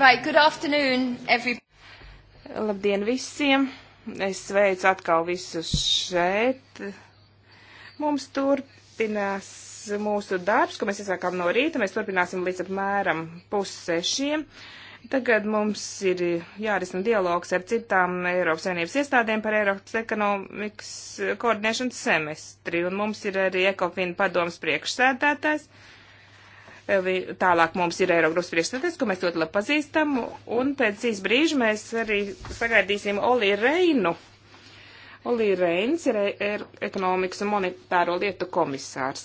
Right, good afternoon, everybody. Labdien visiem! Es sveicu atkal visus šeit. Mums turpinās mūsu darbs, ko mēs iesākām no rīta. Mēs turpināsim līdz apmēram pussešiem. Tagad mums ir jārisina dialogs ar citām Eiropas Savienības iestādēm par Eiropas ekonomikas koordinēšanas semestri. Un mums ir arī Ekofina padomas priekšsēdētājs Tālāk mums ir Eirogrupas priekšstādājs, ko mēs ļoti labi pazīstam, un pēc cīs brīža mēs arī sagaidīsim Oli Reinu. Oli Reins ir, ir e- e- ekonomikas un monetāro lietu komisārs.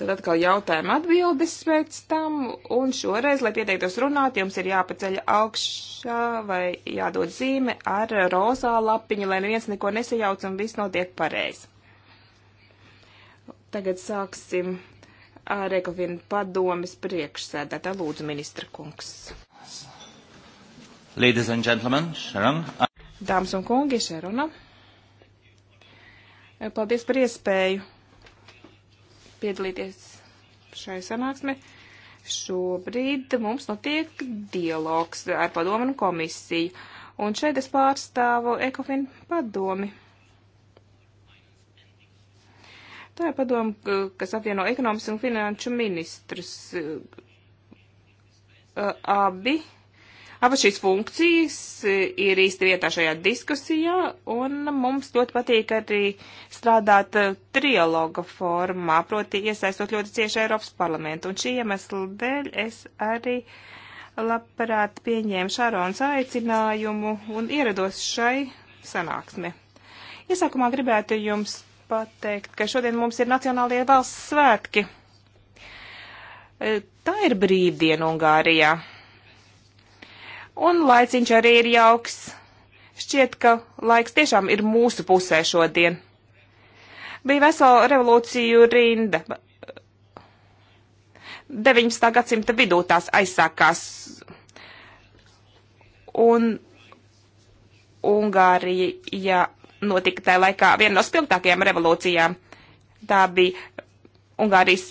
Tad atkal jautājuma atbildes pēc tam, un šoreiz, lai pieteiktos runāt, jums ir jāpaceļ augšā vai jādod zīme ar rozā lapiņu, lai neviens neko nesajauc un viss notiek pareizi. Tagad sāksim ar Ekofinu padomis priekšsēdētā. Lūdzu, ministra kungs. Ladies and gentlemen, Sharon. Dāmas un kungi, Šerona. Paldies par iespēju piedalīties šai sanāksmē. Šobrīd mums notiek dialogs ar padomu un komisiju, un šeit es pārstāvu Ekofinu padomi. Tā ir padoma, kas apvieno ekonomikas un finanšu ministrus. Abi, abas šīs funkcijas ir īsti vietā šajā diskusijā, un mums ļoti patīk arī strādāt trialoga formā, proti iesaistot ļoti cieši Eiropas parlamentu. Un šī iemesla dēļ es arī labprāt pieņēmu Šārons aicinājumu un ierados šai sanāksmē. Iesākumā gribētu jums pateikt, ka šodien mums ir Nacionālie valsts svētki. E, tā ir brīvdiena Ungārijā. Un laiciņš arī ir jauks. Šķiet, ka laiks tiešām ir mūsu pusē šodien. Bija vesela revolūciju rinda. 19. gadsimta vidū tās aizsākās. Un Ungārija notika tajā laikā viena no spilgtākajām revolūcijām. Tā bija Ungārijas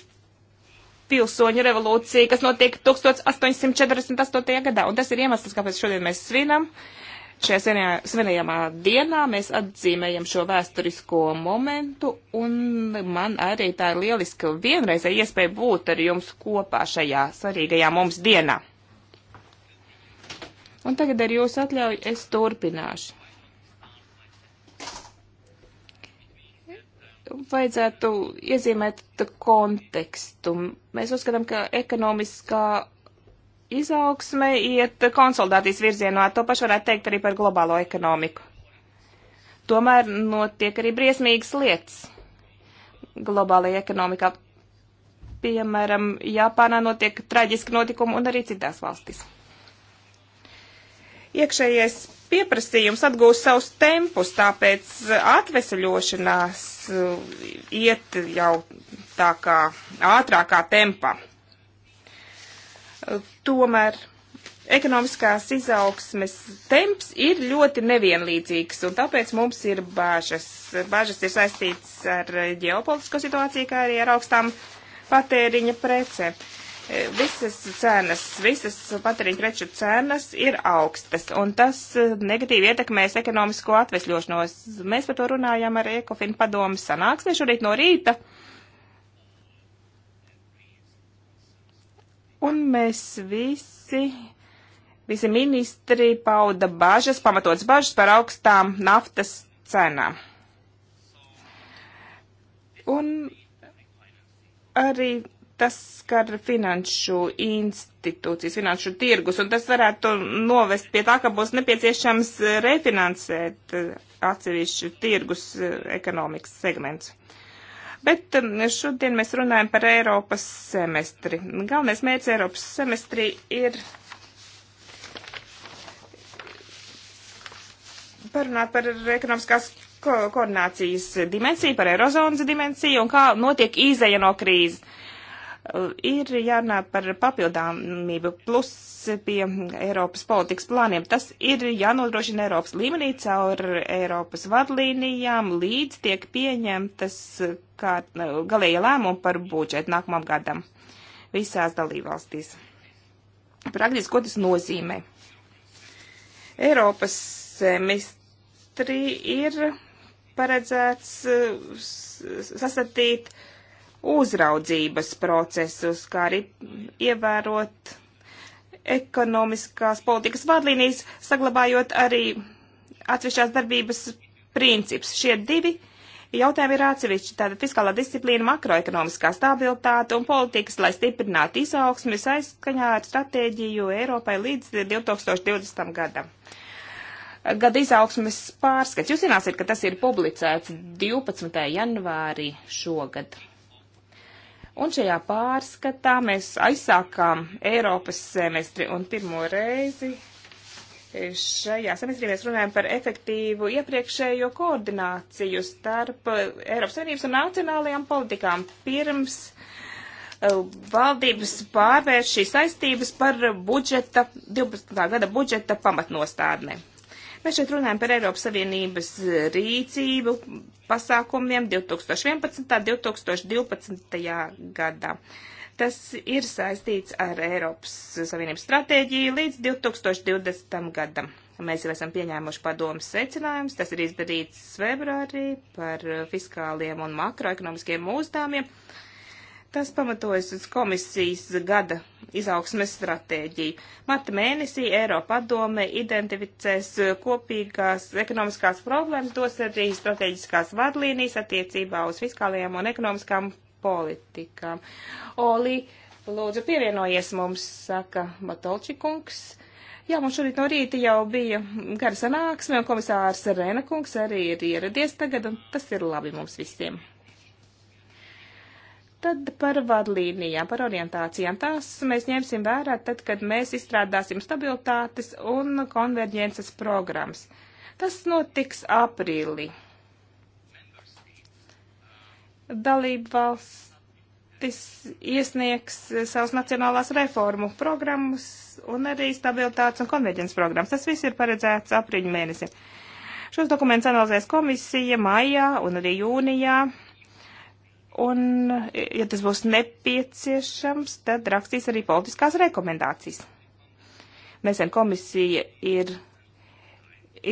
pilsoņu revolūcija, kas notiek 1848. gadā. Un tas ir iemesls, kāpēc šodien mēs svinam. Šajā svinējamā dienā mēs atzīmējam šo vēsturisko momentu, un man arī tā ir lieliska vienreizē iespēja būt ar jums kopā šajā svarīgajā mums dienā. Un tagad ar jūsu atļauju es turpināšu. vajadzētu iezīmēt kontekstu. Mēs uzskatām, ka ekonomiskā izaugsme iet konsolidācijas virzienā. To pašu varētu teikt arī par globālo ekonomiku. Tomēr notiek arī briesmīgas lietas globālajā ekonomikā. Piemēram, Japānā notiek traģiski notikumi un arī citās valstīs. Iekšējais pieprasījums atgūst savus tempus, tāpēc eh, atveseļošanās eh, iet jau tā kā ātrākā tempā. Eh, tomēr ekonomiskās izaugsmes temps ir ļoti nevienlīdzīgs, un tāpēc mums ir bāžas. Bāžas ir saistīts ar ģeopolitisko situāciju, kā arī ar augstām patēriņa precēm. Uh, visas cenas, visas patēriņu preču cenas ir augstas, un tas eh, negatīvi ietekmēs ekonomisko atvesļošanos. Mēs par to runājām ar Ekofinu padomu sanāksmē šorīt no rīta. Un mēs visi, visi ministri pauda bažas, pamatots bažas par augstām naftas cenām. Un arī tas skar finanšu institūcijas, finanšu tirgus, un tas varētu novest pie tā, ka būs nepieciešams refinansēt atsevišķu tirgus eh, ekonomikas segments. Bet um, šodien mēs runājam par Eiropas semestri. Galvenais mērķis Eiropas semestrī ir parunāt par ekonomiskās ko koordinācijas dimensiju, par Eirozonas dimensiju un kā notiek izēja no krīzes ir jārunā par papildāmību plus pie Eiropas politikas plāniem. Tas ir jānodrošina Eiropas līmenī caur Eiropas vadlīnijām, līdz tiek pieņemtas kā galēja lēmuma par budžetu nākamam gadam visās dalībvalstīs. Praktiski, ko tas nozīmē? Eiropas semestri ir paredzēts sastatīt uh, uzraudzības procesus, kā arī ievērot ekonomiskās politikas vadlīnijas, saglabājot arī atsevišķās darbības princips. Šie divi jautājumi ir atsevišķi. Tātad fiskālā disciplīna, makroekonomiskā stabilitāte un politikas, lai stiprinātu izaugsmi saistkaņā ar stratēģiju Eiropai līdz 2020. gadam gada izaugsmes pārskats. Jūs zināsiet, ka tas ir publicēts 12. janvārī šogad. Un šajā pārskatā mēs aizsākām Eiropas semestri un pirmo reizi šajā semestrī mēs runājam par efektīvu iepriekšējo koordināciju starp Eiropas Savienības un nacionālajām politikām pirms eh, valdības pārvērš šīs saistības par budžeta, 12. gada budžeta pamatnostādnēm. Mēs šeit runājam par Eiropas Savienības eh, rīcību pasākumiem 2011. un 2012. gadā. Tas ir saistīts ar Eiropas Savienības stratēģiju līdz 2020. gadam. Mēs jau esam pieņēmuši padomus secinājumus, tas ir izdarīts februārī par fiskāliem un makroekonomiskiem uzdevumiem. Ja Tas pamatojas uz komisijas gada izaugsmes stratēģiju. Mata mēnesī Eiropa padome identificēs kopīgās ekonomiskās problēmas, dos arī strateģiskās vadlīnijas attiecībā uz fiskālajām un ekonomiskām politikām. Oli, lūdzu, pievienojies mums, saka Matolčikungs. Jā, mums šorīt no rīta jau bija gara sanāksme, un komisārs Rēna kungs arī ir ieradies tagad, un tas ir labi mums visiem. Tad par vadlīnijām, par orientācijām. Tās mēs ņemsim vērā tad, kad mēs izstrādāsim stabilitātes un konverģences programmas. Tas notiks aprīlī. Dalība valstis iesniegs savus nacionālās reformu programmas un arī stabilitātes un konverģences programmas. Tas viss ir paredzēts aprīļa mēnesim. Šos dokumentus analizēs komisija maijā un arī jūnijā un, ja tas būs nepieciešams, tad rakstīs arī politiskās rekomendācijas. Nesen komisija ir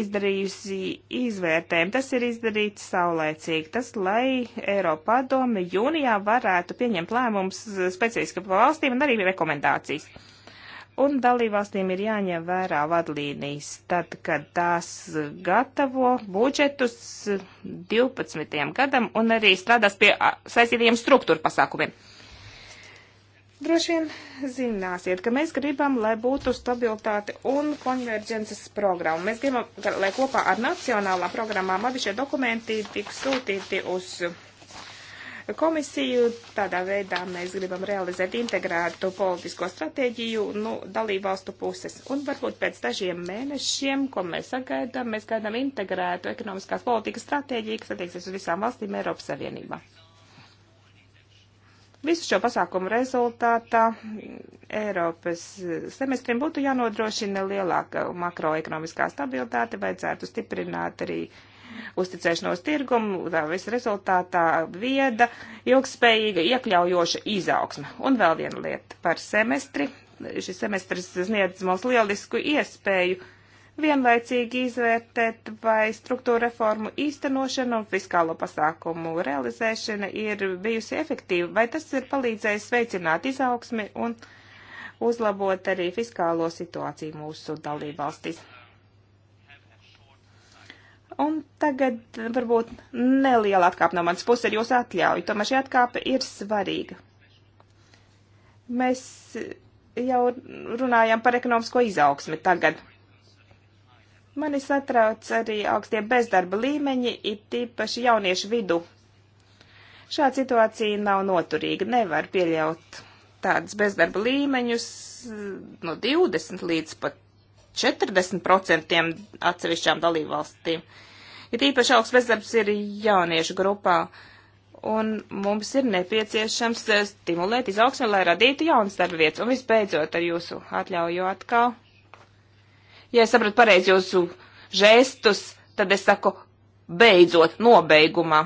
izdarījusi izvērtējumu. Tas ir izdarīts saulēcīgi. Tas, lai Eiropa padome jūnijā varētu pieņemt lēmumus specifiski par valstīm un arī rekomendācijas un dalībvalstīm ir jāņem vērā vadlīnijas, tad, kad tās gatavo budžetus 12. gadam un arī strādās pie saistītiem struktūra pasākumiem. Droši vien zināsiet, ka mēs gribam, lai būtu stabilitāte un konverģences programma. Mēs gribam, lai kopā ar nacionālām programmām abi šie dokumenti tiks sūtīti uz komisiju. Tādā veidā mēs gribam realizēt integrētu politisko stratēģiju nu, dalībvalstu puses. Un varbūt pēc dažiem mēnešiem, ko mēs sagaidām, mēs gaidām integrētu ekonomiskās politikas stratēģiju, kas attieksies uz visām valstīm Eiropas Savienībā. Visu šo pasākumu rezultātā Eiropas semestrim būtu jānodrošina lielāka makroekonomiskā stabilitāte, vajadzētu stiprināt arī uh, uzticēšanos tirgumu, tā visa rezultātā vieda, ilgspējīga, iekļaujoša izaugsma. Un vēl viena lieta par semestri. Šis semestris sniedz mums lielisku iespēju vienlaicīgi izvērtēt, vai struktūra reformu īstenošana un fiskālo pasākumu realizēšana ir bijusi efektīva, vai tas ir palīdzējis veicināt izaugsmi un uzlabot arī fiskālo situāciju mūsu dalībvalstīs. Un tagad varbūt neliela atkāpa no manas puses ar jūsu atļauju. Tomēr šī atkāpa ir svarīga. Mēs jau runājam par ekonomisko izaugsmi tagad. Mani satrauc arī augstie bezdarba līmeņi, it īpaši jauniešu vidu. Šāda situācija nav noturīga. Nevar pieļaut tādus bezdarba līmeņus mm, no 20 līdz pat 40% atsevišķām dalībvalstīm. valstīm Ir īpaši augsts bezdarbs ir jauniešu grupā. Un mums ir nepieciešams eh, stimulēt izaugsmi, lai radītu jaunas darba vietas. Un visbeidzot, ar jūsu atļauju atkal. Ja es sapratu pareizi jūsu žestus, tad es saku beidzot, nobeigumā.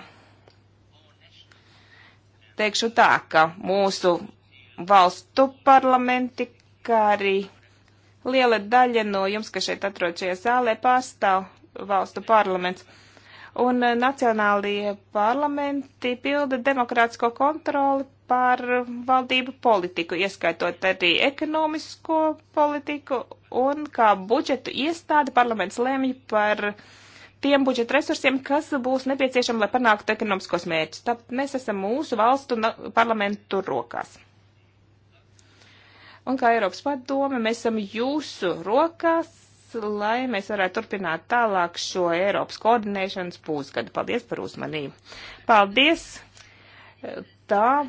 Teikšu tā, ka mūsu valstu parlamenti, kā arī liela daļa no jums, kas šeit atrod šajā zālē, pārstāv valstu parlaments. Un eh, nacionālie parlamenti pilda demokrātisko kontroli par valdību politiku, ieskaitot arī ekonomisko politiku, un kā budžetu iestāde parlaments lēmj par tiem budžeta resursiem, kas būs nepieciešami, lai panāktu ekonomiskos mērķus. Tad mēs esam mūsu valstu parlamentu rokās. Un kā Eiropas padome, mēs esam jūsu rokās, lai mēs varētu turpināt tālāk šo Eiropas koordinēšanas pusgadu. Paldies par uzmanību. Paldies! Tā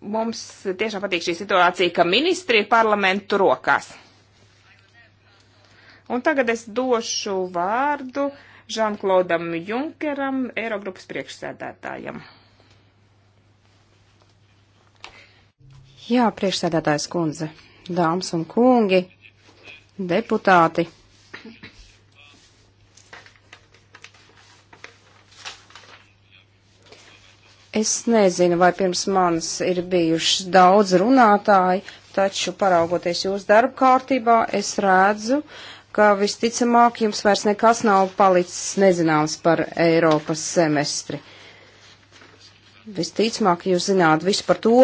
mums tiešām patīk šī situācija, ka ministri ir parlamentu rokās. Un tagad es došu vārdu Žanklodam Junkeram, Eirogrupas priekšsēdētājam. Jā, priekšsēdētājs kundze, dāmas un kungi, deputāti. Es nezinu, vai pirms manis ir bijuši daudz runātāji, taču paraugoties jūsu darba kārtībā, es redzu, ka visticamāk jums vairs nekas nav palicis nezināms par Eiropas semestri. Visticamāk jūs zināt visu par to,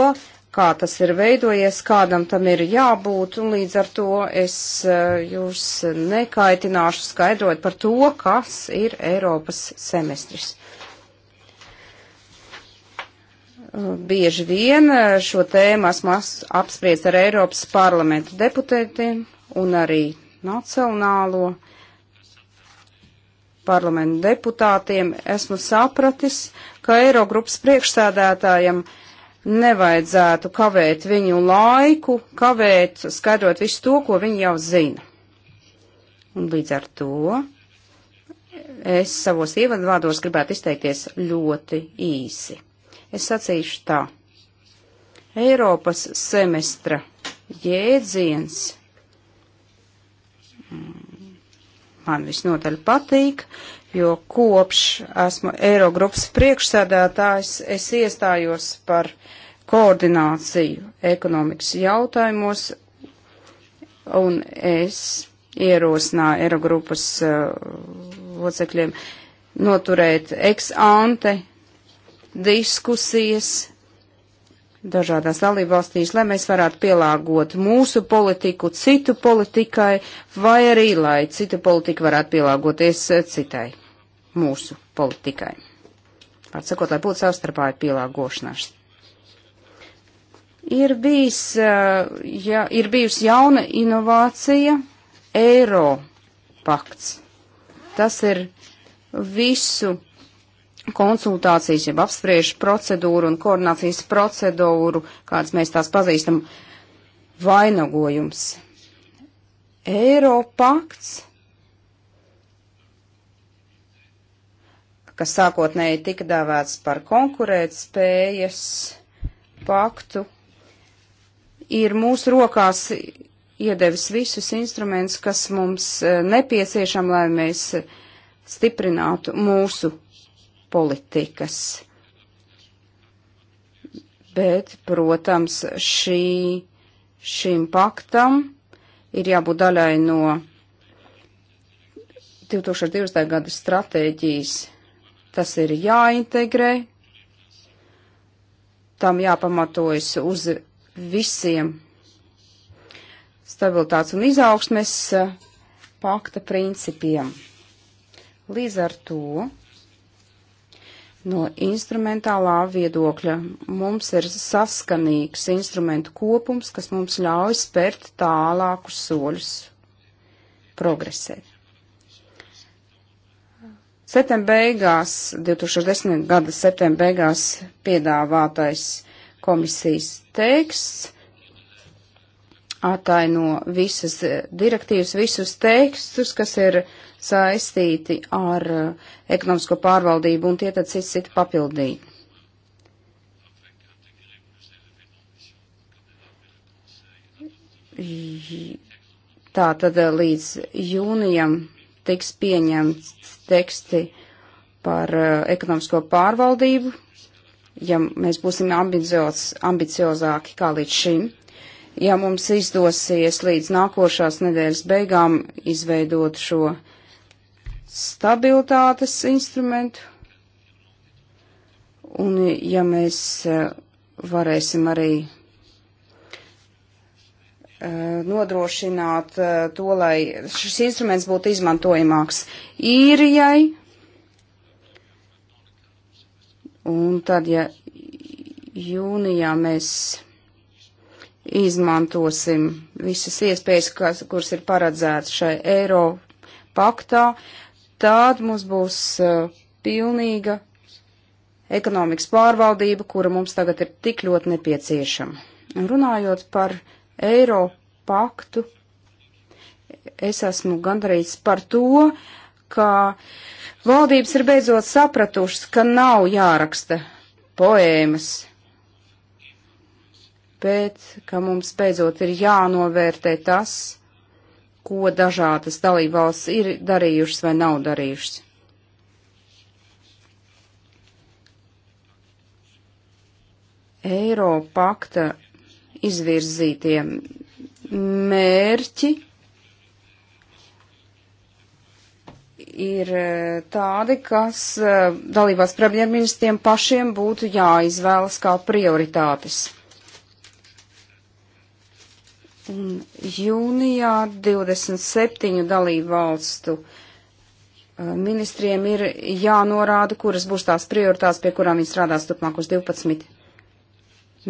kā tas ir veidojies, kādam tam ir jābūt, un līdz ar to es eh, jūs nekaitināšu skaidrot par to, kas ir Eiropas semestris. Bieži vien eh, šo tēmu esmu apspriest ar Eiropas parlamentu deputētiem un arī nacionālo parlamentu deputātiem. Esmu sapratis, ka Eirogrupas priekšsēdētājiem uh, nevajadzētu kavēt viņu laiku, kavēt, skaidrot visu to, ko viņi jau zina. Un līdz ar to es savos ievadvārdos gribētu izteikties ļoti īsi. Es sacīšu tā. Eiropas semestra jēdziens mm, man visnotaļ patīk. Uh, jo kopš esmu Eirogrupas priekšsēdētājs, es iestājos par koordināciju ekonomikas jautājumos, un es ierosināju Eirogrupas uh, locekļiem noturēt ex ante diskusijas dažādās dalībvalstīs, lai mēs varētu pielāgot mūsu politiku citu politikai, vai arī, lai cita politika varētu pielāgoties eh, citai mūsu politikai. Pārsakot, lai būtu savstarpāji pielāgošanās. Ir, bijis, eh, ja, ir bijusi jauna inovācija Eiro pakts. Tas ir visu konsultācijas, jeb apspriešu procedūru un koordinācijas procedūru, kādas mēs tās pazīstam, vainagojums. Eiropakts, kas sākotnēji tika dēvēts par konkurētspējas paktu, ir mūsu rokās iedevis visus instrumentus, kas mums eh, nepieciešam, lai mēs stiprinātu mūsu politikas. Bet, protams, šī, šim paktam ir jābūt daļai no 2020. gada stratēģijas. Tas ir jāintegrē, tam jāpamatojas uz visiem stabilitātes un izaugsmes eh, pakta principiem. Līdz ar to No instrumentālā viedokļa mums ir saskanīgs instrumentu kopums, kas mums ļauj spērt tālākus soļus progresē. Septembra beigās, 2010. gada septembra beigās piedāvātais komisijas teksts ataino visas direktīvas, visus tekstus, kas ir uh, saistīti ar eh, ekonomisko pārvaldību, un tie tad cits citu papildīja. Tā tad eh, līdz jūnijam tiks pieņemts teksti par eh, ekonomisko pārvaldību, ja mēs būsim ambicioz, ambiciozāki kā līdz šim. Ja mums izdosies līdz nākošās nedēļas beigām izveidot šo stabilitātes instrumentu. Un ja mēs e, varēsim arī e, nodrošināt e, to, lai šis instruments būtu izmantojamāks īrijai, un tad, ja jūnijā mēs izmantosim visas iespējas, kas, kuras ir paredzētas šai Eiro paktā, uh, Tāda mums būs uh, pilnīga ekonomikas pārvaldība, kura mums tagad ir tik ļoti nepieciešama. Runājot par Eiro paktu, es esmu gandarīts par to, ka valdības ir beidzot sapratušas, ka nav jāraksta poēmas, bet ka mums beidzot ir jānovērtē tas, ko dažādas dalībvalsts ir darījušas vai nav darījušas. Eiropakta izvirzītie mērķi ir e, tādi, kas e, dalībās premjerministriem pašiem būtu jāizvēlas kā prioritātes. Un jūnijā 27 dalību valstu uh, ministriem ir jānorāda, kuras būs tās prioritātes, pie kurām viņi strādās turpmākos 12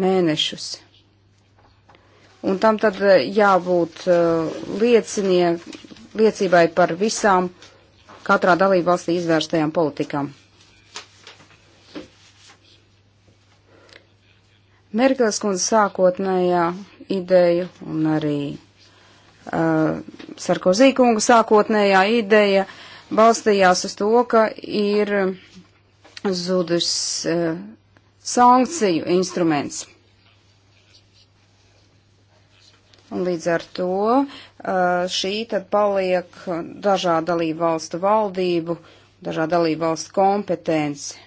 mēnešus. Un tam tad uh, jābūt uh, liecinie, liecībai par visām katrā dalību valstī izvērstajām politikām. Merkels kundze sākotnējā ideju un arī uh, Sarkozī kunga sākotnējā ideja balstījās uz to, ka ir zudus uh, sankciju instruments. Un līdz ar to uh, šī tad paliek dažādu dalību valstu valdību, dažādu dalību valstu kompetenci.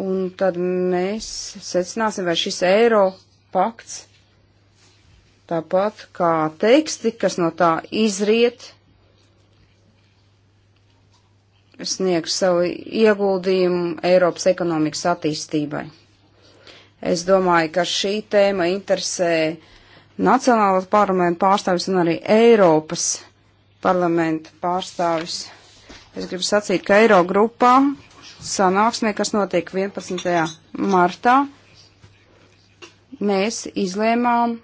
Un tad mēs secināsim, vai šis eiro pakts, tāpat kā teksti, kas no tā izriet, sniegs savu ieguldījumu Eiropas ekonomikas attīstībai. Es domāju, ka šī tēma interesē Nacionālās parlamenta pārstāvis un arī Eiropas parlamenta pārstāvis. Es gribu sacīt, ka Eirogrupā sanāksmē, kas notiek 11. martā, mēs izlēmām,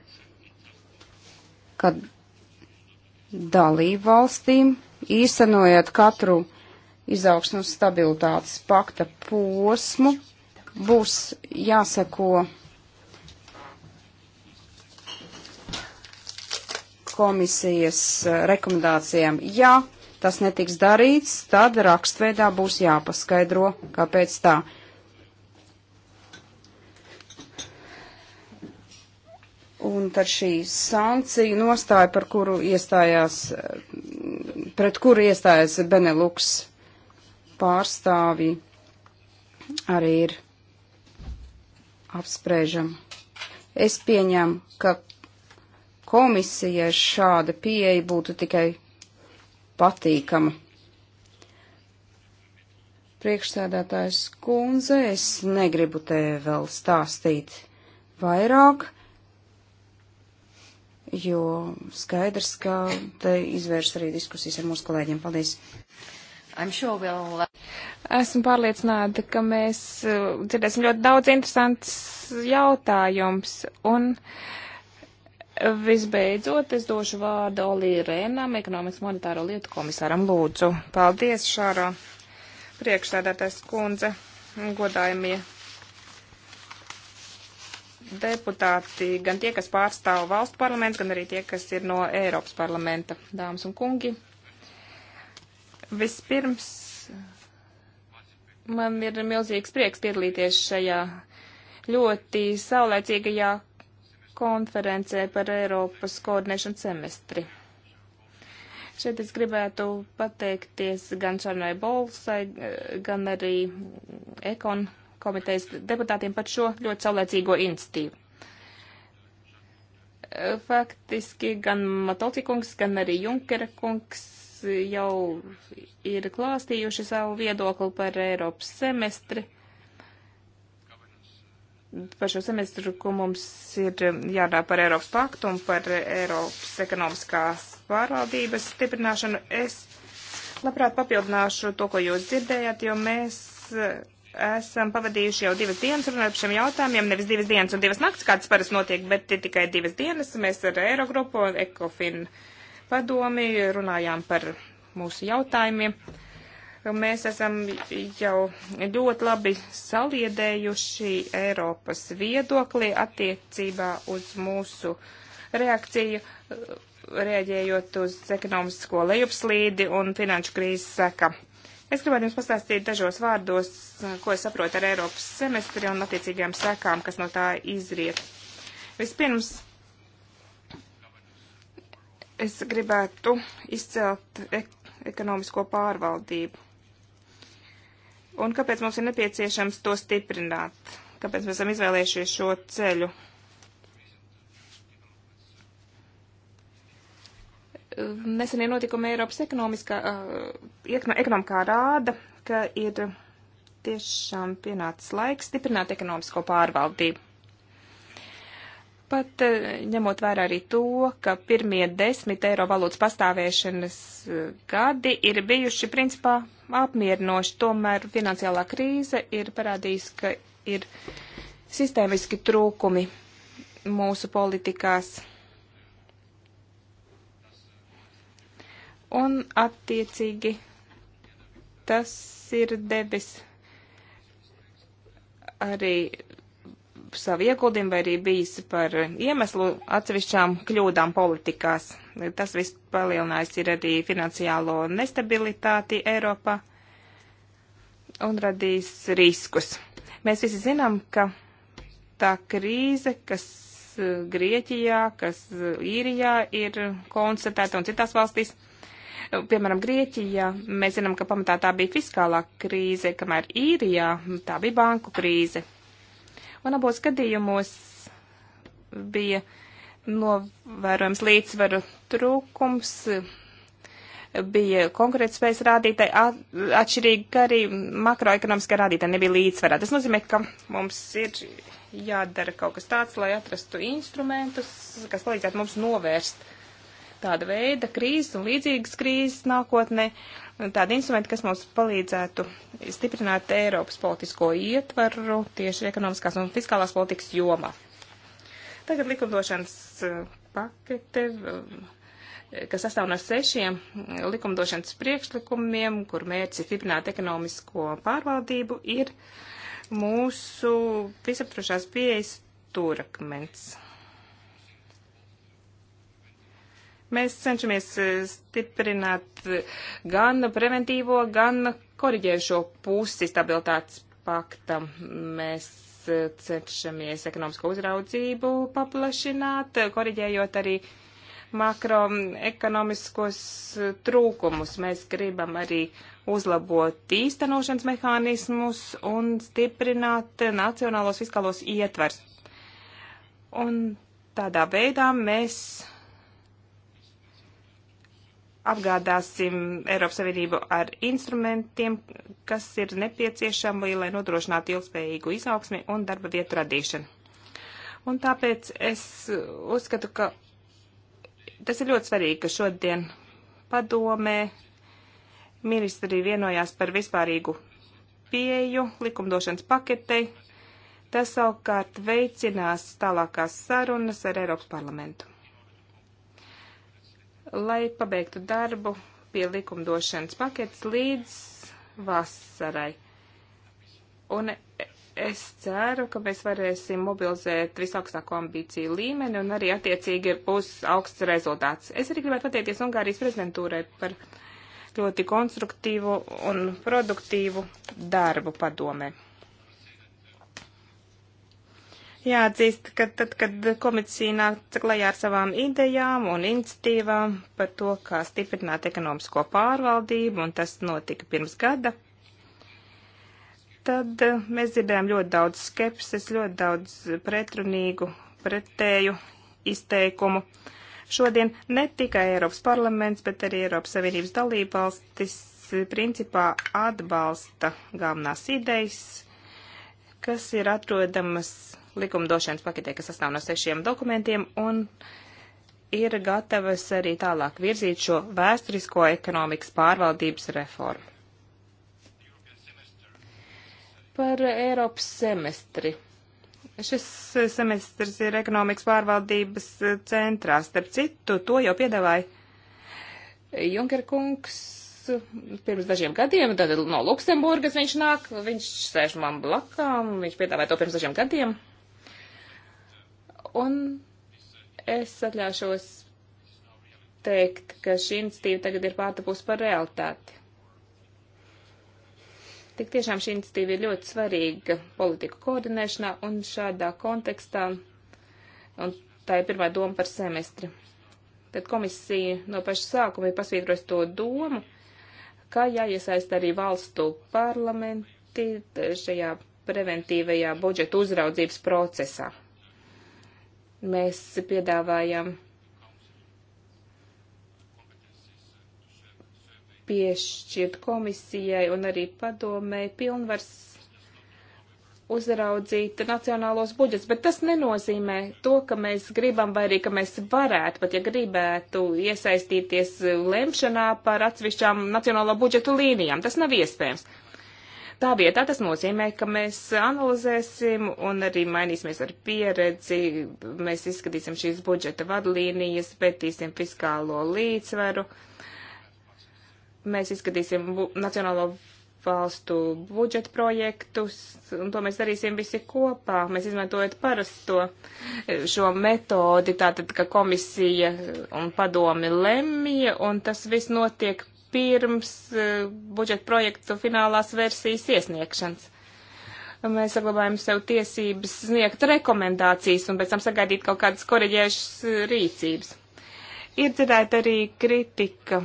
ka dalību valstīm īstenojot katru izaugsmas stabilitātes pakta posmu, būs jāseko komisijas eh, rekomendācijām. Ja tas netiks darīts, tad rakstveidā būs jāpaskaidro, kāpēc tā. Un tad šī sankcija nostāja, par kuru iestājās, pret kuru iestājās Benelux pārstāvji, arī ir apspriežama. Es pieņemu, ka komisijai šāda pieeja būtu tikai patīkama. Priekšsēdētājs kundze, es negribu te vēl stāstīt vairāk jo skaidrs, ka te izvērš arī diskusijas ar mūsu kolēģiem. Paldies! Sure we'll... Esmu pārliecināta, ka mēs uh, dzirdēsim ļoti daudz interesants jautājums. Un visbeidzot, es došu vārdu Olī Rēnam, ekonomikas monetāro lietu komisāram Lūdzu. Paldies, Šāro, priekšsēdētājs kundze, godājumie deputāti, gan tie, kas pārstāv valstu parlaments, gan arī tie, kas ir no Eiropas parlamenta, dāmas un kungi. Vispirms man ir milzīgs prieks piedalīties šajā ļoti saulēcīgajā konferencē par Eiropas koordinēšanas semestri. Šeit es gribētu pateikties gan Šarnai Bolsai, gan arī Ekon komitejas deputātiem par šo ļoti saulēcīgo iniciatīvu. Faktiski gan Matolcikungs, gan arī Junkera kungs jau ir klāstījuši savu viedokli par Eiropas semestri par šo semestru, ko mums ir jārunā par Eiropas paktu un par Eiropas ekonomiskās pārvaldības stiprināšanu, es labprāt papildināšu to, ko jūs dzirdējāt, jo mēs esam pavadījuši jau divas dienas runājot par šiem jautājumiem. Nevis divas dienas un divas naktas, kāds parasti notiek, bet tikai divas dienas. Mēs ar Eirogrupu un Ekofin padomi runājām par mūsu jautājumiem. Mēs esam jau ļoti labi saliedējuši Eiropas viedokli attiecībā uz mūsu reakciju, reaģējot uz ekonomisko lejupslīdi un finanšu krīzes seka. Es gribētu jums pastāstīt dažos vārdos, eh, ko es saprotu ar Eiropas semestri un attiecīgajām sekām, kas no tā izriet. Vispirms es gribētu izcelt ek ekonomisko pārvaldību. Un kāpēc mums ir nepieciešams to stiprināt? Kāpēc mēs esam izvēlējušies šo ceļu? Nesenie notikumi Eiropas ekonomiskā, eh, ekonomikā rāda, ka ir tiešām pienācis laiks stiprināt ekonomisko pārvaldību. Pat eh, ņemot vērā arī to, ka pirmie desmit eiro valūtas pastāvēšanas eh, gadi ir bijuši principā apmierinoši, tomēr finansiālā krīze ir parādījusi, ka ir sistēmiski trūkumi mūsu politikās. un attiecīgi tas ir debis arī savu ieguldījumu vai arī bijis par iemeslu atsevišķām kļūdām politikās. Tas viss palielinājis ir arī finansiālo nestabilitāti Eiropā un radīs riskus. Mēs visi zinām, ka tā krīze, kas eh, Grieķijā, kas eh, Īrijā ir konstatēta un citās valstīs, Piemēram, Grieķija, mēs zinām, ka pamatā tā bija fiskālā krīze, kamēr īrijā tā bija banku krīze. Un abos gadījumos bija novērojams līdzsvaru trūkums, bija konkrēti spējas rādītāji atšķirīgi, ka arī makroekonomiskā rādītāja nebija līdzsvarā. Tas nozīmē, ka mums ir jādara kaut kas tāds, lai atrastu instrumentus, kas palīdzētu mums novērst tāda veida krīzes un līdzīgas krīzes nākotnē, tādi instrumenti, kas mums palīdzētu stiprināt Eiropas politisko ietvaru tieši ekonomiskās un fiskālās politikas jomā. Tagad likumdošanas uh, pakete uh, kas sastāv no sešiem likumdošanas priekšlikumiem, kur mērķis ir stiprināt ekonomisko pārvaldību, ir mūsu visaptrušās pieejas turakmens. Mēs cenšamies e, stiprināt gan preventīvo, gan koriģējušo pusi stabilitātes pakta. Mēs e, cenšamies ekonomisko uzraudzību paplašināt, koriģējot arī makroekonomiskos e, trūkumus. Mēs gribam arī uzlabot īstenošanas mehānismus un stiprināt nacionālos fiskālos ietvers. Un tādā veidā mēs apgādāsim Eiropas Savienību ar instrumentiem, kas ir nepieciešami, lai nodrošinātu ilgspējīgu izaugsmi un darba vietu radīšanu. Un tāpēc es uzskatu, ka tas ir ļoti svarīgi, ka šodien padomē ministri vienojās par vispārīgu pieju likumdošanas paketei. Tas savukārt veicinās tālākās sarunas ar Eiropas parlamentu lai pabeigtu darbu pie likumdošanas paketes līdz vasarai. Un es ceru, ka mēs varēsim mobilizēt visaugstāko ambīciju līmeni un arī attiecīgi būs augsts rezultāts. Es arī gribētu pateikties Ungārijas prezidentūrai par ļoti konstruktīvu un produktīvu darbu padomē. Jāatzīst, ka tad, kad komisija nāca klajā ar savām idejām un iniciatīvām par to, kā stiprināt ekonomisko pārvaldību, un tas notika pirms gada, tad eh, mēs dzirdējām ļoti daudz skepses, ļoti daudz pretrunīgu, pretēju izteikumu. Šodien ne tikai Eiropas parlaments, bet arī Eiropas Savienības dalībvalstis eh, principā atbalsta galvenās idejas, kas ir atrodamas likumdošanas paketē, kas sastāv no sešiem dokumentiem, un ir gatavas arī tālāk virzīt šo vēsturisko ekonomikas pārvaldības reformu. Par Eiropas semestri. Šis semestrs ir ekonomikas pārvaldības centrā. Starp citu, to jau piedāvāja Junker kungs pirms dažiem gadiem, tad no Luksemburgas viņš nāk, viņš sēž man blakām, viņš piedāvāja to pirms dažiem gadiem. Un es atļaušos teikt, ka šī iniciatīva tagad ir pārtapus par realitāti. Tik tiešām šī iniciatīva ir ļoti svarīga politiku koordinēšanā un šādā kontekstā, un tā ir pirmā doma par semestri. Tad komisija no paša sākuma ir pasvītrojusi to domu, ka jāiesaist arī valstu parlamenti šajā preventīvajā budžeta uzraudzības procesā. Mēs piedāvājam piešķirt komisijai un arī padomē pilnvars uzraudzīt nacionālos budžets, bet tas nenozīmē to, ka mēs gribam vai arī, ka mēs varētu, pat ja gribētu iesaistīties lemšanā par atsevišķām nacionālo budžetu līnijām. Tas nav iespējams. Tā vietā tas nozīmē, ka mēs analizēsim un arī mainīsimies ar pieredzi, mēs izskatīsim šīs budžeta vadlīnijas, pētīsim fiskālo līdzsveru, mēs izskatīsim nacionālo valstu budžeta projektus, un to mēs darīsim visi kopā. Mēs izmantojot parasto e, šo metodi, tātad, ka komisija un padomi lemja, un tas viss notiek pirms eh, budžeta projektu finālās versijas iesniegšanas. Mēs saglabājam sev tiesības sniegt rekomendācijas un pēc tam sagaidīt kaut kādas koreģējušas eh, rīcības. Ir dzirdēta arī kritika,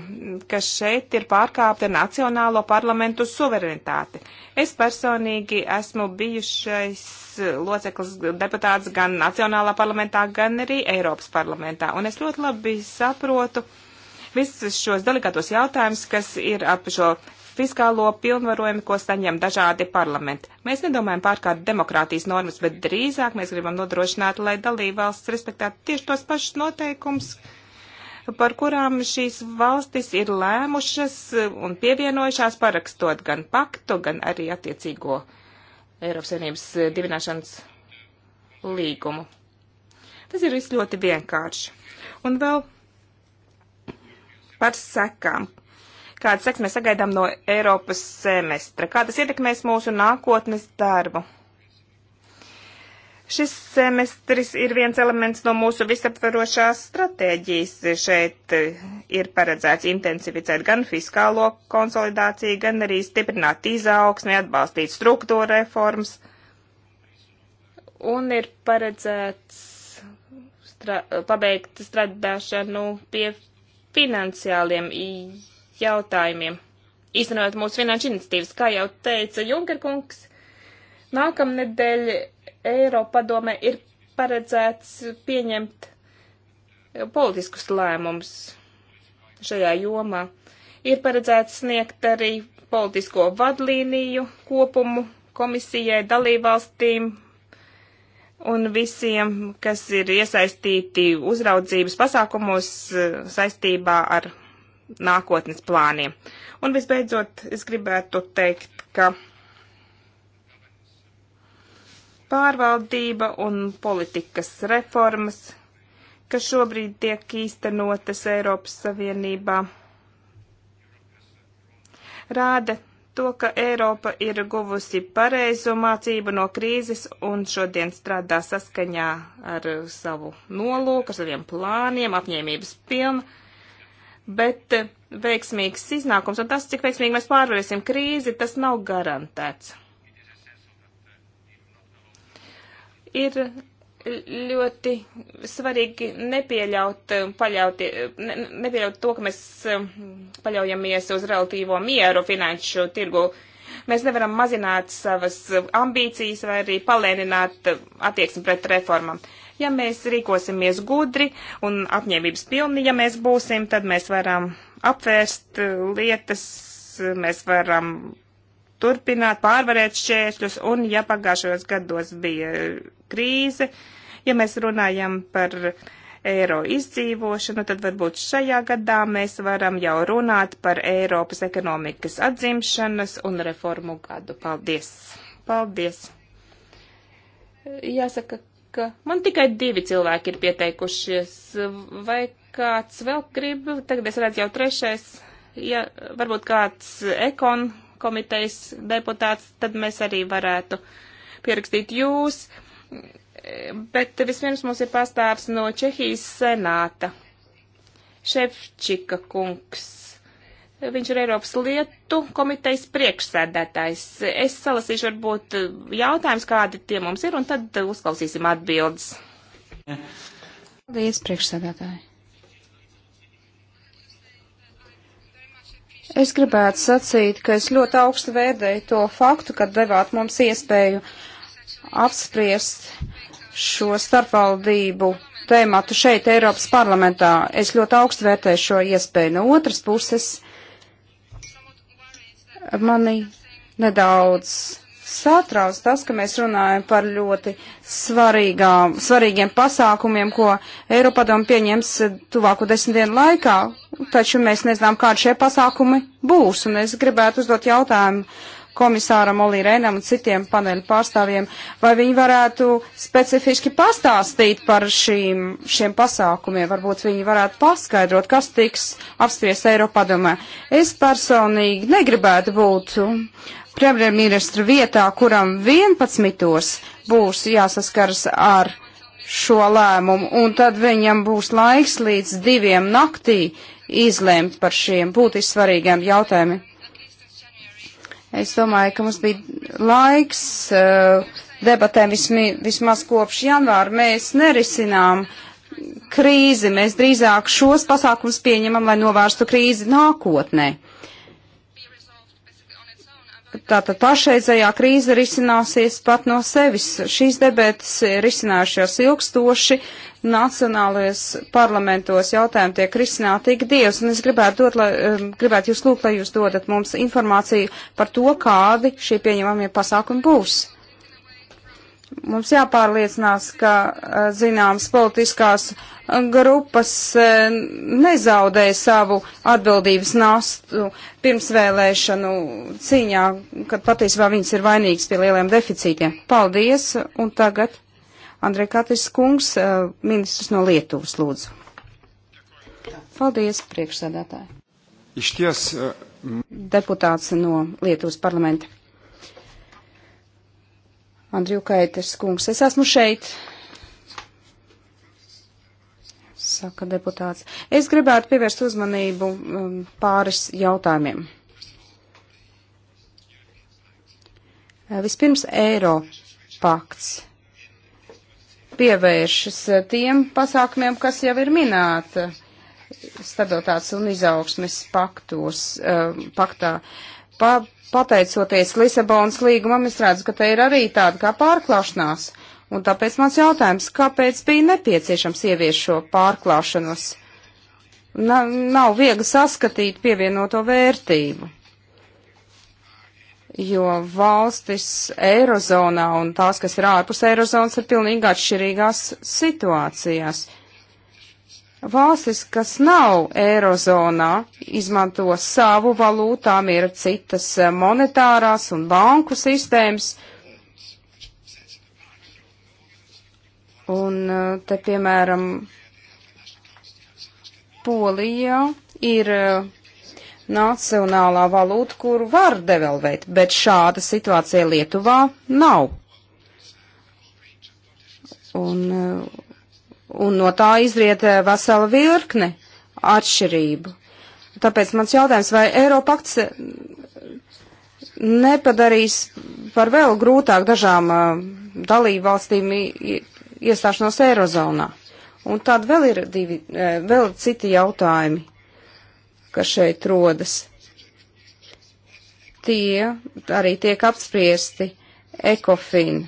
ka šeit ir pārkāpta nacionālo parlamentu suverenitāte. Es personīgi esmu bijušais eh, loceklis deputāts gan nacionālā parlamentā, gan arī Eiropas parlamentā, un es ļoti labi saprotu, uh, visus šos delikātos jautājumus, kas ir ap šo fiskālo pilnvarojumu, ko saņem dažādi parlamenti. Mēs nedomājam pārkārt demokrātijas normas, bet drīzāk mēs gribam nodrošināt, lai dalībvalsts respektētu tieši tos pašus noteikumus, par kurām šīs valstis ir lēmušas un pievienojušās parakstot gan paktu, gan arī attiecīgo Eiropas Savienības dibināšanas līgumu. Tas ir viss ļoti vienkārši. Un vēl par sekām. Kādas sekas mēs sagaidām no Eiropas semestra? Kā tas ietekmēs mūsu nākotnes darbu? Šis semestris ir viens elements no mūsu visaptverošās stratēģijas. Šeit eh, ir paredzēts intensificēt gan fiskālo konsolidāciju, gan arī stiprināt izaugsmi, atbalstīt struktūra reformas. Un ir paredzēts stra pabeigt strādāšanu pie finansiāliem jautājumiem. Īstenot mūsu finanšu iniciatīvas, kā jau teica Junkerkungs, nākamnedēļ Eiropadome ir paredzēts pieņemt politiskus lēmumus šajā jomā. Ir paredzēts sniegt arī politisko vadlīniju kopumu komisijai, dalībvalstīm, un visiem, kas ir iesaistīti uzraudzības pasākumos eh, saistībā ar nākotnes plāniem. Un visbeidzot, es gribētu teikt, ka pārvaldība un politikas reformas, kas šobrīd tiek īstenotas Eiropas Savienībā, rāda to, ka Eiropa ir guvusi pareizo mācību no krīzes un šodien strādā saskaņā ar savu nolūku, ar saviem plāniem, apņēmības pilnu. Bet veiksmīgs iznākums un tas, cik veiksmīgi mēs pārvarēsim krīzi, tas nav garantēts. Ir ļoti svarīgi nepieļaut, um, paļauti, ne, nepieļaut to, ka mēs um, paļaujamies uz relatīvo mieru finanšu tirgu. Mēs nevaram mazināt savas um, ambīcijas vai arī palēnināt attieksmi pret reformām. Ja mēs rīkosimies gudri un apņēmības pilni, ja mēs būsim, tad mēs varam apvērst uh, lietas, mēs varam turpināt pārvarēt šķēršļus, un ja pagājušajos gados bija krīze, ja mēs runājam par eiro izdzīvošanu, tad varbūt šajā gadā mēs varam jau runāt par Eiropas ekonomikas atzimšanas un reformu gadu. Paldies! Paldies! Jāsaka, ka man tikai divi cilvēki ir pieteikušies. Vai kāds vēl grib? Tagad es redzu jau trešais. Ja varbūt kāds ekon komitejas deputāts, tad mēs arī varētu pierakstīt jūs. Bet vispirms mums ir pastāvs no Čehijas senāta. Šefčika kungs. Viņš ir Eiropas lietu komitejas priekšsēdētājs. Es salasīšu varbūt jautājums, kādi tie mums ir, un tad uzklausīsim atbildes. Paldies, priekšsēdētāji. Es gribētu sacīt, ka es ļoti augstu vērtēju to faktu, ka devāt mums iespēju apspriest šo starpvaldību tēmatu šeit, Eiropas parlamentā. Es ļoti augstu vērtēju šo iespēju. No otras puses, mani nedaudz satrauc tas, ka mēs runājam par ļoti svarīgām, svarīgiem pasākumiem, ko Eiropadomu pieņems tuvāku desmit dienu laikā, taču mēs nezinām, kādi šie pasākumi būs, un es gribētu uzdot jautājumu komisāram Olī Reinam un citiem paneļu pārstāvjiem, vai viņi varētu specifiski pastāstīt par šīm, šiem pasākumiem. Varbūt viņi varētu paskaidrot, kas tiks apspriests Eiropadomē. Es personīgi negribētu būt premjerministra vietā, kuram 11. būs jāsaskars ar šo lēmumu, un tad viņam būs laiks līdz diviem naktī izlēmt par šiem būtiski svarīgiem jautājumiem. Es domāju, ka mums bija laiks uh, debatēm vismi, vismaz kopš janvāra. Mēs nerisinām krīzi, mēs drīzāk šos pasākums pieņemam, lai novērstu krīzi nākotnē. Uh, tātad pašreizējā krīze risināsies pat no sevis. Šīs debetes ir risinājušās ilgstoši, nacionālajos parlamentos jautājumi tiek risināti ik dievs, un es gribētu, dot, lai, eh, gribētu jūs lūgt, lai jūs dodat mums informāciju par to, kādi šie pieņemamie pasākumi būs. Mums jāpārliecinās, ka zināmas politiskās grupas nezaudē savu atbildības nastu pirmsvēlēšanu cīņā, kad patiesībā viņas ir vainīgas pie lieliem deficītiem. Paldies, un tagad Andrei Katis Kungs, ministrs no Lietuvas, lūdzu. Paldies, priekšsēdētāji. Deputāts no Lietuvas parlamenta. Andriju Kaiters kungs. Es esmu šeit, saka deputāts. Es gribētu pievērst uzmanību um, pāris jautājumiem. Uh, vispirms eiro pakts pievēršas uh, tiem pasākumiem, kas jau ir minēta stabilitātes un izaugsmes paktos, uh, paktā. Pa, pateicoties Lisabonas līgumam, es redzu, ka te ir arī tāda kā pārklāšanās. Un tāpēc mans jautājums, kāpēc bija nepieciešams ievies šo pārklāšanos? Na, nav viegli saskatīt pievienoto vērtību, jo valstis Eirozonā un tās, kas ir ārpus Eirozonas, ir pilnīgi atšķirīgās situācijās. Uh, Valstis, kas nav eirozonā, izmanto savu valūtām, ir citas eh, monetārās un banku sistēmas. Un eh, te, piemēram, Polijā ir eh, nacionālā valūta, kuru var devalvēt, bet šāda situācija Lietuvā nav. Un un no tā izriet eh, vesela virkne atšķirību. Tāpēc mans jautājums, vai Eiropakts eh, nepadarīs par vēl grūtāk dažām eh, dalību valstīm iestāšanos Eirozonā? Un tad vēl ir divi, vēl citi jautājumi, kas šeit rodas. Tie arī tiek apspriesti ECOFIN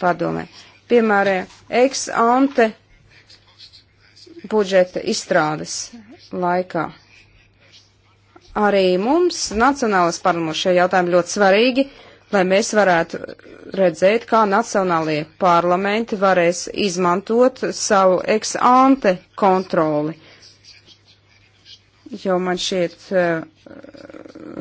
padomē. Piemēram, ex ante budžeta izstrādes laikā. Arī mums, Nacionālais parlaments, šie jautājumi ļoti svarīgi, lai mēs varētu redzēt, kā Nacionālie parlamenti varēs izmantot savu ex ante kontroli. Jo man šķiet, eh,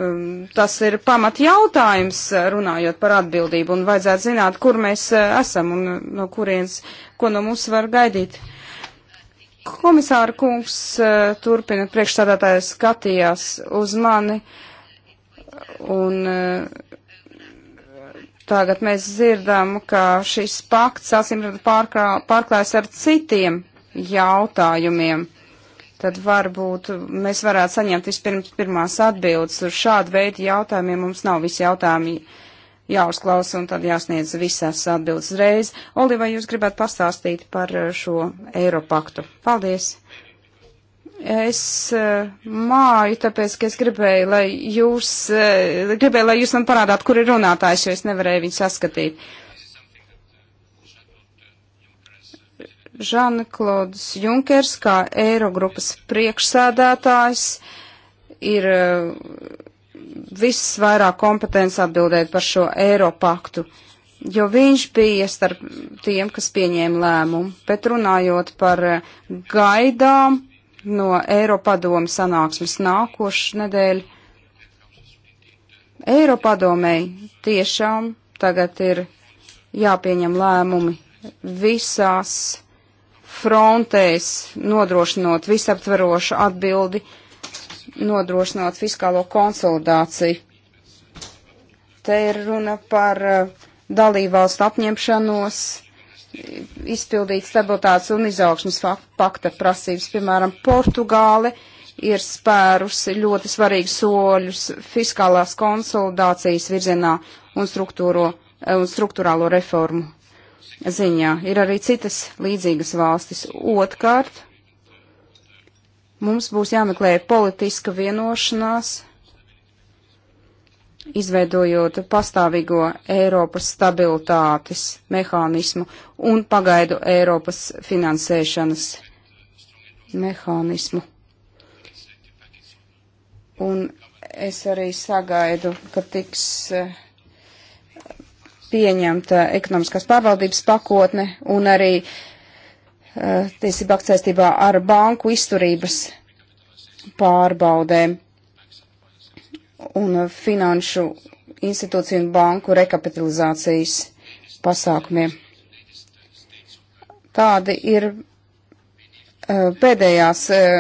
um, tas ir pamat jautājums, runājot par atbildību, un vajadzētu zināt, kur mēs eh, esam un no kurienes, ko no mums var gaidīt. Komisāra kungs eh, turpina priekšstādātājs skatījās uz mani un eh, tagad mēs dzirdam, ka šis pakts asimrada pārklājas ar citiem jautājumiem. Tad varbūt mēs varētu saņemt vispirms pirmās atbildes uz šādu veidu jautājumiem. Mums nav visi jautājumi jāuzklausa un tad jāsniedz visas atbildes reiz. Oliva, jūs gribētu pastāstīt par eh, šo Eiropaktu. Paldies! Es eh, māju, tāpēc, ka es gribēju, lai jūs, eh, gribēju, lai jūs man parādāt, kur ir runātājs, jo es nevarēju viņu saskatīt. Žanklauds Junkers, kā Eirogrupas priekšsēdētājs, ir viss vairāk kompetents atbildēt par šo Eiropaktu, jo viņš bija starp tiem, kas pieņēma lēmumu. Bet runājot par eh, gaidām no Eiropadomu sanāksmes nākošu nedēļu, Eiropadomei tiešām tagad ir jāpieņem lēmumi visās frontēs, nodrošinot visaptverošu atbildi nodrošināt fiskālo konsolidāciju. Te ir runa par eh, dalībvalstu apņemšanos izpildīt stabilitātes un izaugsmas pakta prasības. Piemēram, Portugāle ir spērusi ļoti svarīgus soļus fiskālās konsolidācijas virzienā un, eh, un struktūrālo reformu ziņā. Ir arī citas līdzīgas valstis. Otkārt, Mums būs jāmeklē politiska vienošanās, izveidojot pastāvīgo Eiropas stabilitātes mehānismu un pagaidu Eiropas finansēšanas mehānismu. Un es arī sagaidu, ka tiks eh, pieņemta ekonomiskās pārvaldības pakotne un arī uh, Eh, tiesību akts saistībā ar banku izturības pārbaudēm un finanšu institūciju un banku rekapitalizācijas pasākumiem. Tādi ir eh, pēdējās, eh,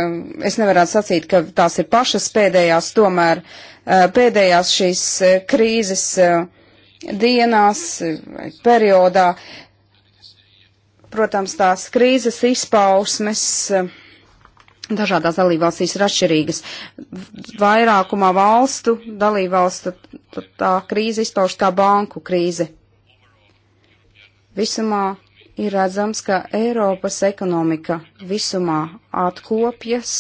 es nevarētu sacīt, ka tās ir pašas pēdējās, tomēr pēdējās šīs krīzes dienās, periodā, Protams, tās krīzes izpausmes eh, dažādās dalībvalstīs ir atšķirīgas. Vairākumā valstu dalībvalstu tā krīze izpaužas kā banku krīze. Visumā ir redzams, ka Eiropas ekonomika visumā atkopjas,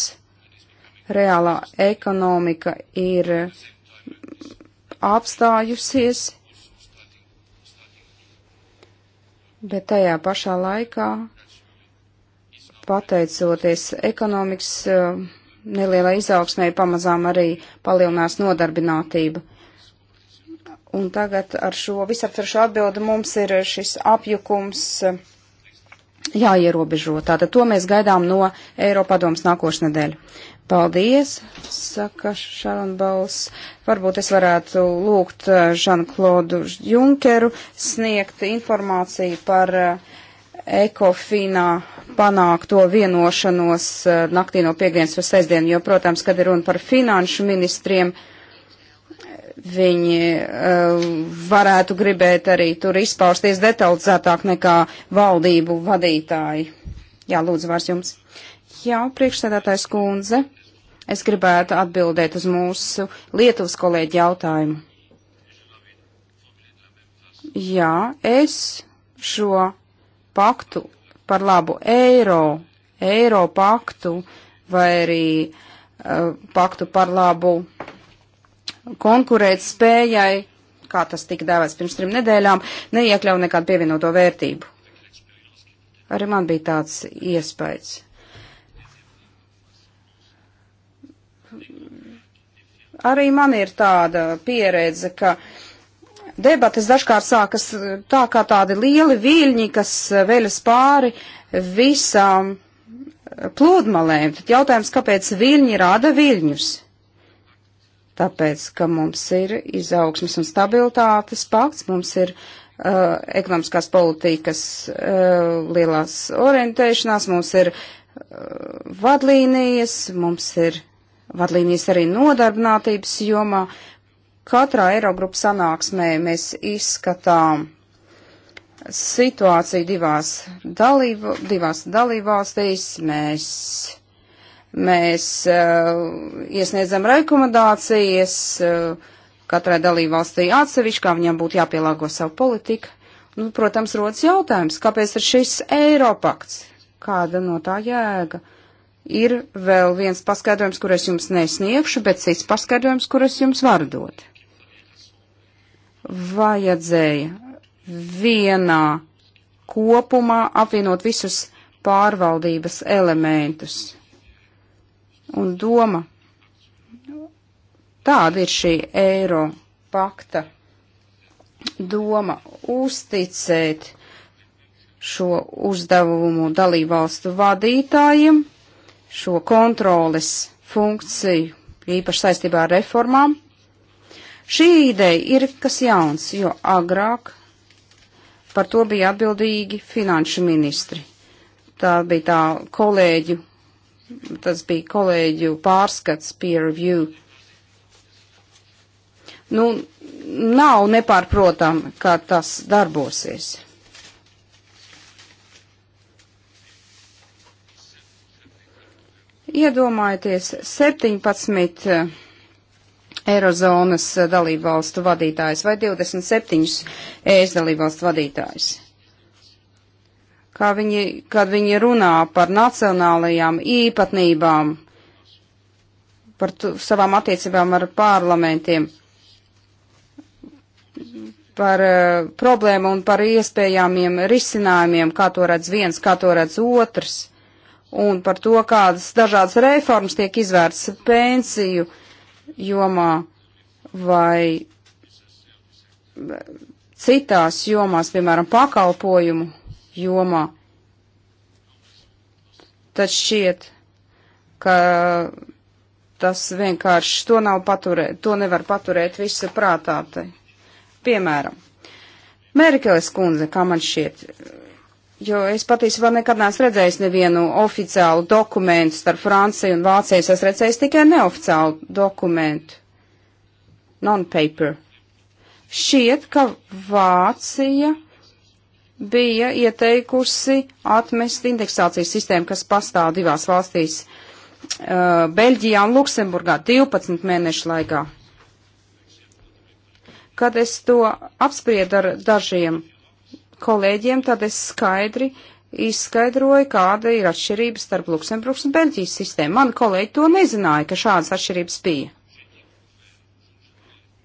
reālā ekonomika ir apstājusies, Bet tajā pašā laikā, pateicoties ekonomikas eh, nelielai izaugsmē, pamazām arī palielinās nodarbinātība. Un tagad ar šo visaptvaršo atbildi mums ir šis apjukums eh, jāierobežo. Tātad to mēs gaidām no Eiropadomas nākošais nedēļa. Paldies, saka Šaron Bals. Varbūt es varētu lūgt eh, Žanklodu Junkeru sniegt informāciju par eh, ekofinā panākto vienošanos eh, naktī no piekdienas uz sestdienu, jo, protams, kad ir runa par finanšu ministriem, uh, viņi uh, varētu gribēt arī tur izpausties detalizētāk nekā valdību vadītāji. Jā, lūdzu, vārds jums. Jā, priekšsēdētājs kundze, es gribētu atbildēt uz mūsu Lietuvas kolēģi jautājumu. Jā, es šo paktu par labu eiro, eiro paktu vai arī uh, paktu par labu konkurēt spējai, kā tas tika dēvēts pirms trim nedēļām, neiekļauj nekādu pievienoto vērtību. Arī man bija tāds iespējas. Arī man ir tāda pieredze, ka debates dažkārt sākas eh, tā kā tādi lieli viļņi, kas eh, veļas pāri visām eh, plūdmalēm. Tad jautājums, kāpēc viļņi rada viļņus? tāpēc, ka mums ir izaugsmas un stabilitātes pakts, mums ir uh, ekonomiskās politikas uh, lielās orientēšanās, mums ir uh, vadlīnijas, mums ir vadlīnijas arī nodarbinātības jomā. Katrā Eirogrupas sanāksmē mēs izskatām situāciju divās, dalību, divās dalībvalstīs. Mēs Mēs uh, iesniedzam rekomendācijas uh, katrai dalībvalstī atsevišķi, kā viņam būtu jāpielāgo savu politiku. Nu, protams, rodas jautājums, kāpēc ir šis Eiropakts? Kāda no tā jēga? Ir vēl viens paskaidrojums, kur es jums nesniegšu, bet cits paskaidrojums, kur es jums varu dot. Vajadzēja vienā kopumā apvienot visus pārvaldības elementus un doma. Tāda ir šī eiro pakta doma uzticēt šo uzdevumu dalībvalstu vadītājiem, šo kontroles funkciju, īpaši saistībā ar reformām. Šī ideja ir kas jauns, jo agrāk par to bija atbildīgi finanšu ministri. Tā bija tā kolēģu tas bija kolēģu pārskats, peer review. Nu, nav nepārprotam, kā tas darbosies. Iedomājieties, 17 eh, Eirozonas eh, dalībvalstu vadītājs vai 27 eh, ES dalībvalstu vadītājs kā viņi, kad viņi runā par nacionālajām īpatnībām, par tu, savām attiecībām ar parlamentiem, par uh, problēmu un par iespējamiem risinājumiem, kā to redz viens, kā to redz otrs, un par to, kādas dažādas reformas tiek izvērts pensiju jomā vai eh, citās jomās, piemēram, pakalpojumu jomā. Tad šķiet, ka tas vienkārši to nav paturēt, to nevar paturēt visu prātā. Te. Piemēram, Merkeles kundze, kā man šķiet, jo es patiesībā nekad neesmu redzējis nevienu oficiālu dokumentu starp Franciju un Vāciju, es esmu redzējis tikai neoficiālu dokumentu, non-paper. Šķiet, ka Vācija bija ieteikusi atmest indeksācijas sistēmu, kas pastāv divās valstīs uh, - Beļģijā un Luksemburgā 12 mēnešu laikā. Kad es to apspriedu ar dažiem kolēģiem, tad es skaidri izskaidroju, kāda ir atšķirības starp Luksemburgas un Beļģijas sistēmu. Mani kolēģi to nezināja, ka šādas atšķirības bija.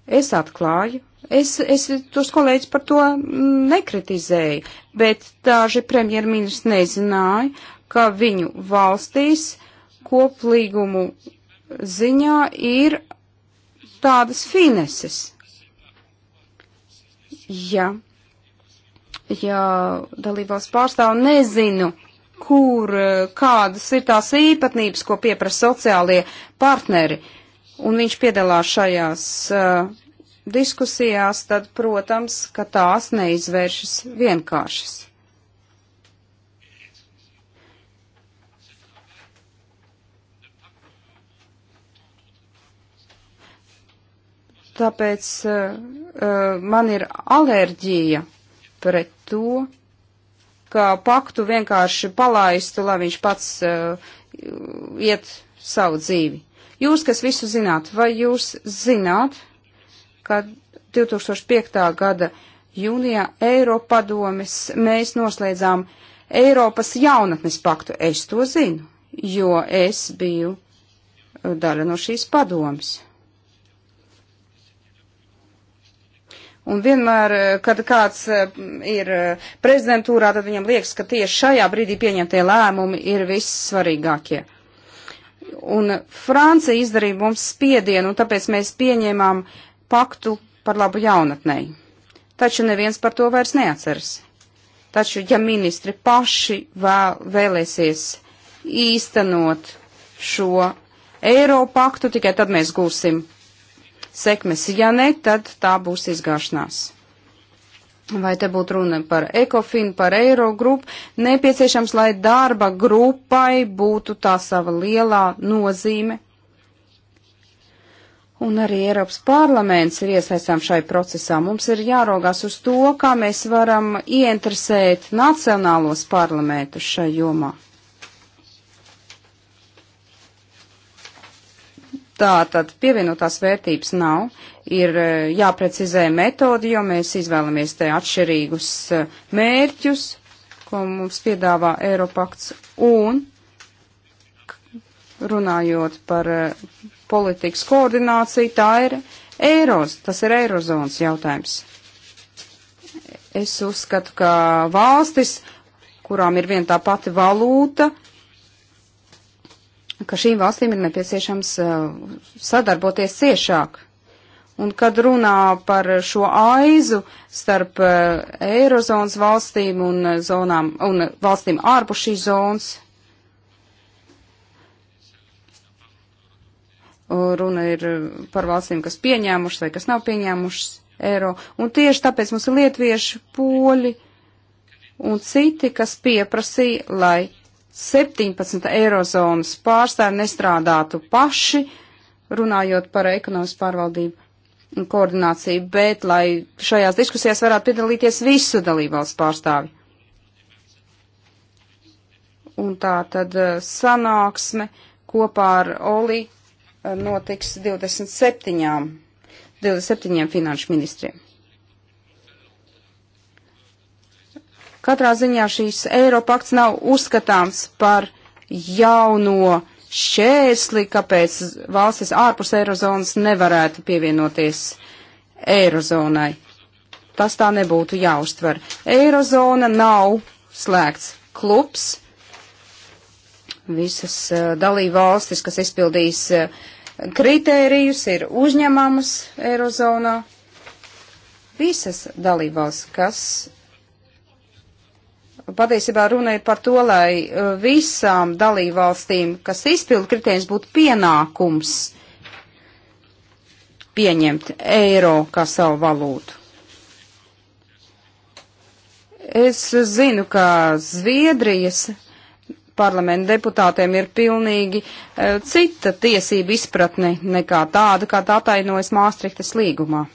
Es atklāju, es, es tos kolēģis par to nekritizēju, bet daži premjerministri nezināja, ka viņu valstīs koplīgumu ziņā ir tādas fineses. Ja, ja dalībvalsts pārstāv nezinu, kur, kādas ir tās īpatnības, ko pieprasa sociālie partneri, un viņš piedalās šajās uh, diskusijās, tad, protams, ka tās neizvēršas vienkāršas. Tāpēc uh, man ir alerģija pret to, ka paktu vienkārši palaistu, lai viņš pats uh, iet savu dzīvi. Jūs, kas visu zināt, vai jūs zināt, ka 2005. gada jūnijā Eiropadomis mēs noslēdzām Eiropas jaunatnes paktu. Es to zinu, jo es biju uh, daļa no šīs padomas. Un vienmēr, uh, kad kāds uh, ir prezidentūrā, tad viņam liekas, ka tieši šajā brīdī pieņemtie lēmumi ir vissvarīgākie. Un Francija izdarīja mums spiedienu, un tāpēc mēs pieņēmām uh, paktu par labu jaunatnei. Taču neviens par to vairs neatceras. Taču, ja ministri paši vēl, vēlēsies īstenot šo Eiropaktu, tikai tad mēs gūsim sekmes. Ja ne, tad tā būs izgāšanās. Vai te būtu runa par ekofinu, par eirogrupu, nepieciešams, lai darba grupai būtu tā sava lielā nozīme Un arī Eiropas parlaments ir iesaistām šai procesā. Mums ir jārogās uz to, kā mēs varam ieinteresēt nacionālos parlamentus šai jomā. Tātad pievienotās vērtības nav, ir e, jāprecizē metodi, jo mēs izvēlamies te atšķirīgus e, mērķus, ko mums piedāvā Eiropakts, un runājot par e, politikas koordinācija, tā ir eiros, tas ir eirozonas jautājums. Es uzskatu, ka valstis, kurām ir vien tā pati valūta, ka šīm valstīm ir nepieciešams uh, sadarboties ciešāk. Un kad runā par šo aizu starp uh, eirozonas valstīm un, uh, zonām, un valstīm ārpus šīs zonas, Runa ir par valstīm, kas pieņēmušas vai kas nav pieņēmušas eiro. Un tieši tāpēc mums ir lietvieši, poļi un citi, kas pieprasīja, lai 17 eirozonas pārstāvi nestrādātu paši, runājot par ekonomisku pārvaldību un koordināciju, bet lai šajās diskusijās varētu piedalīties visu dalībvalsts pārstāvi. Un tā tad eh, sanāksme kopā ar Oli Eh, notiks 27, 27 finanšu ministriem. Katrā ziņā šīs Eiropakts nav uzskatāms par jauno šķērsli, kāpēc valstis ārpus Eirozonas nevarētu pievienoties Eirozonai. Tas tā nebūtu jāuztver. Eirozona nav slēgts klubs, Visas eh, dalība valstis, kas izpildīs eh, kritērijus, ir uzņemamas Eirozonā. Visas dalība valsts, kas patiesībā runa ir par to, lai eh, visām dalībvalstīm, kas izpildu kritērijus, būtu pienākums pieņemt eiro kā savu valūtu. Es zinu, ka Zviedrijas parlamenta deputātiem ir pilnīgi uh, cita tiesība izpratne nekā tāda, kā tā atainojas Māstrihtas līgumā.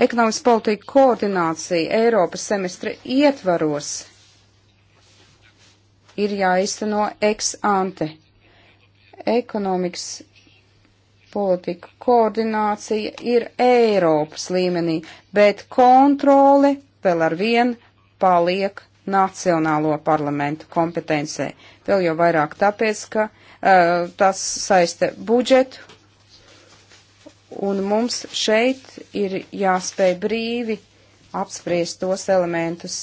Ekonomiskā politika koordinācija Eiropas semestra ietvaros ir jāizteno ex ante. Ekonomikas politika koordinācija ir Eiropas līmenī, bet kontrole vēl ar vienu paliek nacionālo parlamentu kompetencē. Vēl jau vairāk tāpēc, ka uh, tas saista budžetu, un mums šeit ir jāspēj brīvi apspriest tos elementus,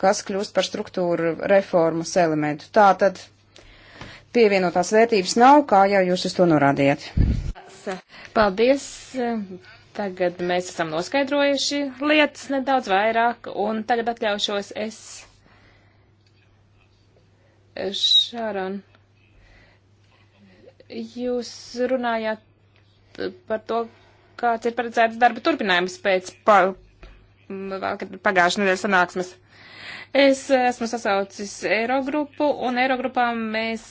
kas kļūst par struktūru reformas elementu. Tā tad pievienotās vērtības nav, kā jau jūs uz to norādījāt. Paldies! Tagad mēs esam noskaidrojuši lietas nedaudz vairāk, un tagad atļaušos es Šāron, jūs runājāt par to, kāds ir paredzēts darba turpinājums pēc pa, pagājušā nedēļas sanāksmes. Es esmu sasaucis Eirogrupu, un Eirogrupā mēs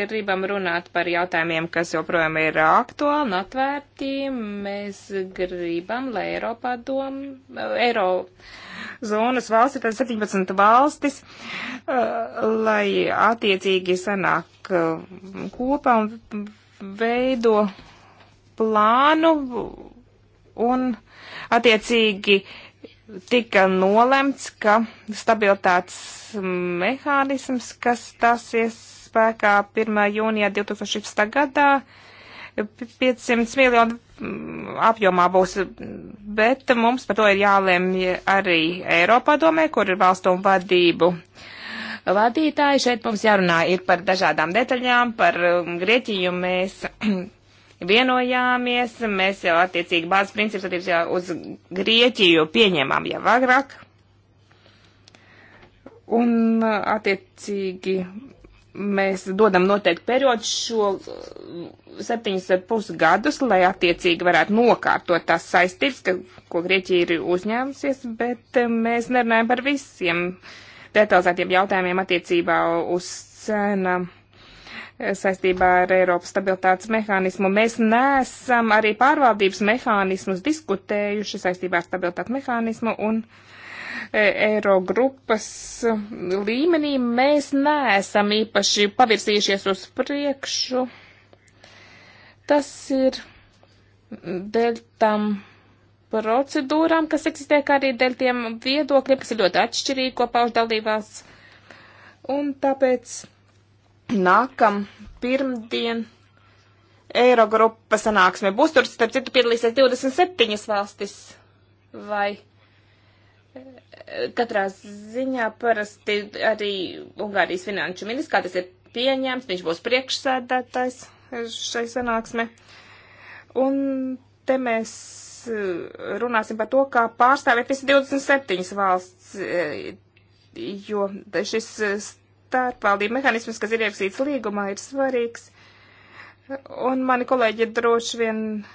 gribam runāt par jautājumiem, kas joprojām ir aktuāli un atvērti. Mēs gribam, lai Eiropā doma, Eiro. Padom, Eiro zonas valsti, tad 17 valstis, uh, lai attiecīgi sanāk uh, kopā un veido plānu un attiecīgi tika nolemts, ka stabilitātes mehānisms, kas stāsies spēkā 1. jūnijā 2016. gadā, 500 miljonu apjomā būs, bet mums par to ir jālemj arī Eiropā domē, kur ir valstu un vadību vadītāji. Šeit mums jārunā ir par dažādām detaļām, par um, Grieķiju mēs vienojāmies, mēs jau attiecīgi bāzes principus attiecībā uz Grieķiju pieņēmām jau agrāk. Un attiecīgi mēs dodam noteikti periodu šo uh, septiņus ar pus gadus, lai attiecīgi varētu nokārtot tās saistības, ka, ko Grieķija ir uzņēmusies, bet uh, mēs nerunājam par visiem detalizētiem jautājumiem attiecībā uz cenām uh, saistībā ar Eiropas stabilitātes mehānismu. Mēs neesam arī pārvaldības mehānismus diskutējuši saistībā ar stabilitātes mehānismu un uh, E, eiro grupas līmenī mēs neesam īpaši pavirzījušies uz priekšu. Tas ir dēļ tam procedūrām, kas eksistē, kā arī dēļ tiem viedokļiem, kas ir ļoti atšķirīgi, ko pauž dalībās. Un tāpēc nākam pirmdien Eirogrupa sanāksmē būs tur, starp citu, piedalīsies 27 valstis vai Katrā ziņā parasti arī Ungārijas finanšu ministrs, kā tas ir pieņemts, viņš būs priekšsēdētājs šai sanāksmē. Un te mēs e, runāsim par to, kā pārstāvēt visi 27 valsts, e, jo šis starpvaldību mehānisms, kas ir ierakstīts līgumā, ir svarīgs. Un mani kolēģi droši vien uh,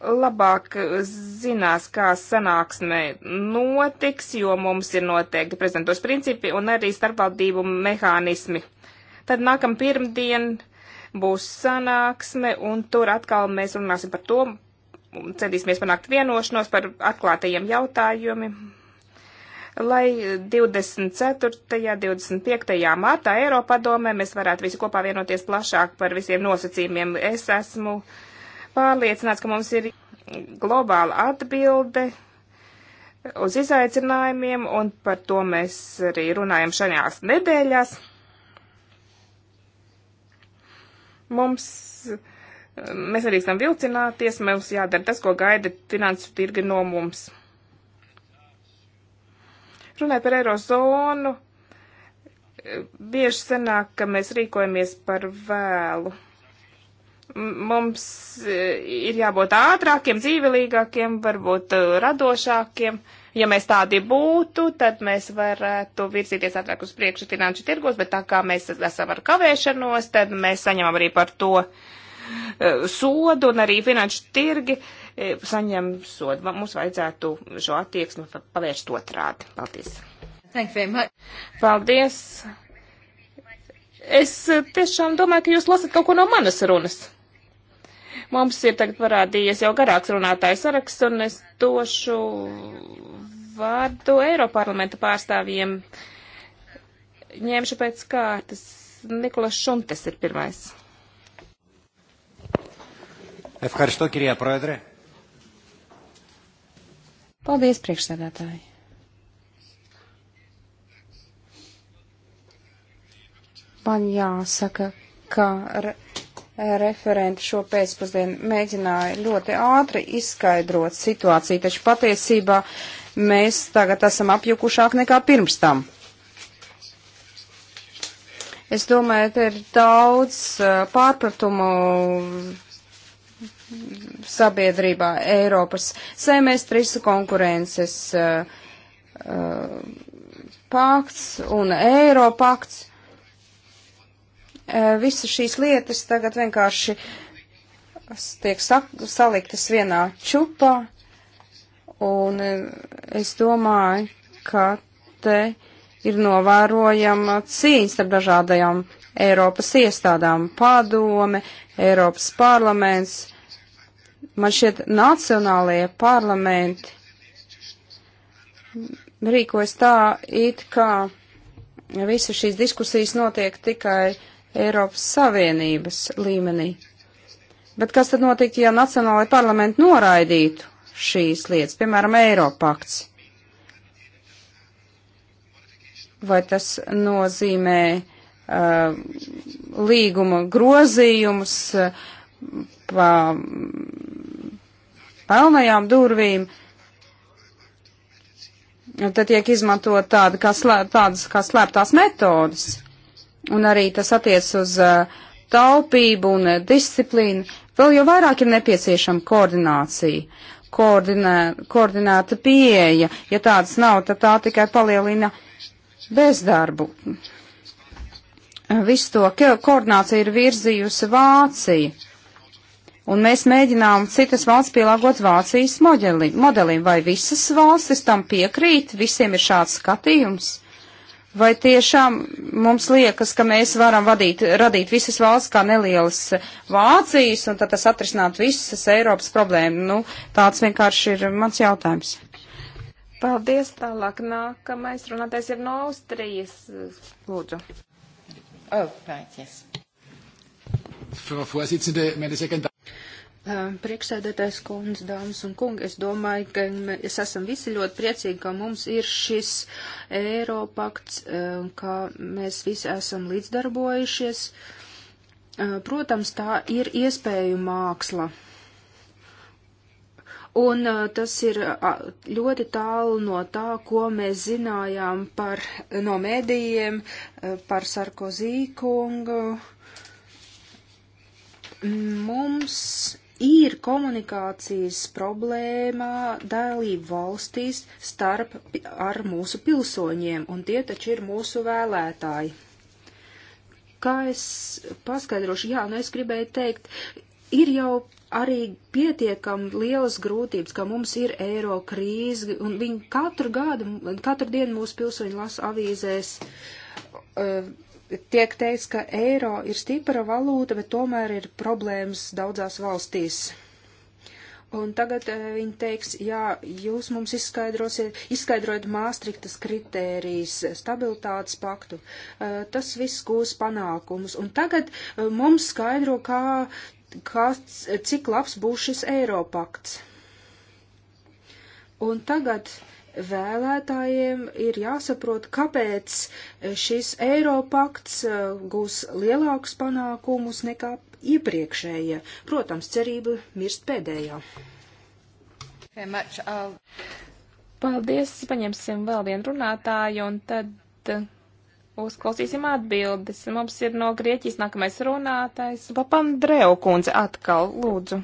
labāk zinās, kā sanāksme notiks, jo mums ir noteikti prezentos principi un arī starpvaldību mehānismi. Tad nākam pirmdien būs sanāksme un tur atkal mēs runāsim par to, centīsimies panākt vienošanos par atklātajiem jautājumiem, lai 24. un 25. martā Eiropadomē mēs varētu visi kopā vienoties plašāk par visiem nosacījumiem. Es esmu uh, pārliecināts, ka mums ir globāla atbilde uz izaicinājumiem, un par to mēs arī runājam šajās nedēļās. Mums, mēs arī esam vilcināties, mums jādara tas, ko gaida finansu tirgi no mums. Runājot par eirozonu, bieži sanāk, ka mēs rīkojamies par vēlu. Mums e, ir jābūt ātrākiem, dzīvelīgākiem, varbūt e, radošākiem. Ja mēs tādi būtu, tad mēs varētu virzīties ātrāk uz priekšu finanšu tirgos, bet tā kā mēs esam ar kavēšanos, tad mēs saņemam arī par to e, sodu un arī finanšu tirgi saņem sodu. Mums vajadzētu šo attieksmi pavērst otrādi. Paldies. Paldies. Es tiešām domāju, ka jūs lasat kaut ko no manas runas. Mums ir tagad parādījies jau garāks runātājs saraksts, un es došu vārdu Eiroparlamenta pārstāvjiem. Ņemšu pēc kārtas. Nikolas Šuntes ir pirmais. Ευχαριστώ, κυρία Πρόεδρε. Paldies, priekšsēdētāji. Man jāsaka, ka referenti šo pēcpusdienu mēģināja ļoti ātri izskaidrot situāciju, taču patiesībā mēs tagad esam apjukušāk nekā pirms tam. Es domāju, te ir daudz pārpratumu sabiedrībā Eiropas semestris konkurences pakts un Eiropakts Eh, visas šīs lietas tagad vienkārši tiek saliktas vienā čupā, un eh, es domāju, ka te ir novērojama cīņa starp dažādajām Eiropas iestādām - padome, Eiropas parlaments. Man šķiet, nacionālajie parlamenti rīkojas tā, it kā visas šīs diskusijas notiek tikai uh, Eiropas Savienības līmenī. Bet kas tad notiktu, ja Nacionālajai parlamenti noraidītu šīs lietas, piemēram, Eiropakts? Vai tas nozīmē uh, līguma grozījumus uh, pa pelnajām durvīm? Tad tiek izmantot tāda, kā slē, tādas kā slēptās metodas un arī tas attiec uz uh, taupību un uh, disciplīnu, vēl jau vairāk ir nepieciešama koordinācija. Koordinē, koordinēta pieeja, ja tādas nav, tad tā tikai palielina bezdarbu. Visu to koordināciju ir virzījusi Vācija un mēs mēģinām citas valsts pielāgot Vācijas modelim. Vai visas valstis tam piekrīt? Visiem ir šāds skatījums. Vai tiešām mums liekas, ka mēs varam vadīt, radīt visas valsts kā nelielas Vācijas un tad tas atrisināt visas Eiropas problēmas? Nu, tāds vienkārši ir mans jautājums. Paldies tālāk. Nākamais runātais ir no Austrijas. Lūdzu. Oh, right, yes. Frau Vorsitzende, meine sehr geehrten Priekšsēdētājs kundze, dāmas un kungi, es domāju, ka mēs esam visi ļoti priecīgi, ka mums ir šis Eiropakts, ka mēs visi esam līdzdarbojušies. Protams, tā ir iespēju māksla. Un tas ir ļoti tālu no tā, ko mēs zinājām par, no mēdījiem, par Sarkozī kungu. Mums ir komunikācijas problēma dalību valstīs starp ar mūsu pilsoņiem, un tie taču ir mūsu vēlētāji. Kā es paskaidrošu, jā, nu es gribēju teikt, ir jau arī pietiekam lielas grūtības, ka mums ir eiro krīze, un viņi katru gadu, katru dienu mūsu pilsoņi lasa avīzēs. Uh, tiek teikts, ka eiro ir stipra valūta, bet tomēr ir problēmas daudzās valstīs. Un tagad eh, viņi teiks, jā, jūs mums izskaidrosiet, izskaidrojat māstriktas kritērijas, eh, stabilitātes paktu. Eh, tas viss gūs panākumus. Un tagad mums skaidro, kā, kā, cik labs būs šis Eiropakts. Un tagad uh, vēlētājiem ir jāsaprot, kāpēc šis Eiropakts eh, gūs lielākus panākumus nekā iepriekšējie. Protams, cerība mirst pēdējā. Paldies, paņemsim vēl vienu runātāju un tad eh, uzklausīsim atbildes. Mums ir no Grieķijas nākamais runātājs Papandreu kundze atkal, lūdzu.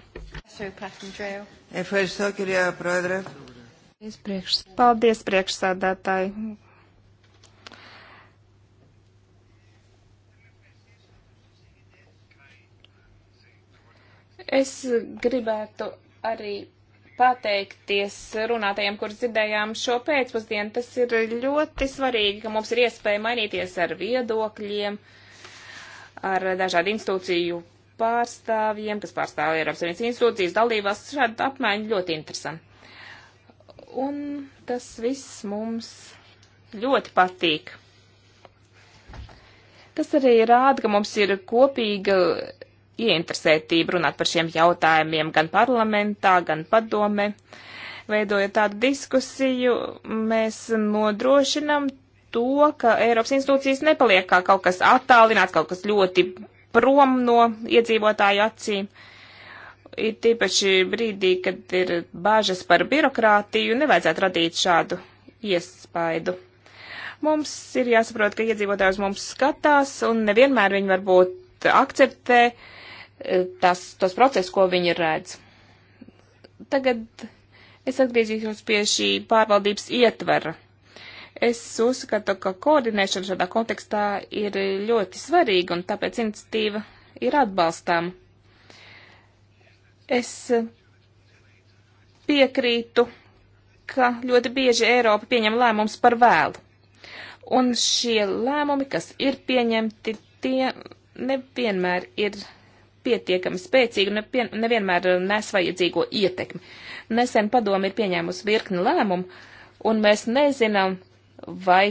Ευχαριστώ κυρία Πρόεδρε. Priekš... Paldies, priekšsādātāji! Es gribētu arī pateikties runātajiem, kurus dzirdējām šo pēcpusdienu. Tas ir ļoti svarīgi, ka mums ir iespēja mainīties ar viedokļiem, ar dažādu institūciju pārstāvjiem, kas pārstāv Eiropas Savienības institūcijas dalībās. Šāda apmaiņa ļoti interesanta. Un tas viss mums ļoti patīk. Tas arī rāda, ka mums ir kopīga ieinteresētība runāt par šiem jautājumiem gan parlamentā, gan padome. Veidojot tādu diskusiju, mēs nodrošinam to, ka Eiropas institūcijas nepaliek kā kaut kas attālināts, kaut kas ļoti prom no iedzīvotāju acīm. Uh, It īpaši brīdī, kad ir bāžas par birokrātiju, nevajadzētu radīt šādu iespaidu. Mums ir jāsaprot, ka iedzīvotājs mums skatās un nevienmēr viņi varbūt akceptē eh, tas, tos procesus, ko viņi redz. Tagad es atgriezīšos pie šī pārvaldības ietvera. Es uzskatu, ka koordinēšana šādā kontekstā ir ļoti svarīga un tāpēc iniciatīva ir atbalstāma Es eh, piekrītu, ka ļoti bieži Eiropa pieņem lēmumus par vēlu. Un šie lēmumi, kas ir pieņemti, tie nevienmēr ir pietiekami spēcīgi un nepien, nevienmēr nes vajadzīgo ietekmi. Nesen padomi ir pieņēmusi virkni lēmumu, un mēs nezinām, vai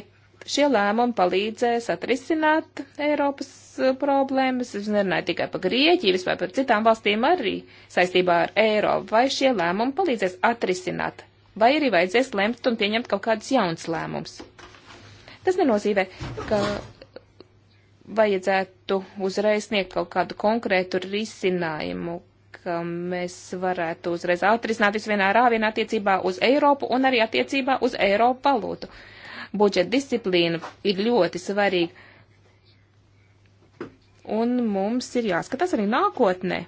šie lēmumi palīdzēs atrisināt Eiropas Uh, problēmas, es nerunāju tikai par Grieķiju, vispār par citām valstīm arī saistībā ar eiro, vai šie lēmumi palīdzēs atrisināt, vai arī vajadzēs lemt un pieņemt kaut kādus jauns lēmumus. Tas nenozīmē, ka vajadzētu uzreiz sniegt kaut kādu konkrētu risinājumu, ka mēs varētu uzreiz atrisināt visvienā rāvienā attiecībā uz Eiropu un arī attiecībā uz Eiropu valūtu. Budžeta disciplīna ir ļoti svarīga un mums ir jāskatās arī nākotnē.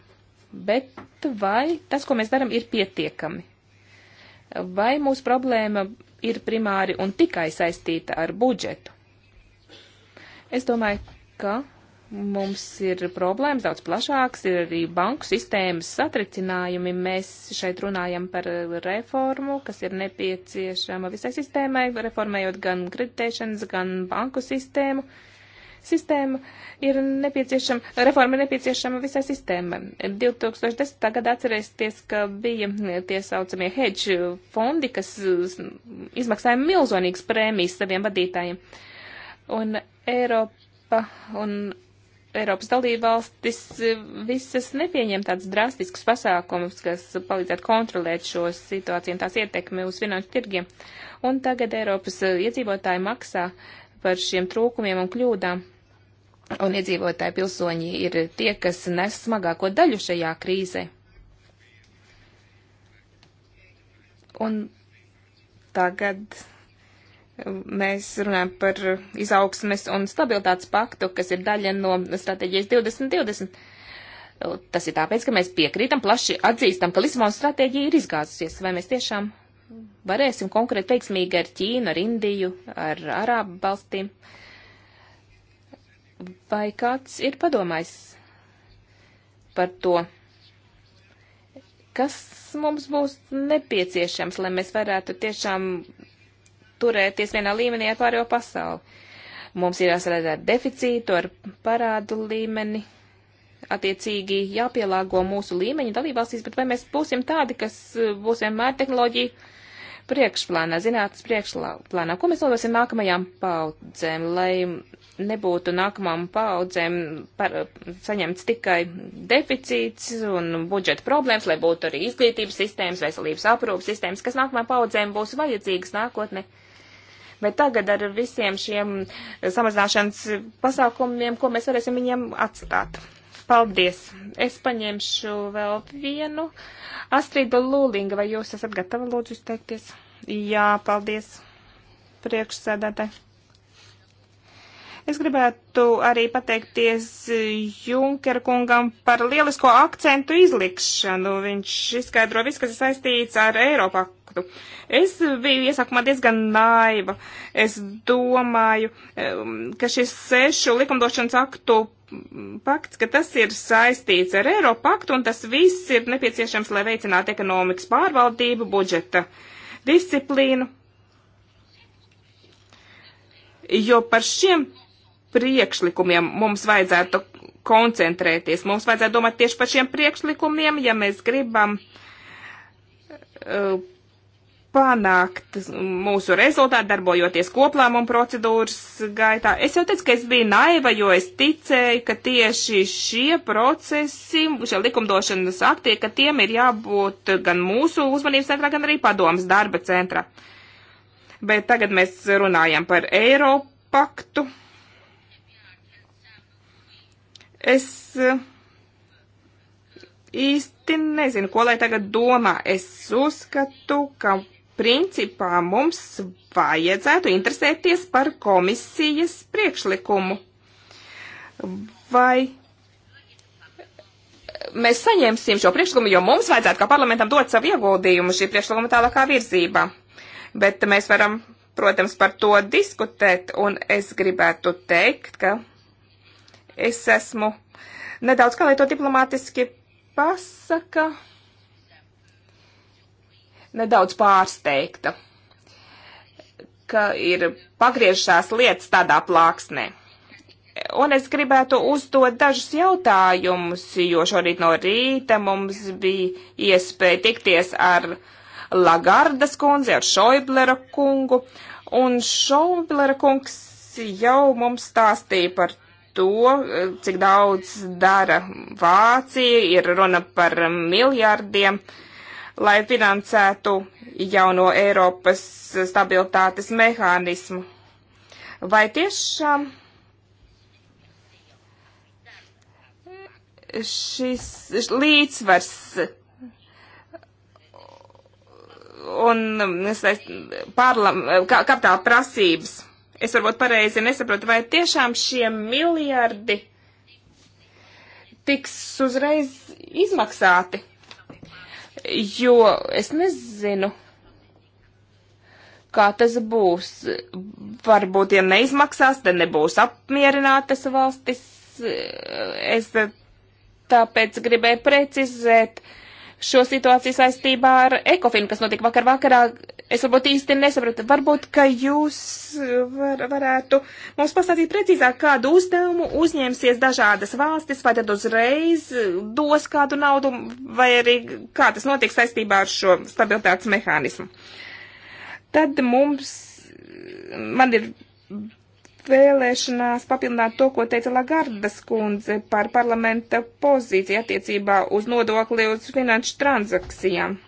Bet vai tas, ko mēs darām, ir pietiekami? Vai mūsu problēma ir primāri un tikai saistīta ar budžetu? Es domāju, ka mums ir problēmas daudz plašāks, ir arī banku sistēmas satricinājumi. Mēs šeit runājam par reformu, kas ir nepieciešama visai sistēmai, reformējot gan kreditēšanas, gan banku sistēmu. Uh, sistēma ir nepieciešama, reforma ir nepieciešama visai sistēma. 2010. gadā atcerēsties, ka bija tie saucamie hedge fondi, kas izmaksāja milzonīgas prēmijas saviem vadītājiem. Un Eiropa un Eiropas dalībvalstis visas nepieņem tādus drastiskus pasākumus, kas palīdzētu kontrolēt šo situāciju un tās ietekmi uz finanšu tirgiem. Un tagad Eiropas iedzīvotāji maksā par šiem trūkumiem un kļūdām. Un iedzīvotāji pilsoņi ir tie, kas nes smagāko daļu šajā krīzē. Un tagad mēs runājam par izaugsmes un stabilitātes paktu, kas ir daļa no stratēģijas 2020. Tas ir tāpēc, ka mēs piekrītam, plaši atzīstam, ka Lisabonas stratēģija ir izgāzusies. Vai mēs tiešām varēsim konkurēt veiksmīgi ar Ķīnu, ar Indiju, ar Arābu valstīm. Vai kāds ir padomājis par to, kas mums būs nepieciešams, lai mēs varētu tiešām turēties vienā līmenī ar pārējo pasauli? Mums ir jāsarādā ar deficītu, ar parādu līmeni, attiecīgi jāpielāgo mūsu līmeņi dalībvalstīs, bet vai mēs būsim tādi, kas eh, būs vienmēr tehnoloģija priekšplānā, zinātnes priekšplānā. Ko mēs nodosim nākamajām paudzēm, lai nebūtu nākamām paudzēm par, saņemts tikai deficīts un budžeta problēmas, lai būtu arī izglītības sistēmas, veselības aprūpas sistēmas, kas nākamajām paudzēm būs vajadzīgas nākotnē. Bet tagad ar visiem šiem samazināšanas pasākumiem, ko mēs varēsim viņiem atstāt. Paldies. Es paņemšu vēl vienu. Astrīda Lūlinga, vai jūs esat gatava lūdzu izteikties? Jā, paldies priekšsēdētāji. Es gribētu arī pateikties Junker kungam par lielisko akcentu izlikšanu. Viņš izskaidro visu, kas ir saistīts ar Eiropā faktu. Es biju iesākumā diezgan naiva. Es domāju, ka šis sešu likumdošanas aktu pakts, ka tas ir saistīts ar Eiropu paktu un tas viss ir nepieciešams, lai veicinātu ekonomikas pārvaldību, budžeta disciplīnu. Jo par šiem priekšlikumiem mums vajadzētu koncentrēties. Mums vajadzētu domāt tieši par šiem priekšlikumiem, ja mēs gribam uh, panākt mūsu rezultātu, darbojoties koplēmumu procedūras gaitā. Es jau teicu, ka es biju naiva, jo es ticēju, ka tieši šie procesi, šie likumdošanas akti, ka tiem ir jābūt gan mūsu uzmanības centrā, gan arī padomas darba centrā. Bet tagad mēs runājam par Eiropaktu. paktu Es eh, īsti nezinu, ko lai tagad domā. Es uzskatu, ka principā mums vajadzētu interesēties par komisijas priekšlikumu. Vai mēs saņemsim šo priekšlikumu, jo mums vajadzētu kā parlamentam dot savu ieguldījumu šī priekšlikuma tālākā virzībā. Bet mēs varam, protams, par to diskutēt, un es gribētu teikt, ka Es esmu nedaudz, kā lai to diplomātiski pasaka, nedaudz pārsteigta, ka ir pagriežās lietas tādā plāksnē un es gribētu uzdot dažus jautājumus, jo šorīt no rīta mums bija iespēja tikties ar Lagardas kundzi, ar Šoiblera kungu, un Šoiblera kungs jau mums stāstīja par to, cik daudz dara Vācija, ir runa par miljardiem, lai finansētu jauno Eiropas stabilitātes mehānismu. Vai tiešām šis līdzsvars un parlam, kapitāla prasības Es varbūt pareizi nesaprotu, vai tiešām šie miljardi tiks uzreiz izmaksāti, jo es nezinu, kā tas būs. Varbūt, ja neizmaksās, tad nebūs apmierinātas valstis. Es tāpēc gribēju precizēt šo situāciju saistībā ar Ekofinu, kas notika vakar vakarā. Es varbūt īsti nesapratu. Varbūt, ka jūs eh, var, varētu mums pastāstīt precīzāk, kādu uzdevumu uzņemsies dažādas valstis, vai tad uzreiz eh, dos kādu naudu, vai arī kā tas notiek saistībā ar šo stabilitātes mehānismu. Tad mums, man ir vēlēšanās papildināt to, ko teica Lagardas kundze par parlamenta pozīciju attiecībā uz nodokli uz finanšu transakcijām.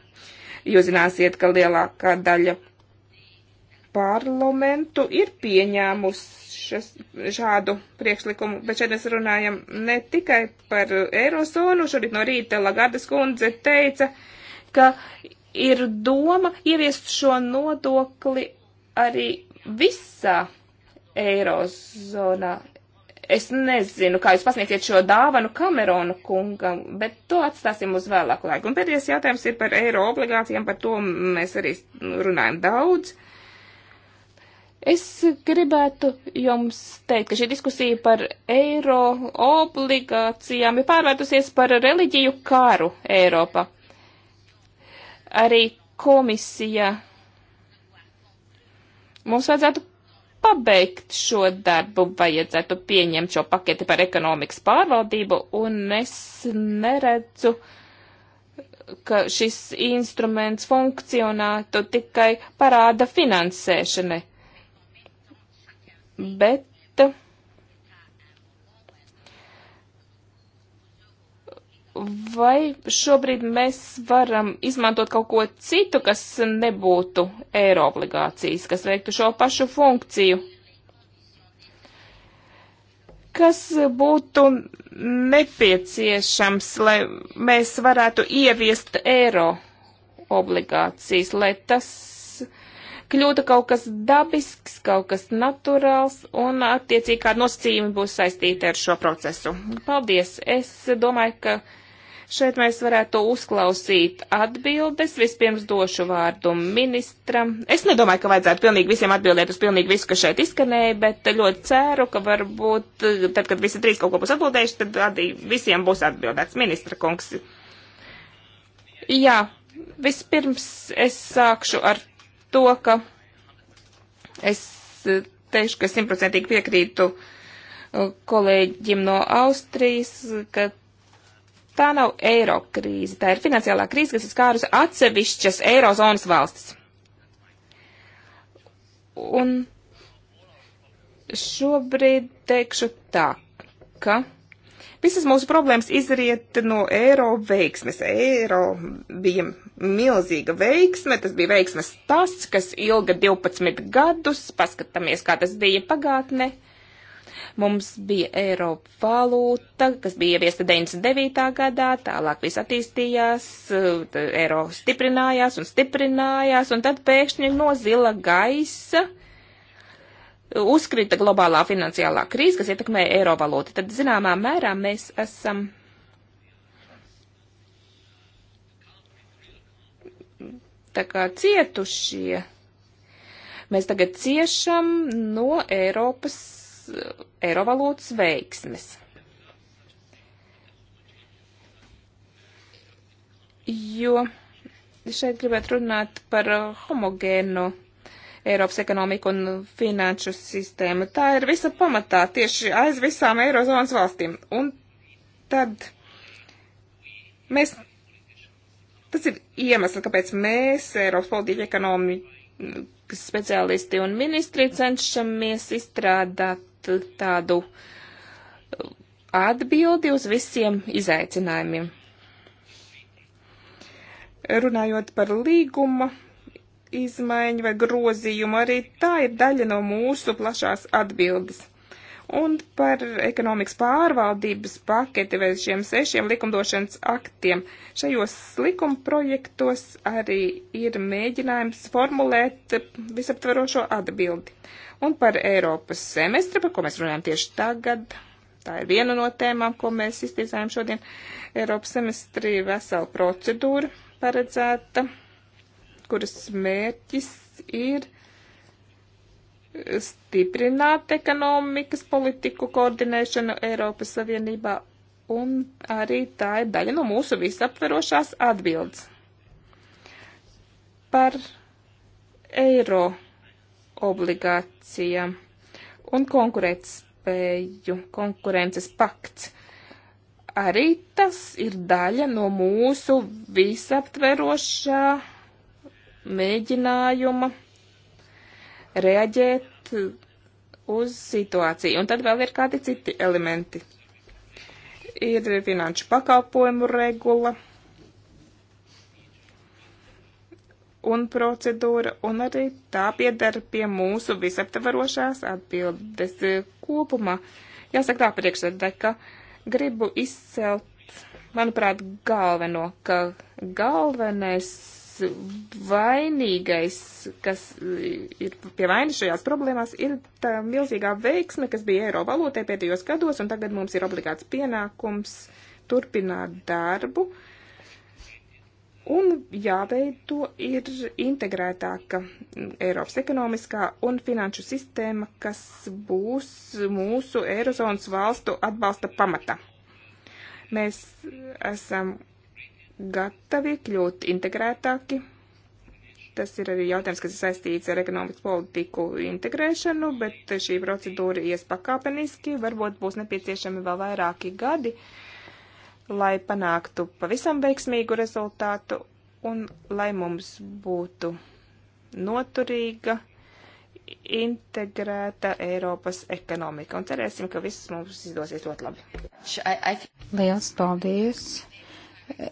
Jūs zināsiet, ka lielākā daļa parlamentu ir pieņēmušas šādu priekšlikumu, bet šeit mēs runājam ne tikai par Eirozonu. Šorīt no rīta Lagardas kundze teica, ka ir doma ieviest šo nodokli arī visā Eirozonā. Es nezinu, kā jūs pasniegsiet šo dāvanu Kamerona kungam, bet to atstāsim uz vēlāku laiku. Un pēdējais jautājums ir par eiro obligācijām, par to mēs arī runājam daudz. Es gribētu jums teikt, ka šī diskusija par eiro obligācijām ir pārvērtusies par reliģiju kāru Eiropā. Arī komisija mums vajadzētu pabeigt šo darbu, vajadzētu pieņemt šo paketi par ekonomikas pārvaldību, un es neredzu, ka šis instruments funkcionētu tikai parāda finansēšanai. Bet vai šobrīd mēs varam izmantot kaut ko citu, kas nebūtu eiro obligācijas, kas veiktu šo pašu funkciju? Kas būtu nepieciešams, lai mēs varētu ieviest eiro obligācijas, lai tas kļūtu kaut kas dabisks, kaut kas naturāls, un attiecīgi kāda nosacījumi būs saistīti ar šo procesu. Paldies! Es domāju, ka Šeit mēs varētu uzklausīt atbildes. Vispirms došu vārdu ministram. Es nedomāju, ka vajadzētu pilnīgi visiem atbildēt uz pilnīgi visu, kas šeit izskanēja, bet ļoti ceru, ka varbūt eh, tad, kad visi trīs kaut ko būs atbildējuši, tad arī visiem būs atbildēts ministra kungs. Jā, vispirms es sākšu ar to, ka es eh, teikšu, ka simtprocentīgi piekrītu eh, kolēģim no Austrijas, ka Tā nav eiro krīze, tā ir finansiālā krīze, kas ir skārusi atsevišķas eirozonas valstis. Un šobrīd teikšu tā, ka visas mūsu problēmas izriet no eiro veiksmes. Eiro bija milzīga veiksme, tas bija veiksmes tas, kas ilga 12 gadus, paskatāmies, kā tas bija pagātne. Mums bija Eiropa valūta, kas bija ieviesta 99. gadā, tālāk viss attīstījās, eiro stiprinājās un stiprinājās, un tad pēkšņi no zila gaisa uzkrita globālā finansiālā krīze, kas ietekmēja eiro valūtu. Tad, zināmā mērā, mēs esam tā kā cietušie. Mēs tagad ciešam no Eiropas eiro valūtas veiksmes. Jo šeit gribētu runāt par homogēnu Eiropas ekonomiku un finanšu sistēmu. Tā ir visa pamatā tieši aiz visām Eirozonas valstīm. Un tad mēs, tas ir iemesls, kāpēc mēs, Eiropas politiķi ekonomi, speciālisti un ministri cenšamies izstrādāt tādu atbildi uz visiem izaicinājumiem. Runājot par līguma izmaiņu vai grozījumu, arī tā ir daļa no mūsu plašās atbildes un par ekonomikas pārvaldības paketi vai šiem sešiem likumdošanas aktiem. Šajos likumprojektos arī ir mēģinājums formulēt visaptvarošo atbildi. Un par Eiropas semestri, par ko mēs runājam tieši tagad, tā ir viena no tēmām, ko mēs iztīzējam šodien. Eiropas semestri vesela procedūra paredzēta, kuras mērķis ir stiprināt ekonomikas politiku koordinēšanu Eiropas Savienībā, un arī tā ir daļa no mūsu visaptverošās atbildes. Par eiro obligācijām un konkurētspēju, konkurences pakts. Arī tas ir daļa no mūsu visaptverošā mēģinājuma reaģēt uz situāciju. Un tad vēl ir kādi citi elementi. Ir finanšu pakalpojumu regula un procedūra, un arī tā piedara pie mūsu visaptvarošās atbildes kopumā. Jāsaka tā priekšsēdē, ka gribu izcelt, manuprāt, galveno, ka galvenais vainīgais, kas ir pie vainas šajās problēmās, ir tā milzīgā veiksme, kas bija eiro valūtē pēdējos gados, un tagad mums ir obligāts pienākums turpināt darbu. Un jāveido ir integrētāka Eiropas ekonomiskā un finanšu sistēma, kas būs mūsu Eirozonas valstu atbalsta pamata mēs esam gatavi kļūt integrētāki. Tas ir arī jautājums, kas ir saistīts ar ekonomikas politiku integrēšanu, bet šī procedūra ies pakāpeniski. Varbūt būs nepieciešami vēl vairāki gadi, lai panāktu pavisam veiksmīgu rezultātu un lai mums būtu noturīga, integrēta Eiropas ekonomika. Un cerēsim, ka viss mums izdosies ļoti labi. Liels paldies!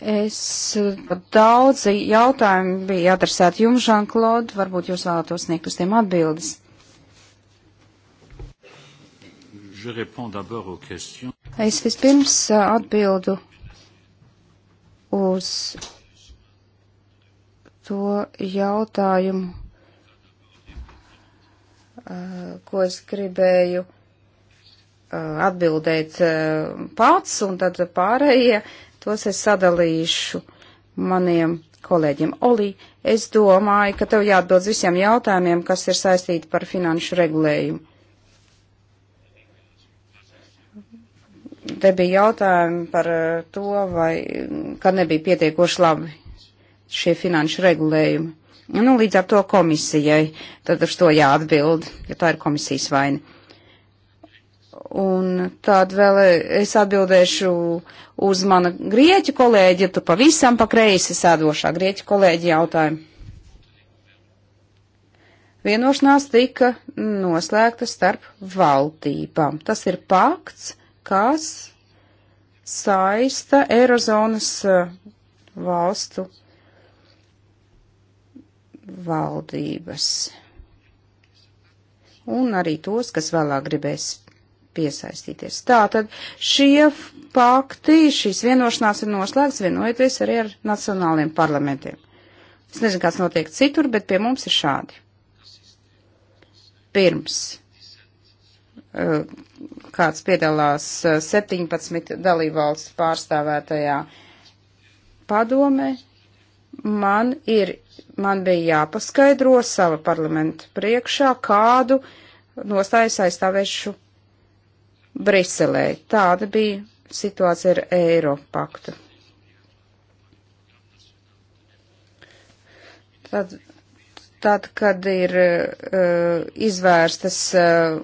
Es eh, daudzi jautājumi bija adresēti jums, Žanklod, varbūt jūs vēlētos sniegt uz tiem atbildes. Es vispirms eh, atbildu uz to jautājumu, eh, ko es gribēju atbildēt pats, un tad pārējie. Ja Tos es sadalīšu maniem kolēģiem. Oli, es domāju, ka tev jāatbild visiem jautājumiem, kas ir saistīti par finanšu regulējumu. Te bija jautājumi par eh, to, vai, kad nebija pietiekoši labi šie finanšu regulējumi. Nu, līdz ar to komisijai, tad uz to jāatbild, jo tā ir komisijas vaina. Un tad vēl es atbildēšu uz mana grieķu kolēģi, tu pavisam pa kreisi sēdošā grieķu kolēģi jautājumu. Vienošanās tika noslēgta starp valdībām. Tas ir pakts, kas saista Eirozonas eh, valstu valdības. Un arī tos, kas vēlāk gribēs piesaistīties. Tātad šie pakti, šīs vienošanās ir noslēgts vienojoties arī ar nacionāliem parlamentiem. Es nezinu, kas notiek citur, bet pie mums ir šādi. Pirms eh, kāds piedalās 17 eh, dalībvalsts pārstāvētajā padome, man ir, man bija jāpaskaidro sava parlamenta priekšā, kādu nostājas aizstāvēšu Briselē. Tāda bija situācija ar Eiropaktu. Tad, tad kad ir uh, izvērstas uh,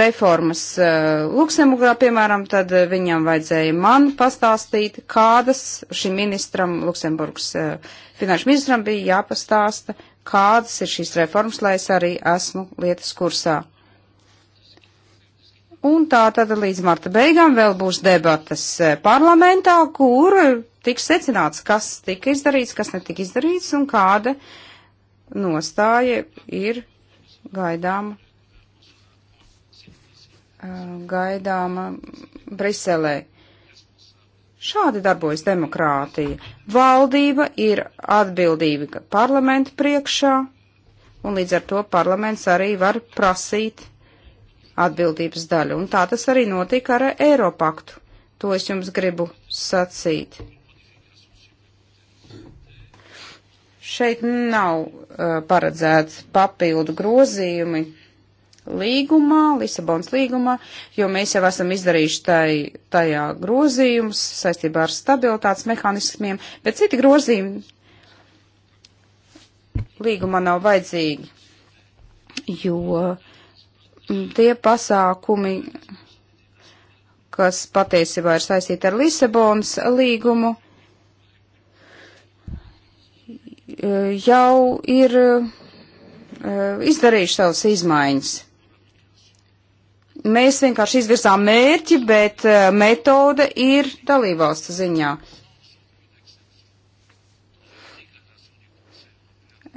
reformas uh, Luksemburgā, piemēram, tad viņam vajadzēja man pastāstīt, kādas šim ministram, Luksemburgas uh, finanšu ministram bija jāpastāsta, kādas ir šīs reformas, lai es arī esmu lietas kursā. Un tā tad līdz marta beigām vēl būs debatas e, parlamentā, kur tiks secināts, kas tika izdarīts, kas netika izdarīts un kāda nostāja ir gaidāma, e, gaidāma Briselē. Šādi darbojas demokrātija. Valdība ir atbildīga parlamenta priekšā, un līdz ar to parlaments arī var prasīt atbildības daļu. Un tā tas arī notika ar Eiropaktu. To es jums gribu sacīt. Šeit nav uh, paredzēts papildu grozījumi līgumā, Lisabons līgumā, jo mēs jau esam izdarījuši tai, tajā grozījumus saistībā ar stabilitātes mehānismiem, bet citi grozījumi līgumā nav vajadzīgi, jo uh, Mm, tie pasākumi, kas patiesībā ir saistīti ar Lisabonas līgumu, jau ir eh, izdarījuši savas izmaiņas. Mēs vienkārši izvirzām mērķi, bet eh, metode ir dalībvalstu ziņā.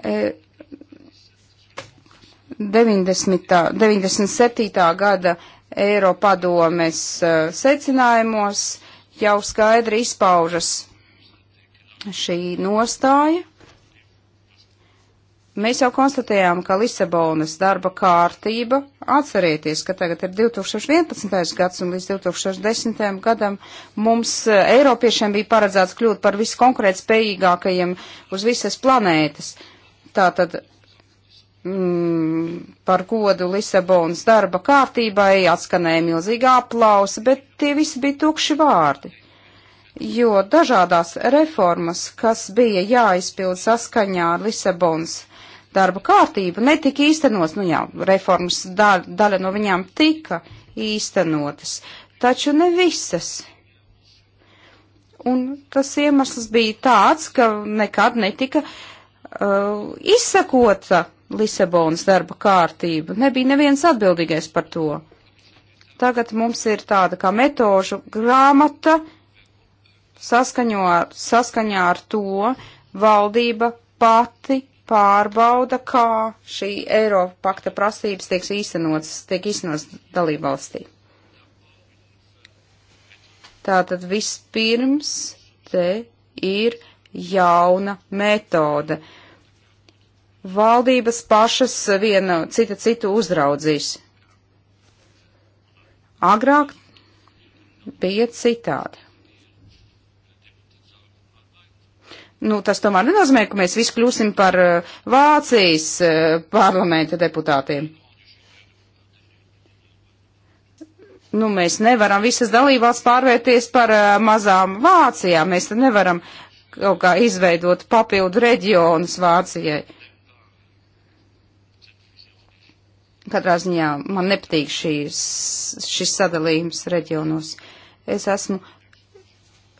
Eh, 90. 97. gada Eiropadomes secinājumos jau skaidri izpaužas šī nostāja. Mēs jau konstatējām, ka Lisabonas darba kārtība, atcerieties, ka tagad ir 2011. gads un līdz 2010. gadam mums Eiropiešiem bija paredzēts kļūt par viskonkurētspējīgākajiem uz visas planētas. Tātad mm, par godu Lisabonas darba kārtībai atskanēja milzīga aplausa, bet tie visi bija tukši vārdi. Jo dažādās reformas, kas bija jāizpild saskaņā ar Lisabonas darba kārtību, netika īstenots, nu jā, reformas daļa, daļa no viņām tika īstenotas, taču ne visas. Un tas iemesls bija tāds, ka nekad netika uh, izsakota Lisabonas darba kārtību. Nebija neviens atbildīgais par to. Tagad mums ir tāda kā metožu grāmata, saskaņo, saskaņā ar to valdība pati pārbauda, kā šī Eiropa pakta prasības tiek īstenotas, tiek īstenotas dalībvalstī. Tātad vispirms te ir jauna metode. Uh, valdības pašas viena cita citu uzraudzīs. Agrāk bija citādi. Nu, tas tomēr nenozīmē, ka mēs visi kļūsim par eh, Vācijas eh, parlamenta deputātiem. nu, mēs nevaram visas dalībās pārvērties par uh, mazām Vācijām. Mēs nevaram kaut kā izveidot papildu reģionus Vācijai. Katrā ziņā man nepatīk šīs, šis sadalījums reģionos. Es esmu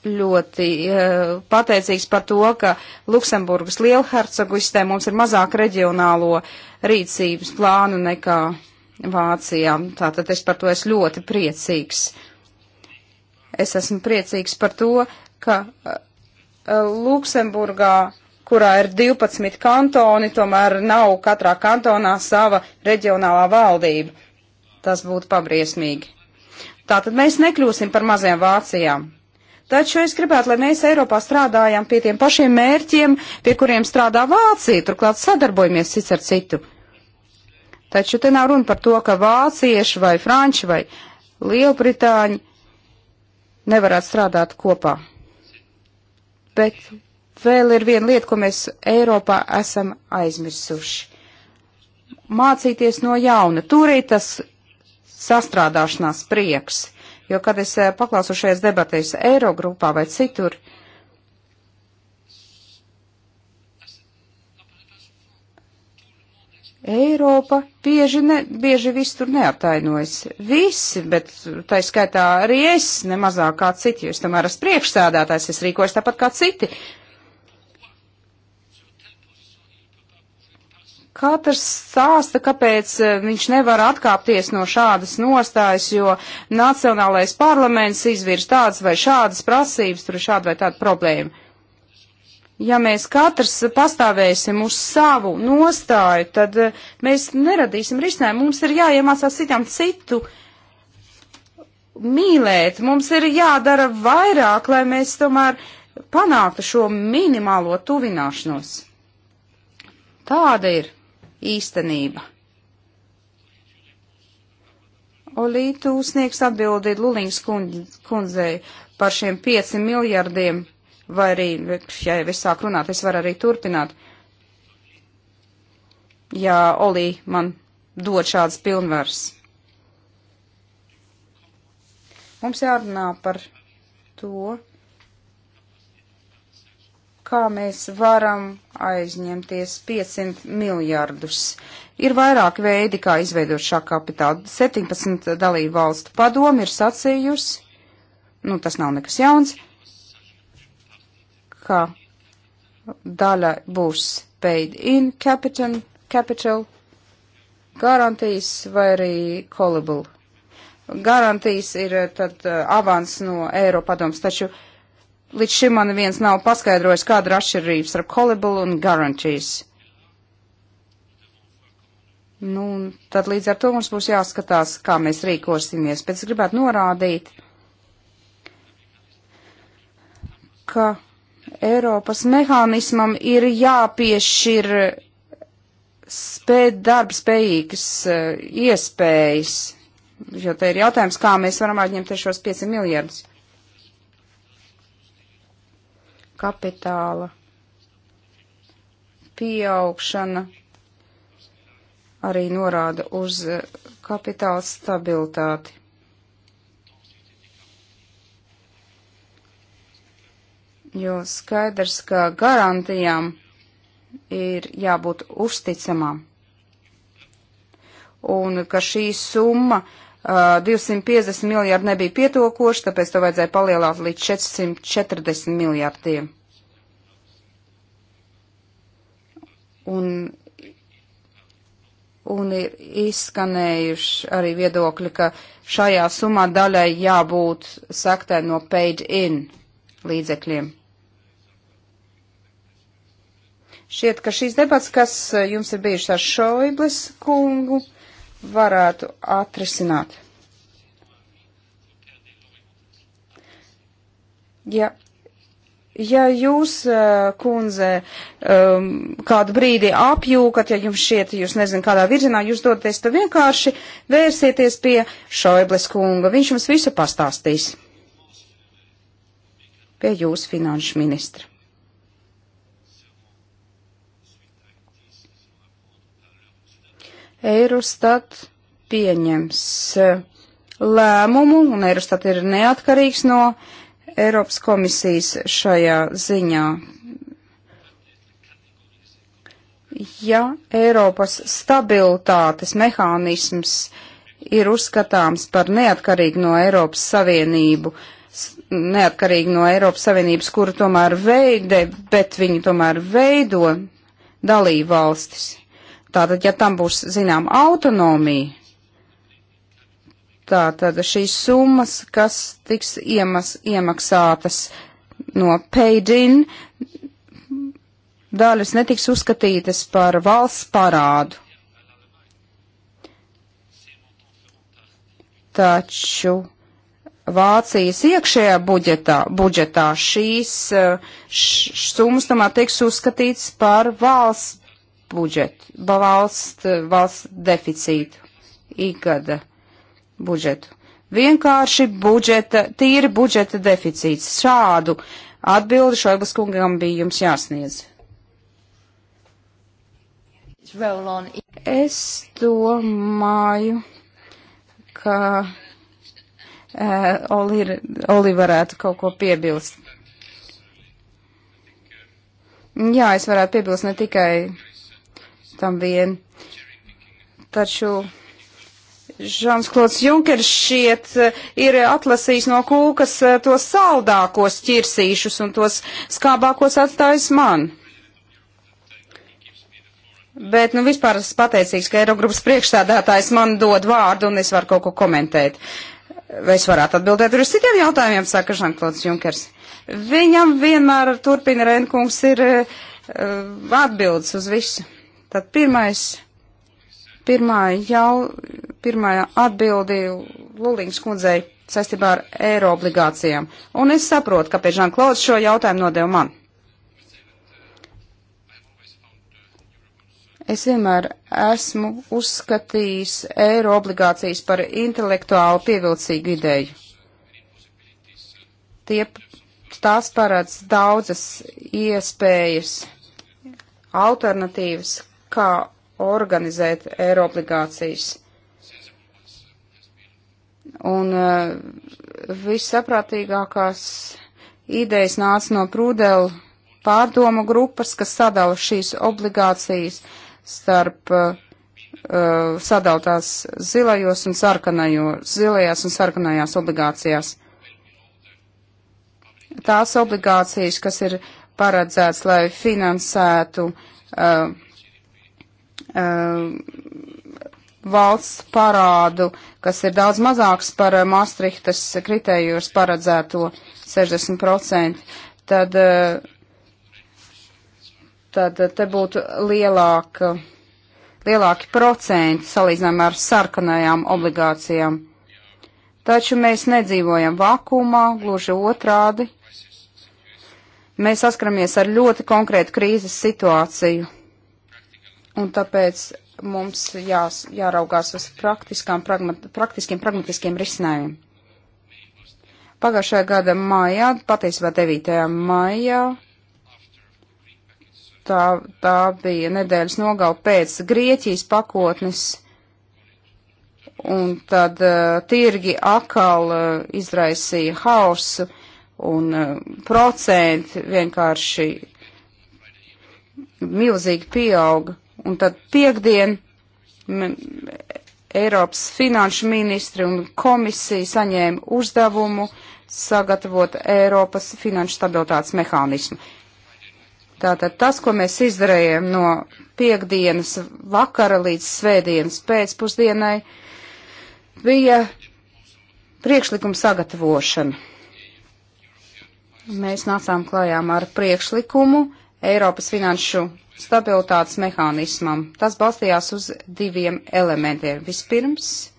ļoti uh, pateicīgs par to, ka Luksemburgas lielhercogistē mums ir mazāk reģionālo rīcības plānu nekā Vācijā. Tātad es par to esmu ļoti priecīgs. Es esmu priecīgs par to, ka uh, Luksemburgā kurā ir 12 kantoni, tomēr nav katrā kantonā sava reģionālā valdība. Tas būtu pabriesmīgi. Tātad mēs nekļūsim par maziem Vācijām. Taču es gribētu, lai mēs Eiropā strādājam pie tiem pašiem mērķiem, pie kuriem strādā Vācija, turklāt sadarbojamies cits ar citu. Taču te nav runa par to, ka vācieši vai franči vai lielbritāņi nevarētu strādāt kopā. Bet vēl ir viena lieta, ko mēs Eiropā esam aizmirsuši. Mācīties no jauna. Tur ir tas sastrādāšanās prieks. Jo, kad es eh, paklausu šajās debatēs Eirogrupā vai citur, Eiropa bieži, ne, bieži viss tur neatainojas. Visi, bet tā skaitā arī es, nemazāk kā citi, jo es tomēr esmu priekšsēdētājs, es rīkojos tāpat kā citi. Uh, Katrs stāsta, kāpēc e, viņš nevar atkāpties no šādas nostājas, jo Nacionālais parlaments izvirs tādas vai šādas prasības, tur ir šāda vai tāda problēma. Ja mēs katrs pastāvēsim uz savu nostāju, tad e, mēs neradīsim risinājumu. Mums ir jāiemācās citam citu mīlēt, mums ir jādara vairāk, lai mēs tomēr panāktu šo minimālo tuvināšanos. Tāda ir īstenība. Olītu sniegs atbildi Luliņas kundzei par šiem 5 miljardiem, vai arī, ja jau es sāku runāt, es varu arī turpināt. Ja Olī man dod šādas pilnvaras. Mums jārunā par to, kā mēs varam aizņemties 500 miljardus. Ir vairāk veidi, kā izveidot šā kapitāla. 17 dalību valstu padomi ir sacījusi, nu tas nav nekas jauns, ka daļa būs paid in capital, capital garantijas vai arī callable. Garantijas ir eh, tad eh, avans no Eiropadoms, taču uh, Līdz šim man viens nav paskaidrojis, kāda ir atšķirība starp callable un guarantees. Nu, tad līdz ar to mums būs jāskatās, kā mēs rīkosimies. Pēc gribētu norādīt, ka Eiropas mehānismam ir jāpiešķir spēj, darbspējīgas uh, eh, iespējas, jo te ir jautājums, kā mēs varam atņemt šos 5 miljardus. kapitāla pieaugšana arī norāda uz eh, kapitāla stabilitāti. Jo skaidrs, ka garantijām ir jābūt uzticamām. Un ka šī summa uh, 250 uh, miljārdi nebija pietokoši, tāpēc to vajadzēja palielināt līdz 440 miljārdiem. Un, un ir izskanējuši arī viedokļi, ka šajā summā daļai jābūt saktai no paid in līdzekļiem. Šķiet, ka šīs debats, kas uh, jums ir bijušas ar Šoibles kungu, uh, varētu atrisināt. Ja, ja jūs, eh, kundze, um, kādu brīdi apjūkat, ja jums šiet, jūs nezinu, kādā virzienā jūs doties, tad vienkārši vērsieties pie Šoibles kunga. Viņš jums visu pastāstīs. Pie jūsu finanšu ministra. Eirostat pieņems e, lēmumu, un Eirostat ir neatkarīgs no Eiropas komisijas šajā ziņā. Ja Eiropas stabilitātes mehānisms ir uzskatāms par neatkarīgu no Eiropas Savienību, neatkarīgi no Eiropas Savienības, kuru tomēr veide, bet viņi tomēr veido dalību valstis. Tātad, ja tam būs zinām autonomija, tātad šīs summas, kas tiks iemas, iemaksātas no paid-in, daļas netiks uzskatītas par valsts parādu. Taču Vācijas iekšējā budžetā, budžetā šīs eh, š, summas tomēr tiks uzskatīts par valsts budžetu, valsts, valsts deficītu, ikgada budžetu. Vienkārši budžeta, tīri budžeta deficīts. Šādu atbildi Šoibas kungam bija jums jāsniedz. Es domāju, ka uh, Oli, ir, Oli varētu kaut ko piebilst. Jā, es varētu piebilst ne tikai tam vien. Taču Žans Klods Junkers šiet eh, ir atlasījis no kūkas eh, tos saldākos ķirsīšus un tos skābākos atstājis man. Bet, nu, vispār es pateicīgs, ka Eirogrupas priekšstādātājs man dod vārdu un es varu kaut ko komentēt. Vai es varētu atbildēt uz citiem jautājumiem, saka Žanklods Junkers. Viņam vienmēr turpina Renkungs ir uh, atbildes uz visu. Tad pirmais, pirmā, jau, pirmā atbildi Lulīņas kundzei saistībā ar eiro obligācijām. Un es saprotu, kāpēc Žan Klauds šo jautājumu nodeva man. Es vienmēr esmu uzskatījis eiro obligācijas par intelektuāli pievilcīgu ideju. Tie tās parāds daudzas iespējas, alternatīvas, kā organizēt eiroobligācijas. Un uh, vissaprātīgākās idejas nāca no Prūdela pārdomu grupas, kas sadala šīs obligācijas starp uh, uh sadaltās zilajos un sarkanajos, zilajās un sarkanajās obligācijās. Tās obligācijas, kas ir paredzēts, lai finansētu uh, Uh, valsts parādu, kas ir daudz mazāks par uh, Maastrichtas kritējos paredzēto 60%, tad, uh, tad te būtu lielāka, lielāki procenti salīdzinājumā ar sarkanajām obligācijām. Taču mēs nedzīvojam vakumā, gluži otrādi. Mēs saskaramies ar ļoti konkrētu krīzes situāciju Un tāpēc mums jā, jāraugās uz pragmat, praktiskiem, pragmatiskiem risinājumiem. Pagājušajā gada maijā, patiesībā 9. maijā, tā, tā bija nedēļas nogal pēc Grieķijas pakotnes, un tad uh, tirgi atkal uh, izraisīja hausu, un uh, procenti vienkārši milzīgi pieauga. Un tad piekdien Eiropas finanšu ministri un komisija saņēma uzdevumu sagatavot Eiropas finanšu stabilitātes mehānismu. Tātad tas, ko mēs izdarījām no piekdienas vakara līdz svētdienas pēcpusdienai, bija priekšlikuma sagatavošana. Mēs nācām klājām ar priekšlikumu Eiropas finanšu stabilitātes mehānismam. Tas balstījās uz diviem elementiem. Vispirms,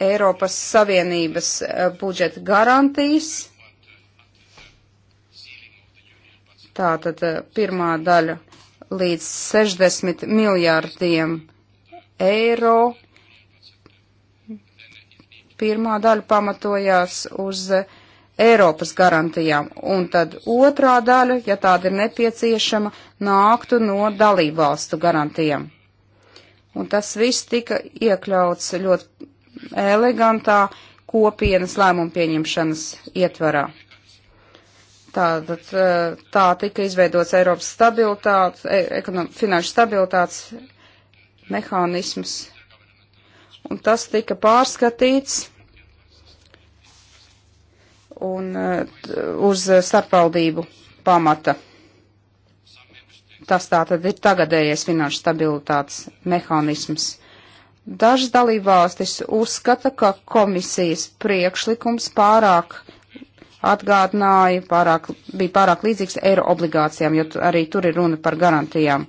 Eiropas Savienības eh, budžeta garantijas. Tātad eh, pirmā daļa līdz 60 miljārdiem eiro. Pirmā daļa pamatojās uz uh, Eiropas garantijām, un tad otrā daļa, ja tāda ir nepieciešama, nāktu no dalībvalstu garantijām. Un tas viss tika iekļauts ļoti elegantā kopienas lēmumu pieņemšanas ietvarā. Tātad eh, tā tika izveidots Eiropas stabilitātes, e, ekonom, finanšu stabilitātes mehānisms, un tas tika pārskatīts un eh, uz starpvaldību pamata. Tas tā tad ir tagadējais finanšu stabilitātes mehānisms. Dažas dalībvalstis uzskata, ka komisijas priekšlikums pārāk atgādināja, pārāk, bija pārāk līdzīgs eiro obligācijām, jo arī tur ir runa par garantijām.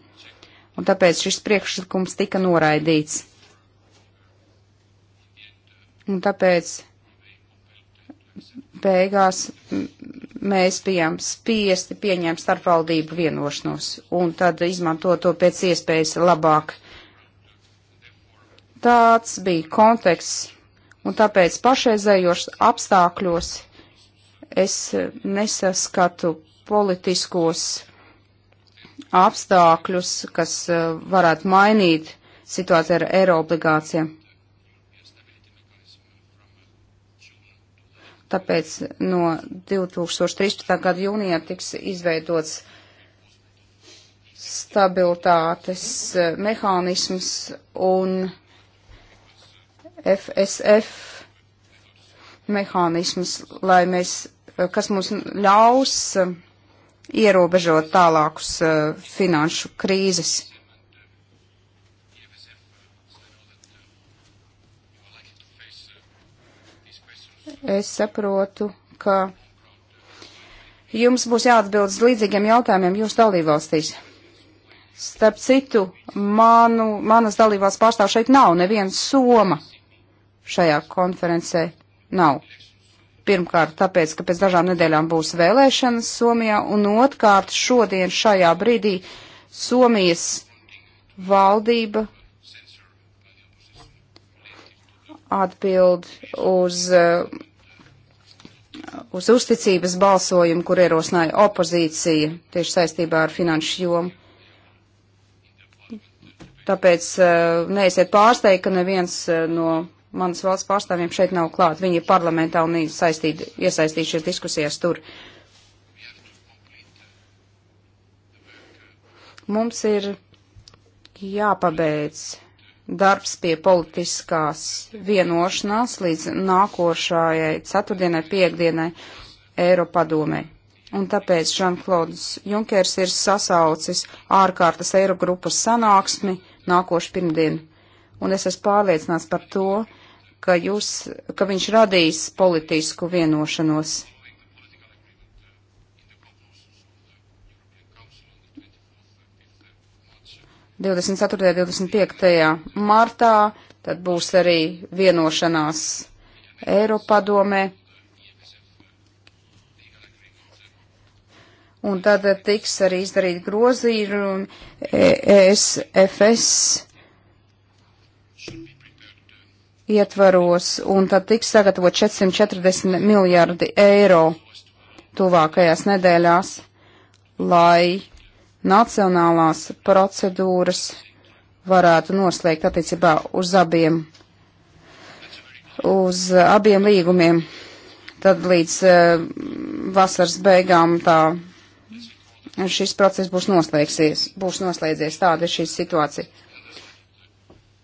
Un tāpēc šis priekšlikums tika noraidīts. Un tāpēc beigās mēs bijām spiesti pieņemt starpvaldību vienošanos un tad izmantot to pēc iespējas labāk. Tāds bija konteksts, un tāpēc pašreizējos apstākļos es nesaskatu politiskos apstākļus, kas eh, varētu mainīt situāciju ar eiro obligācijām. Tāpēc no 2013. gada jūnijā tiks izveidots stabilitātes eh, mehānisms un FSF mehānisms, lai mēs, eh, kas mums ļaus eh, ierobežot tālākus finanšu krīzes. es saprotu, ka jums būs jāatbild uz līdzīgiem jautājumiem jūsu dalībvalstīs. Starp citu, manu, manas dalībvalsts pārstāv šeit nav, neviena soma šajā konferencē nav. Pirmkārt, tāpēc, ka pēc dažām nedēļām būs vēlēšanas Somijā, un otrkārt, šodien šajā brīdī Somijas valdība atbild uz uh, uz uzticības balsojumu, kur ierosināja opozīcija tieši saistībā ar finanšu jomu. Tāpēc eh, neesiet pārsteigti, ka neviens eh, no manas valsts pārstāvjiem šeit nav klāt. Viņi ir parlamentā un saistīti, iesaistījušies diskusijās tur. Mums ir jāpabeidz darbs pie politiskās vienošanās līdz nākošajai ceturtdienai, piekdienai Eiropadomē. Un tāpēc Žanklods Junkers ir sasaucis ārkārtas Eirogrupas sanāksmi nākošu pirmdienu. Un es esmu pārliecināts par to, ka, jūs, ka viņš radīs politisku vienošanos 24. un 25. martā, tad būs arī vienošanās Eiropadomē. Un tad tiks arī izdarīt grozīri un ESFS ietvaros, un tad tiks sagatavot 440 miljardi eiro tuvākajās nedēļās, lai nacionālās procedūras varētu noslēgt attiecībā uz abiem, uz eh, abiem līgumiem. Tad līdz uh, vasaras beigām tā šis process būs noslēgsies, būs noslēdzies. Tāda ir šī situācija.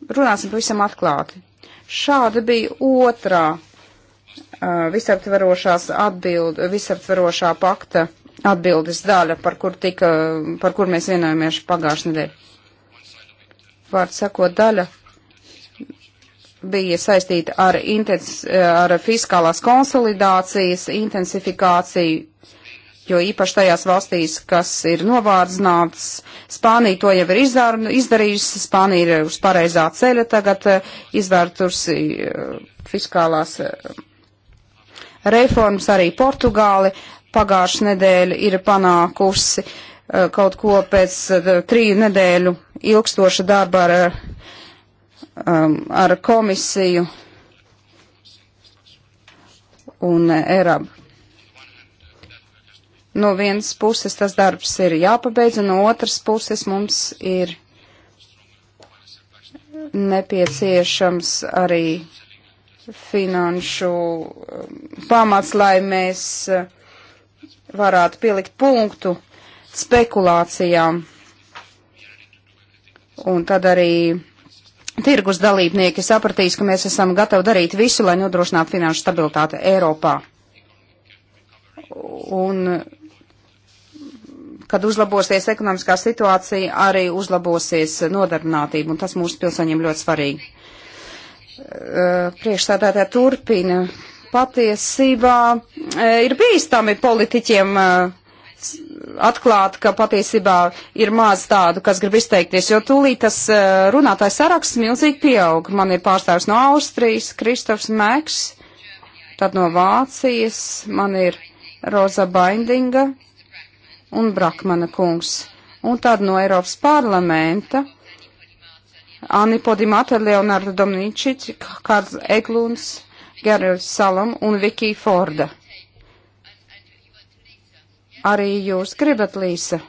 Runāsim pavisam atklāti. Šāda bija otrā uh, visaptverošās atbild, visaptverošā pakta atbildes daļa, par kur, tika, par kur mēs vienojamies pagājušajā nedēļā. Vārds sakot, daļa bija saistīta ar, intens, ar fiskālās konsolidācijas intensifikāciju, jo īpaši tajās valstīs, kas ir novārdzināts, Spānija to jau ir izdar, izdarījusi, Spānija ir uz pareizā ceļa tagad izvērtusi eh, fiskālās eh, reformas, arī Portugāli pagājušā nedēļa ir panākusi eh, kaut ko pēc eh, triju nedēļu ilgstoša darba ar, eh, um, ar komisiju un ERAB. No vienas puses tas darbs ir jāpabeidz, un no otras puses mums ir nepieciešams arī finanšu um, pamats, lai mēs uh, varētu pielikt punktu spekulācijām. Un tad arī tirgus dalībnieki sapratīs, ka mēs esam gatavi darīt visu, lai nodrošinātu finanšu stabilitāti Eiropā. Un, kad uzlabosies ekonomiskā situācija, arī uzlabosies nodarbinātība, un tas mūsu pilsoņiem ļoti svarīgi. Priekšstādātāja turpina patiesībā e, ir bīstami politiķiem e, atklāt, ka patiesībā ir maz tādu, kas grib izteikties, jo tūlīt tas e, runātājs saraksts milzīgi pieaug. Man ir pārstāvis no Austrijas, Kristofs Meks, tad no Vācijas, man ir Roza Baindinga un Brakmana kungs, un tad no Eiropas parlamenta. Anni Podimata, Leonardo Domničić, Karls Eglunds, Gary Salam un Viki Forda. Arī jūs gribat, Līsa?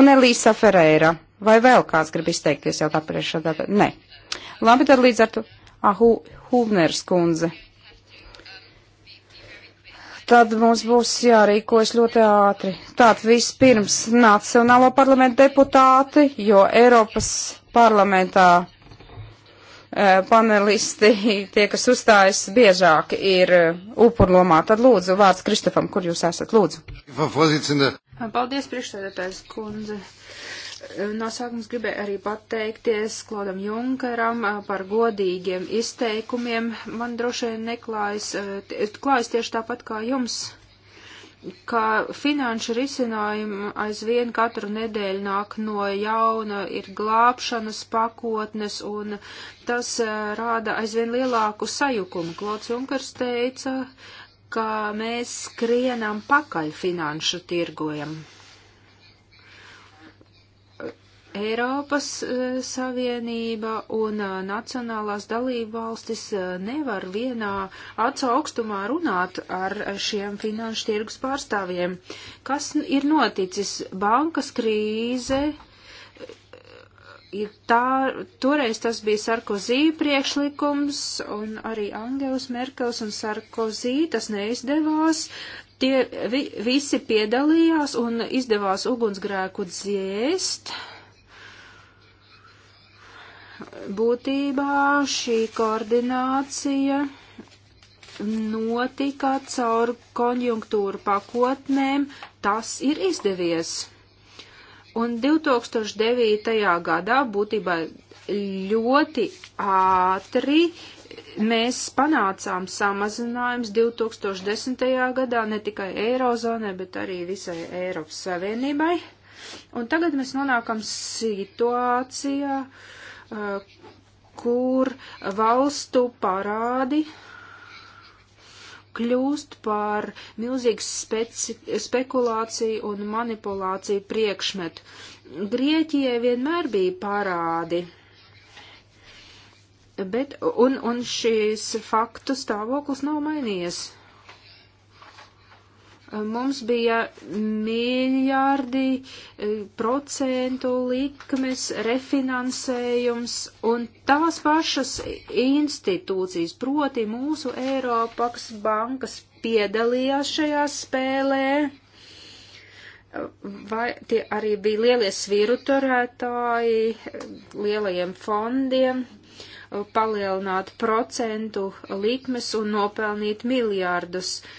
Un Elīsa Ferēra. Vai vēl kāds grib izteikties jau tā priekšā? Nē. Labi, tad līdz ar to. Ahu, ah, Hubners kundze. Tad mums būs jārīkojas ļoti ātri. Tātad vispirms Nacionālo parlamentu deputāti, jo Eiropas parlamentā Eh, panelisti, tie, kas uzstājas biežāk, ir eh, upurlomā. Tad lūdzu, vārds Kristofam, kur jūs esat, lūdzu. Paldies, priekšsēdētājs kundze. Eh, no sākums gribēju arī pateikties Klodam Junkaram par godīgiem izteikumiem. Man droši vien neklājas, klājas tieši tāpat kā jums ka finanšu risinājumi aizvien katru nedēļu nāk no jauna, ir glābšanas pakotnes, un tas eh, rāda aizvien lielāku sajukumu. Klots Junkers teica, ka mēs skrienam pakaļ finanšu tirgojam. Eiropas eh, Savienība un eh, nacionālās dalība valstis eh, nevar vienā acu augstumā runāt ar šiem finanšu tirgus pārstāvjiem. Kas ir noticis? Bankas krīze. Tā, toreiz tas bija Sarkozī priekšlikums un arī Angels Merkels un Sarkozī tas neizdevās. Tie vi, visi piedalījās un izdevās ugunsgrēku dziest. Uh, būtībā šī koordinācija notika caur konjunktūru pakotnēm, tas ir izdevies. Un 2009. gadā būtībā ļoti ātri mēs panācām samazinājums 2010. gadā ne tikai Eirozonai, bet arī visai Eiropas Savienībai. Un tagad mēs nonākam situācijā, uh, Eh, kur valstu parādi kļūst par milzīgu speci, spekulāciju un manipulāciju priekšmetu. Grieķijai vienmēr bija parādi, bet, un, un šīs faktu stāvoklis nav mainījies. Mums bija miljārdi eh, procentu likmes, refinansējums un tās pašas institūcijas, proti mūsu Eiropas bankas piedalījās šajā spēlē. Vai tie arī bija lielie sviru turētāji lielajiem fondiem, palielināt procentu likmes un nopelnīt miljārdus. Uh,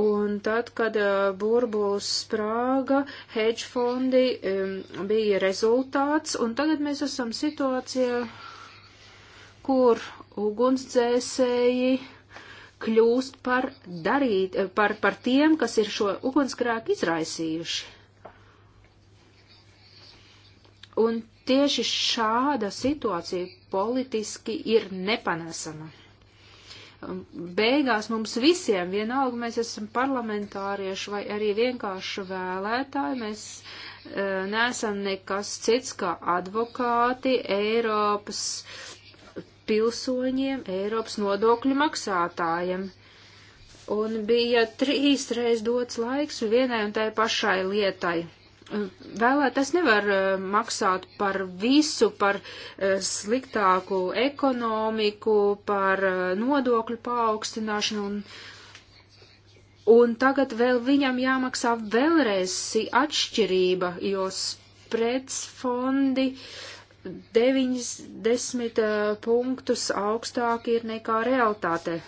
Un tad, kad burbulis sprāga, hedge fondi bija rezultāts, un tagad mēs esam situācijā, kur ugunsdzēsēji kļūst par, darīt, par, par tiem, kas ir šo ugunsgrēku izraisījuši. Un tieši šāda situācija politiski ir nepanesama. Um, beigās mums visiem, vienalga mēs esam parlamentārieši vai arī vienkārši vēlētāji, mēs e, neesam nekas cits kā advokāti Eiropas pilsoņiem, Eiropas nodokļu maksātājiem. Un bija trīs reiz dots laiks vienai un tai pašai lietai. Vēlētājs nevar eh, maksāt par visu, par eh, sliktāku ekonomiku, par eh, nodokļu paaugstināšanu un, un tagad vēl viņam jāmaksā vēlreiz atšķirība, jo spredzfondi 90 punktus augstāk ir nekā realtāte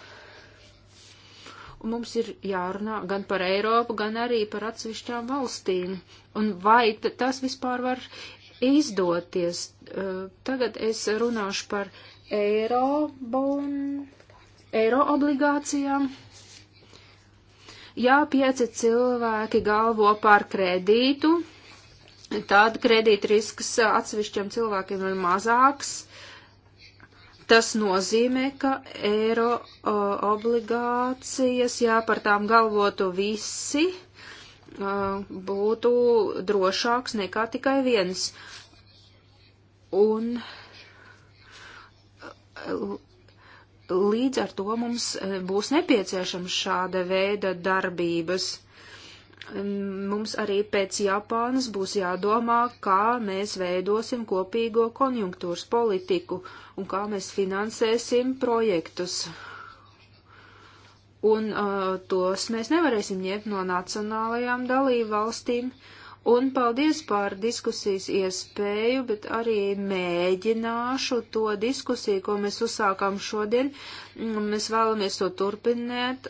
un mums ir jārunā gan par Eiropu, gan arī par atsevišķām valstīm. Un vai tas vispār var izdoties? Tagad es runāšu par eiro, bon, eiro obligācijām. Jā, pieci cilvēki galvo par kredītu, tad kredīta risks atsevišķiem cilvēkiem ir mazāks, Tas nozīmē, ka eiro o, obligācijas, jā, par tām galvotu visi, o, būtu drošāks nekā tikai viens. Un līdz ar to mums e, būs nepieciešams šāda veida darbības mums arī pēc Japānas būs jādomā, kā mēs veidosim kopīgo konjunktūras politiku un kā mēs finansēsim projektus. Un uh, tos mēs nevarēsim ņemt no nacionālajām dalību valstīm. Un paldies par diskusijas iespēju, bet arī mēģināšu to diskusiju, ko mēs uzsākām šodien. Mm, mēs vēlamies to turpināt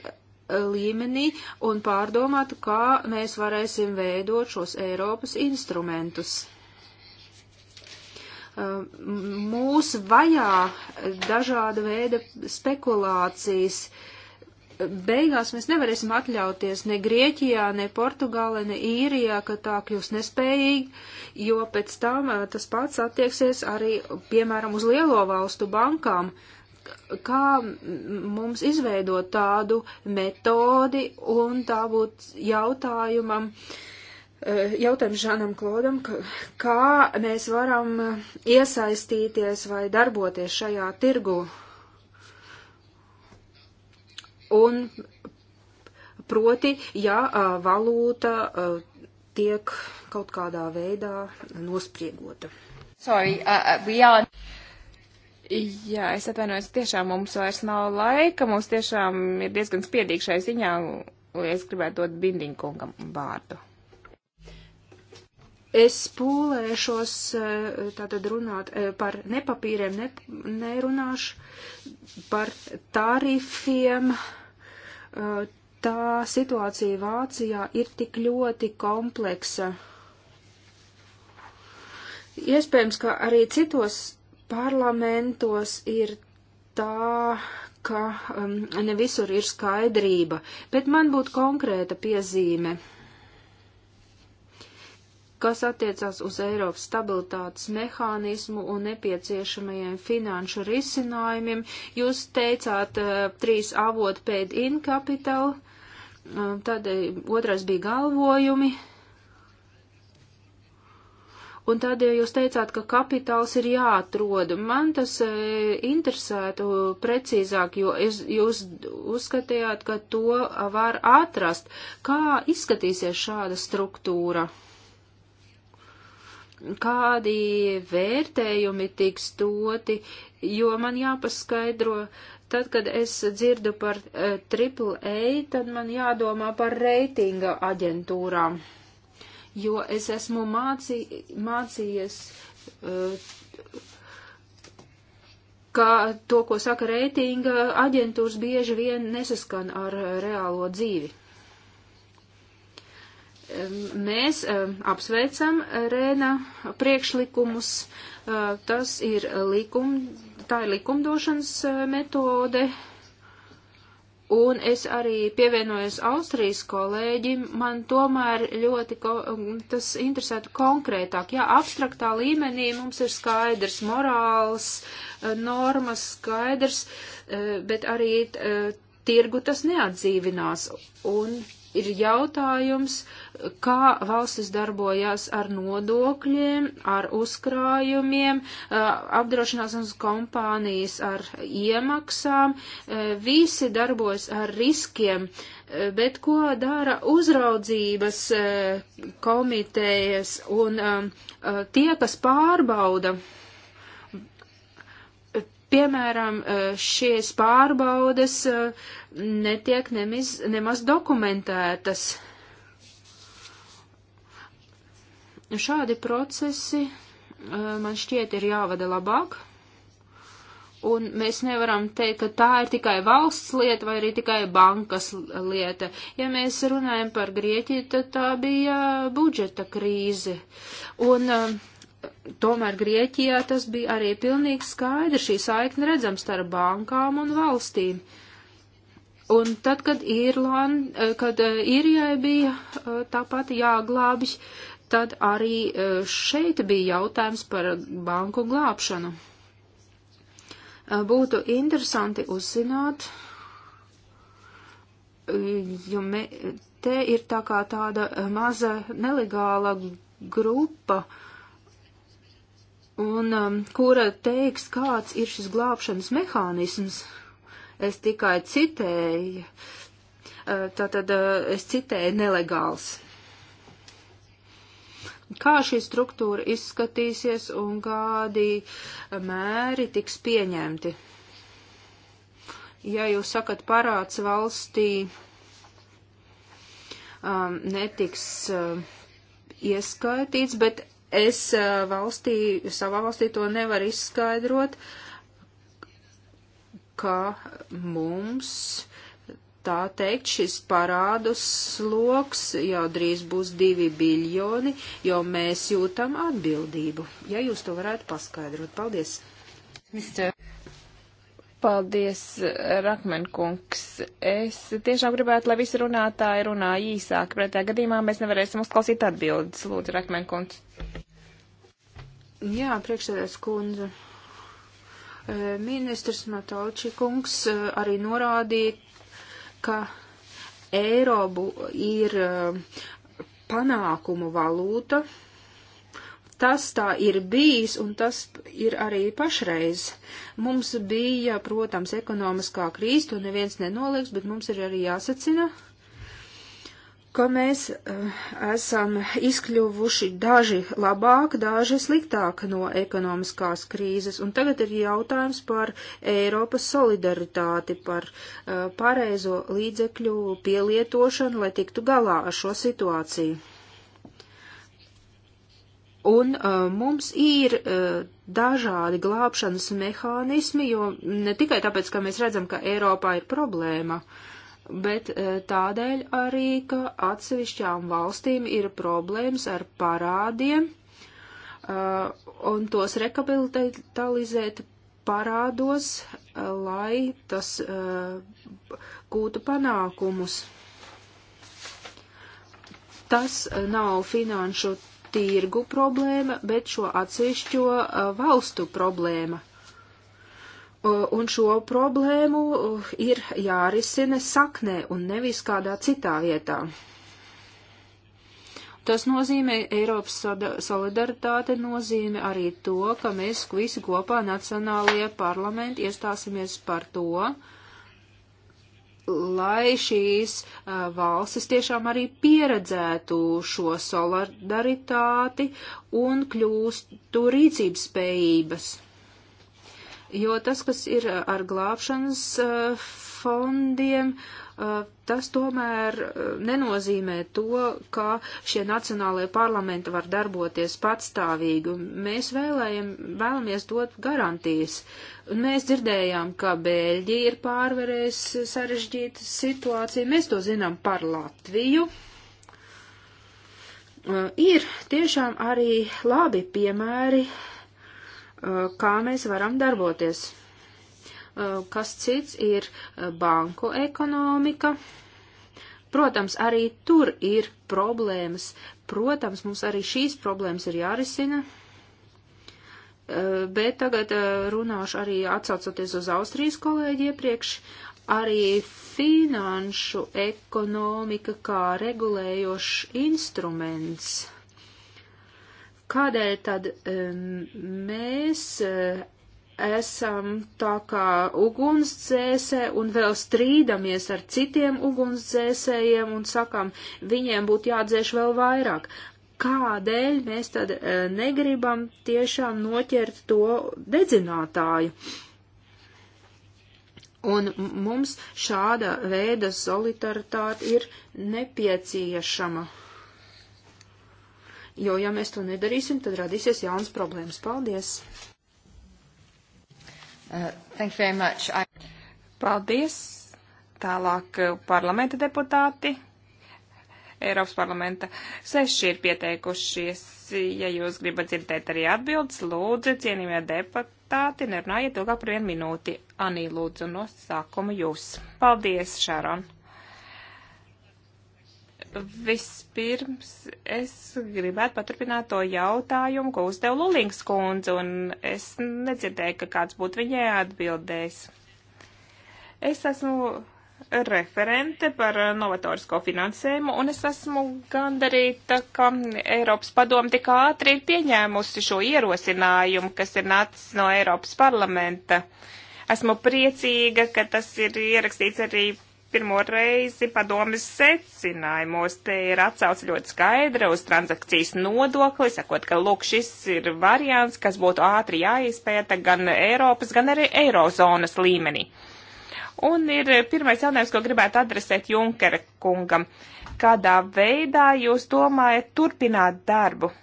līmenī un pārdomātu, kā mēs varēsim veidot šos Eiropas instrumentus. Uh, mūs vajā dažāda veida spekulācijas. Beigās mēs nevarēsim atļauties ne Grieķijā, ne Portugālē, ne Īrijā, ka tā kļūs nespējīgi, jo pēc tam uh, tas pats attieksies arī, piemēram, uz lielo valstu bankām. Uh, kā mums izveidot tādu metodi, un tā būtu jautājumam, eh, jautājums Žanam Klodam, kā mēs varam iesaistīties vai darboties šajā tirgu. Un proti, ja valūta tiek kaut kādā veidā nospriegota. Sorry, uh, we are... Jā, es atvainojos, tiešām mums vairs nav laika, mums tiešām ir diezgan spiedīgi šai ziņā, es gribētu dot Bindiņkungam vārdu. Es pūlēšos eh, tātad runāt eh, par nepapīriem, ne, nerunāšu par tarifiem. Eh, tā situācija Vācijā ir tik ļoti kompleksa. Iespējams, ka arī citos parlamentos ir tā, ka um, ne visur ir skaidrība, bet man būtu konkrēta piezīme, kas attiecās uz Eiropas stabilitātes mehānismu un nepieciešamajiem finanšu risinājumiem. Jūs teicāt uh, trīs avot pēd in kapital, uh, tad uh, otrais bija galvojumi. Uh, Un tad, ja jūs teicāt, ka kapitāls ir jāatrod, man tas e, interesētu precīzāk, jo es, jūs uzskatījāt, ka to var atrast. Kā izskatīsies šāda struktūra? Kādi vērtējumi tiks doti, jo man jāpaskaidro, tad, kad es dzirdu par AAA, e, tad man jādomā par reitinga aģentūrām jo es esmu mācī, mācījies eh, ka to, ko saka reitinga aģentūras, bieži vien nesaskan ar eh, reālo dzīvi. Mēs apsveicam eh, Rēna priekšlikumus. Tas ir likum, tā ir likumdošanas metode, Un es arī pievienojos Austrijas kolēģim, man tomēr ļoti ko, tas interesētu konkrētāk. Jā, abstraktā līmenī mums ir skaidrs morāls, eh, normas skaidrs, eh, bet arī eh, tirgu tas neatdzīvinās. Un ir jautājums, kā valstis darbojas ar nodokļiem, ar uzkrājumiem, apdrošināšanas kompānijas ar iemaksām. Visi darbojas ar riskiem, bet ko dara uzraudzības komitejas un tie, kas pārbauda piemēram, šīs pārbaudes netiek nemiz, nemaz dokumentētas. Šādi procesi eh, man šķiet ir jāvada labāk. Un mēs nevaram teikt, ka tā ir tikai valsts lieta vai arī tikai bankas lieta. Ja mēs runājam par Grieķiju, tad tā bija budžeta krīze. Un um, tomēr Grieķijā tas bija arī pilnīgi skaidrs, šī saikne redzams starp bankām un valstīm. Uh, Un tad, kad, Irland, eh, kad eh, Irijai bija eh, tāpat jāglābj, tad arī šeit bija jautājums par banku glābšanu. Būtu interesanti uzzināt, jo me, te ir tā kā tāda maza nelegāla grupa, un kura teiks, kāds ir šis glābšanas mehānisms. Es tikai citēju. Eh, tātad eh, es citēju nelegāls. Kā šī struktūra izskatīsies un kādi mēri tiks pieņemti? Ja jūs sakat parāds valstī um, netiks um, ieskaitīts, bet es uh, valstī, savā valstī to nevaru izskaidrot, uh, ka mums, tā teikt, šis parādu sloks jau drīz būs divi biljoni, jo mēs jūtam atbildību. Ja jūs to varētu paskaidrot. Paldies! Mister. Paldies, Rakmenkungs. Es tiešām gribētu, lai visi runātāji runā īsāk, pretējā gadījumā mēs nevarēsim uzklausīt atbildes. Lūdzu, Rakmenkungs. Jā, priekšsēdētājs kundze. Ministrs Matoči kungs eh, arī norādīja, ka Eirobu ir eh, panākumu valūta. Tas tā ir bijis, un tas ir arī pašreiz. Mums bija, protams, ekonomiskā krīze, to neviens nenoliks, bet mums ir arī jāsacina, ka mēs uh, esam izkļuvuši daži labāk, daži sliktāk no ekonomiskās krīzes, un tagad ir jautājums par Eiropas solidaritāti, par uh, pareizo līdzekļu pielietošanu, lai tiktu galā ar šo situāciju. Un uh, mums ir uh, dažādi glābšanas mehānismi, jo ne tikai tāpēc, ka mēs redzam, ka Eiropā ir problēma, uh, bet eh, tādēļ arī, ka atsevišķām valstīm ir problēmas ar parādiem eh, un tos rekapitalizēt parādos, eh, lai tas gūtu panākumus. Tas nav finanšu tirgu problēma, bet šo atsevišķo valstu problēma. Eh, un šo problēmu eh, ir jārisina saknē un nevis kādā citā vietā. Tas nozīmē, Eiropas solidaritāte nozīmē arī to, ka mēs visi kopā nacionālajie parlamenti iestāsimies par to, lai šīs eh, valstis tiešām arī pieredzētu šo solidaritāti un kļūstu rīcības spējības jo tas, kas ir ar glābšanas eh, fondiem, eh, tas tomēr eh, nenozīmē to, ka šie nacionālajie parlamenti var darboties patstāvīgi. Mēs vēlējam, vēlamies dot garantijas. Un mēs dzirdējām, ka Bēļģija ir pārvarējis sarežģītu situāciju. Mēs to zinām par Latviju. Ir tiešām arī labi piemēri Uh, kā mēs varam darboties. Uh, kas cits ir uh, banku ekonomika. Protams, arī tur ir problēmas. Protams, mums arī šīs problēmas ir jārisina. Bet tagad runāšu arī atsaucoties uz Austrijas kolēģi iepriekš. Arī finanšu ekonomika kā regulējošs instruments Kādēļ tad mēs eh, esam tā kā ugunsdzēsē un vēl strīdamies ar citiem ugunsdzēsējiem un sakām, viņiem būtu jādzēš vēl vairāk? Kādēļ mēs tad eh, negribam tiešām noķert to dedzinātāju? Un mums šāda veida solidaritāte ir nepieciešama jo ja mēs to nedarīsim, tad radīsies jaunas problēmas. Paldies! Uh, thank you very much. I... Paldies! Tālāk uh, parlamenta deputāti. Eiropas parlamenta seši ir pieteikušies. Ja jūs gribat dzirdēt arī atbildes, lūdzu, cienījamie deputāti, nerunājiet ilgāk par vienu minūti. Anī, lūdzu, no sākuma jūs. Paldies, Šaron! Vispirms es gribētu paturpināt to jautājumu, ko uzdev Lulings kundze, un es nedzirdēju, ka kāds būtu viņai atbildējis. Es esmu referente par novatorisko finansējumu, un es esmu gandarīta, ka Eiropas padoma tik ātri ir pieņēmusi šo ierosinājumu, kas ir nācis no Eiropas parlamenta. Esmu priecīga, ka tas ir ierakstīts arī pirmo reizi padomis secinājumos. Te ir atsauce ļoti skaidra uz transakcijas nodokli, sakot, ka lūk, šis ir variants, kas būtu ātri jāizpēta gan Eiropas, gan arī Eirozonas līmenī. Un ir pirmais jautājums, ko gribētu adresēt Junkera kungam. Kādā veidā jūs domājat turpināt darbu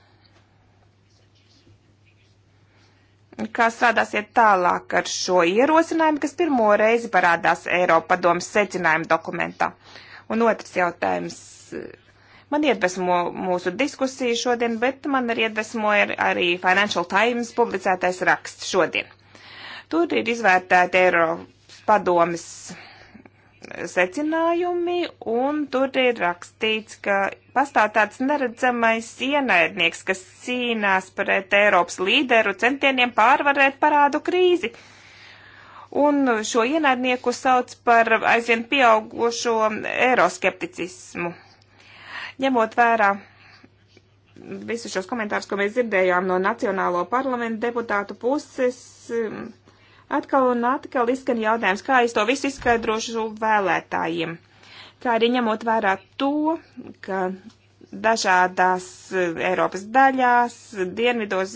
kā strādāsiet tālāk ar šo ierosinājumu, kas pirmo reizi parādās Eiropa domas secinājuma dokumentā. Un otrs jautājums. Man iedvesmo mūsu diskusiju šodien, bet man arī iedvesmo arī Financial Times publicētais raksts šodien. Tur ir izvērtēta Eiropas padomas secinājumi, un tur ir rakstīts, ka pastāv tāds neredzamais ienaidnieks, kas cīnās pret Eiropas līderu centieniem pārvarēt parādu krīzi. Un šo ienaidnieku sauc par aizvien pieaugušo eiroskepticismu. Ņemot vērā visus šos komentārus, ko mēs dzirdējām no Nacionālo parlamentu deputātu puses, Atkal un atkal izskan jautājums, kā es to visu izskaidrošu vēlētājiem. Kā arī ņemot vērā to, ka dažādās eh, Eiropas daļās, dienvidos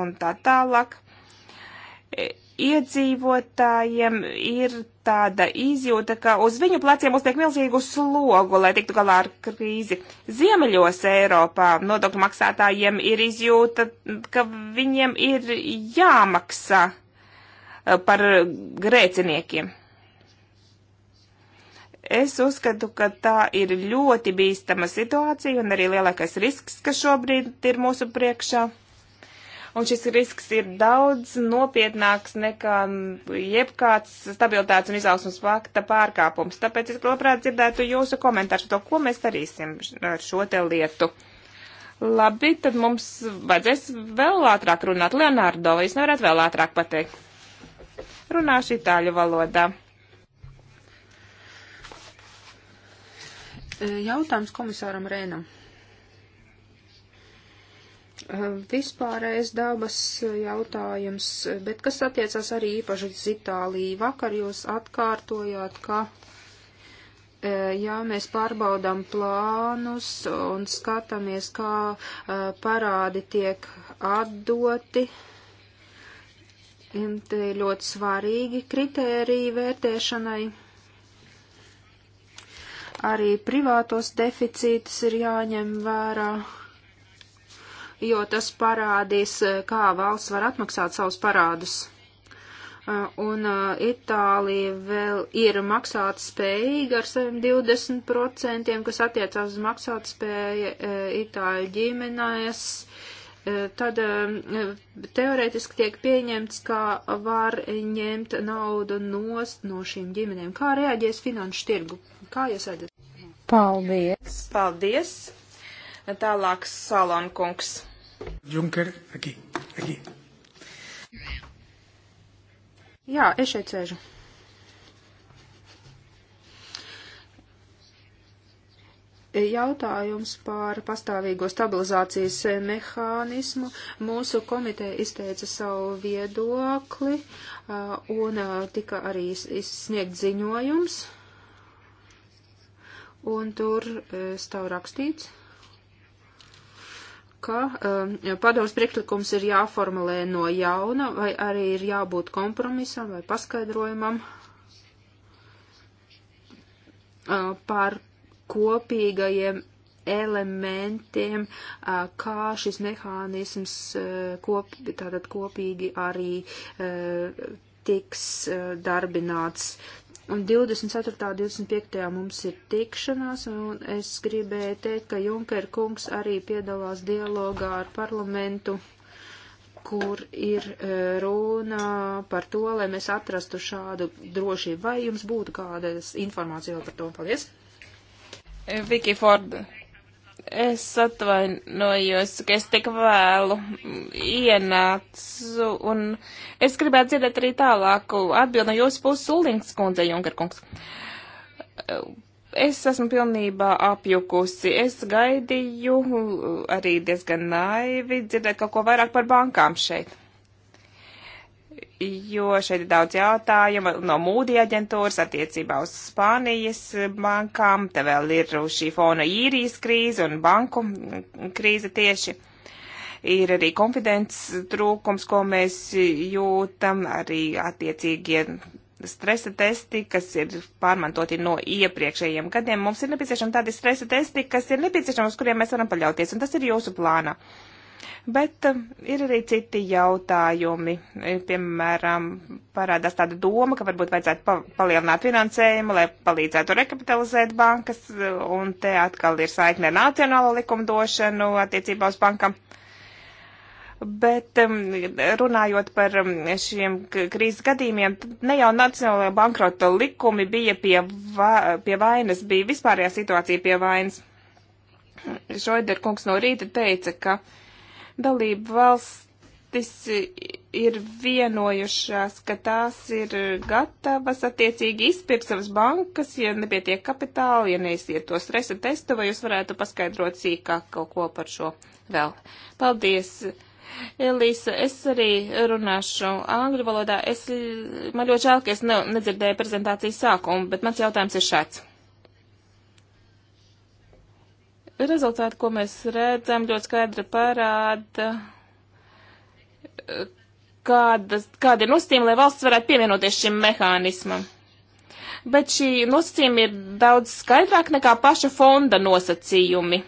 un tā tālāk, e, iedzīvotājiem ir tāda izjūta, ka uz viņu pleciem uzliek milzīgu slogu, lai tiktu galā ar krīzi. Ziemeļos Eiropā nodokļu maksātājiem ir izjūta, ka viņiem ir jāmaksā Eh, par grēciniekiem. Es uzskatu, ka tā ir ļoti bīstama situācija un arī lielākais risks, kas šobrīd ir mūsu priekšā. Un šis risks ir daudz nopietnāks nekā jebkāds stabilitātes un izaugsmas fakta pārkāpums. Tāpēc es labprāt dzirdētu jūsu komentāru par to, ko mēs darīsim ar šo te lietu. Labi, tad mums vajadzēs vēl ātrāk runāt. Leonardo, vai jūs nevarat vēl ātrāk pateikt? Runāšu itāļu valodā. E, jautājums komisāram Rēnam. E, vispārējais dabas jautājums, bet kas attiecas arī īpaši uz Itāliju. Vakar jūs atkārtojāt, ka e, jā, mēs pārbaudām plānus un skatāmies, kā parādi tiek atdoti Tie ir ļoti svarīgi kritēriji vērtēšanai. Arī privātos deficītus ir jāņem vērā, jo tas parādīs, kā valsts var atmaksāt savus parādus. Un Itālija vēl ir maksāt spējīga ar saviem 20%, kas attiecās uz maksāt spēju e, Itāļu ģimenēs tad eh, teorētiski tiek pieņemts, ka var ņemt naudu nost no šīm ģimenēm. Kā reaģēs finanšu tirgu? Kā jūs redzat? Paldies! Paldies! Tālāk Salonkungs. Junker, aki, aki. Jā, es šeit sēžu. Jautājums par pastāvīgo stabilizācijas mehānismu. Mūsu komiteja izteica savu viedokli un tika arī izsniegt ziņojums. Un tur e, stāv rakstīts, ka padoms priekšlikums ir jāformulē no jauna vai arī ir jābūt kompromisam vai paskaidrojumam par kopīgajiem elementiem, kā šis mehānisms kop, tātad kopīgi arī tiks darbināts. Un 24. un 25. mums ir tikšanās, un es gribēju teikt, ka Junker kungs arī piedalās dialogā ar parlamentu, kur ir runa par to, lai mēs atrastu šādu drošību. Vai jums būtu kādas informācija par to? Paldies! Eh, Viki Ford, es atvainojos, ka es tik vēlu ienācu, un es gribētu dzirdēt arī tālāku atbildi no jūsu puses Ulings kundze, Junkerkungs. Es esmu pilnībā apjukusi. Es gaidīju eh, arī diezgan naivi dzirdēt kaut ko vairāk par bankām šeit jo šeit ir daudz jautājumu no mūdī aģentūras attiecībā uz Spānijas bankām, te vēl ir šī fona īrijas krīze un banku krīze tieši. Ir arī konfidences trūkums, ko mēs jūtam, arī attiecīgie stresa testi, kas ir pārmantoti no iepriekšējiem gadiem. Mums ir nepieciešami tādi stresa testi, kas ir nepieciešami, uz kuriem mēs varam paļauties, un tas ir jūsu plāna. Uh, Bet um, ir arī citi jautājumi. Piemēram, parādās tāda doma, ka varbūt vajadzētu palielināt finansējumu, lai palīdzētu rekapitalizēt bankas, uh, un te atkal ir saikne ar nacionālo likumdošanu attiecībā uz bankam. Bet um, runājot par um, šiem krīzes gadījumiem, ne jau nacionālajā bankrota likumi bija pie, va, pie vainas, bija vispārējā situācija pie vainas. Šoider kungs no rīta teica, ka uh, Dalība valstis ir vienojušās, ka tās ir gatavas attiecīgi izpirkt savas bankas, ja nepietiek kapitāla, ja neiesiet to stresa testu, vai jūs varētu paskaidrot sīkāk kaut ko par šo vēl. Paldies! Elīsa, es arī runāšu angļu valodā. Es, man ļoti žēl, ka es ne, nedzirdēju prezentācijas sākumu, bet mans jautājums ir šāds. Rezultāti, ko mēs redzam, ļoti skaidri parāda, kādas, kāda ir nosacījuma, lai valsts varētu pievienoties šim mehānismam. Bet šī nosacījuma ir daudz skaidrāk nekā paša fonda nosacījumi.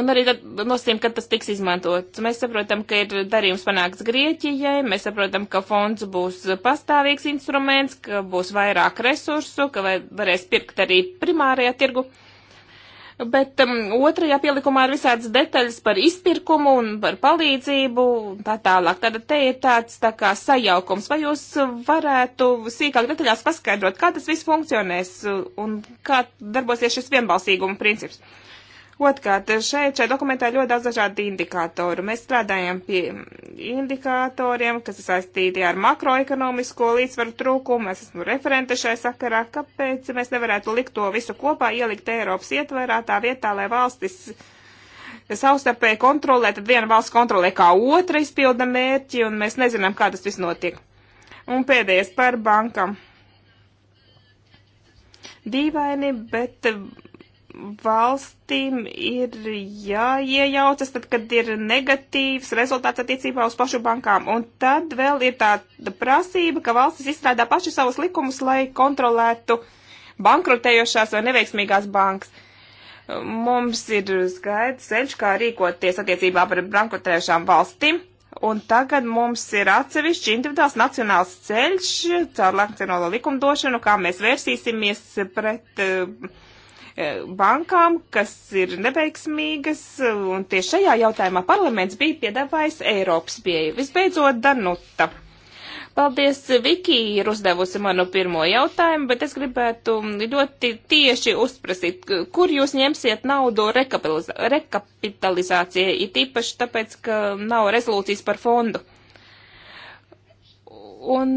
Un arī tad nosim, kad tas tiks izmantots. Mēs saprotam, ka ir darījums panāks Grieķijai, mēs saprotam, ka fonds būs pastāvīgs instruments, ka būs vairāk resursu, ka vai varēs pirkt arī primārajā tirgu. Bet um, otrajā pielikumā ir visādas detaļas par izpirkumu un par palīdzību un tā tālāk. Tad te ir tāds tā kā sajaukums. Vai jūs varētu sīkāk detaļās paskaidrot, kā tas viss funkcionēs un kā darbosies šis vienbalsīguma princips? Uh, Otkārt, šeit šajā dokumentā ir ļoti daudz dažādu indikātoru. Mēs strādājam pie indikātoriem, kas ir saistīti ar makroekonomisko līdzsvaru trūkumu. Es esmu referente šai sakarā. Kāpēc mēs nevarētu likt to visu kopā, ielikt Eiropas ietverā tā vietā, lai valstis savstarpēji kontrolē, tad viena valsts kontrolē kā otra izpilda mērķi, un mēs nezinām, kā tas viss notiek. Un pēdējais par bankam. Dīvaini, bet valstīm ir jāiejaucas, tad, kad ir negatīvs rezultāts attiecībā uz pašu bankām. Un tad vēl ir tāda prasība, ka valstis izstrādā paši savus likumus, lai kontrolētu bankrotējošās vai neveiksmīgās bankas. Mums ir skaidrs ceļš, kā rīkoties attiecībā par bankrotējušām valstīm. Un tagad mums ir atsevišķi individuāls nacionāls ceļš caur nacionālo likumdošanu, kā mēs vērsīsimies pret uh, E, bankām, kas ir neveiksmīgas, e, un tieši šajā jautājumā parlaments bija piedāvājis Eiropas pieeju. Visbeidzot, Danuta. Paldies, Viki ir uzdevusi manu pirmo jautājumu, bet es gribētu ļoti tieši uzprasīt, kur jūs ņemsiet naudu rekapitalizācijai, it īpaši tāpēc, ka nav rezolūcijas par fondu. Un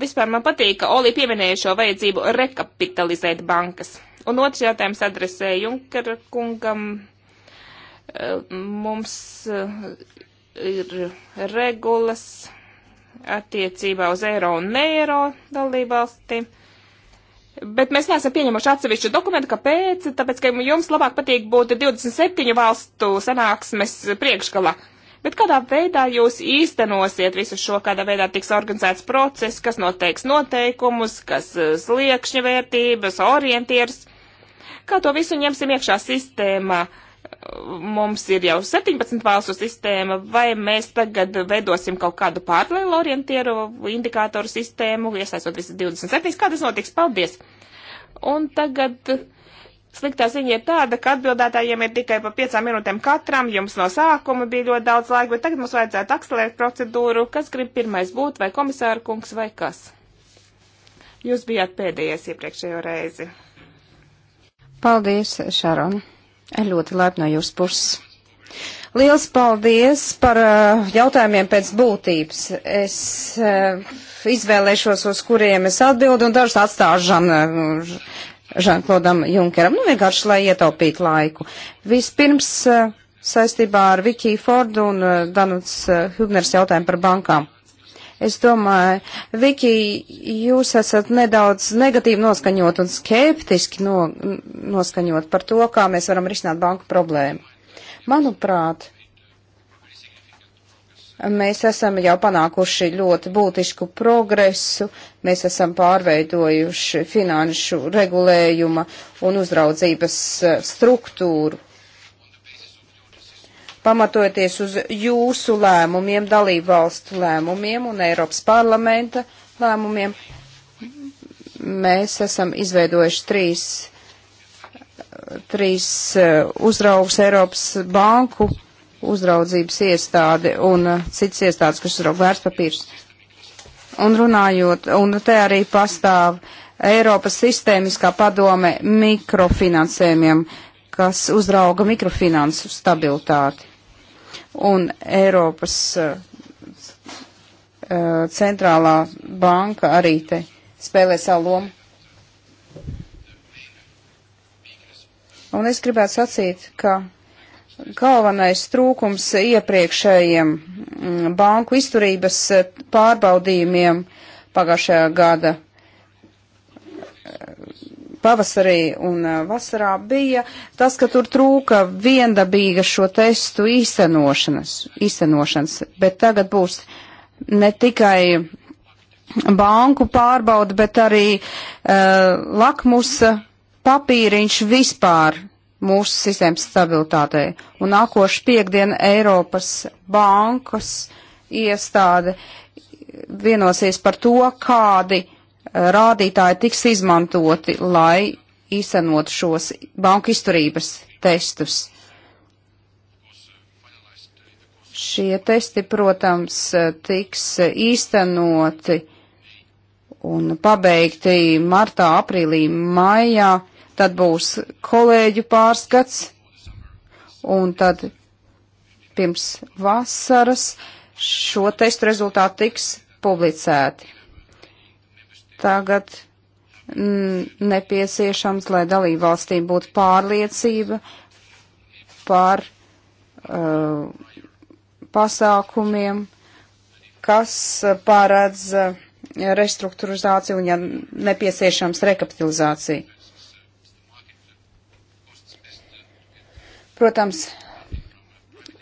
vispār man patīk, ka Olī pieminēja šo vajadzību rekapitalizēt bankas. Un otrs jautājums adresē Junkara kungam. E, mums e, ir regulas attiecībā uz eiro un neiro dalībvalstīm. Bet mēs neesam pieņemuši atsevišķu dokumentu, kāpēc? Tāpēc, ka jums labāk patīk būt 27 valstu sanāksmes priekšgalā. Uh, Bet kādā veidā jūs īstenosiet visu šo, kādā veidā tiks organizēts process, kas noteiks noteikumus, kas eh, sliekšņa vērtības, orientieris? Kā to visu ņemsim iekšā sistēmā? Mums ir jau 17 valstu sistēma, vai mēs tagad veidosim kaut kādu paralēlu orientieru indikātoru sistēmu, iesaistot visas 27? Kā tas notiks? Paldies! Un tagad Sliktā ziņa ir tāda, ka atbildētājiem ir tikai pa piecām minūtēm katram, jums no sākuma bija ļoti daudz laika, bet tagad mums vajadzētu akselēt procedūru, kas grib pirmais būt, vai komisāra kungs, vai kas. Jūs bijāt pēdējais iepriekšējo reizi. Paldies, Šarona. Ļoti labi no jūsu puses. Liels paldies par uh, jautājumiem pēc būtības. Es uh, izvēlēšos, uz kuriem es atbildu, un dažus atstāšu Žana, uh, Žanklodam Junkeram, nu vienkārši, lai ietaupītu laiku. Vispirms eh, saistībā ar Vikiju Fordu un eh, Danuts eh, Hübners jautājumu par bankām. Es domāju, Viki, jūs esat nedaudz negatīvi noskaņot un skeptiski no, noskaņot par to, kā mēs varam risināt banku problēmu. Manuprāt, Mēs esam jau panākuši ļoti būtisku progresu, mēs esam pārveidojuši finanšu regulējuma un uzraudzības e, struktūru. Pamatojoties uz jūsu lēmumiem, dalību valstu lēmumiem un Eiropas parlamenta lēmumiem, mēs esam izveidojuši trīs, trīs e, uzraugus Eiropas banku uzraudzības iestāde un eh, citas iestādes, kas uzraug vērtspapīrus. Un runājot, un te arī pastāv Eiropas sistēmiskā padome mikrofinansējumiem, kas uzrauga mikrofinansu stabilitāti. Un Eiropas uh, centrālā banka arī te spēlē savu lomu. Un es gribētu sacīt, ka galvenais trūkums iepriekšējiem mm, banku izturības eh, pārbaudījumiem pagājušajā gada eh, pavasarī un eh, vasarā bija tas, ka tur trūka viendabīga šo testu īstenošanas, īstenošanas, bet tagad būs ne tikai banku pārbauda, bet arī uh, lakmusa papīriņš vispār mūsu sistēmas stabilitātei. Un nākošu piekdienu Eiropas bankas iestāde vienosies par to, kādi eh, rādītāji tiks izmantoti, lai īstenot šos banku izturības testus. Šie testi, protams, tiks īstenoti un pabeigti martā, aprīlī, maijā tad būs kolēģu pārskats, un tad pirms vasaras šo testu rezultātu tiks publicēti. Tagad mm, nepieciešams, lai dalību valstīm būtu pārliecība par uh, pasākumiem, kas paredz uh, restruktūrizāciju un, ja nepieciešams, rekapitalizāciju. Protams,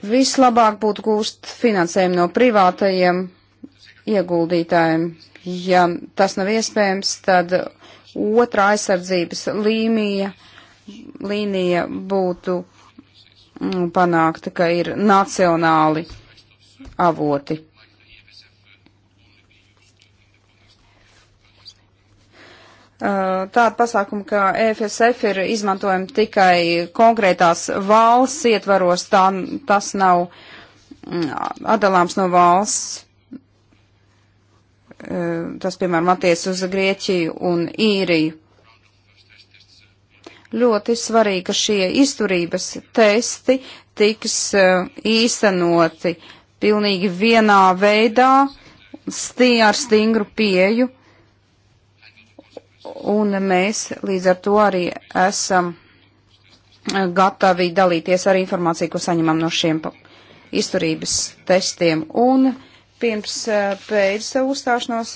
vislabāk būtu gūst finansējumu no privātajiem ieguldītājiem. Ja tas nav iespējams, tad otrā aizsardzības līnija, līnija būtu mm, panākta, ka ir nacionāli avoti. tāda pasākuma, ka EFSF ir izmantojama tikai konkrētās valsts ietvaros, tā, tas nav mm, atdalāms no valsts. Tas, piemēram, attiec uz Grieķiju un Īriju. Ļoti svarīgi, ka šie izturības testi tiks īstenoti pilnīgi vienā veidā, stī ar stingru pieju un mēs līdz ar to arī esam eh, gatavi dalīties ar informāciju, ko saņemam no šiem izturības testiem. Un pirms beidz eh, savu uzstāšanos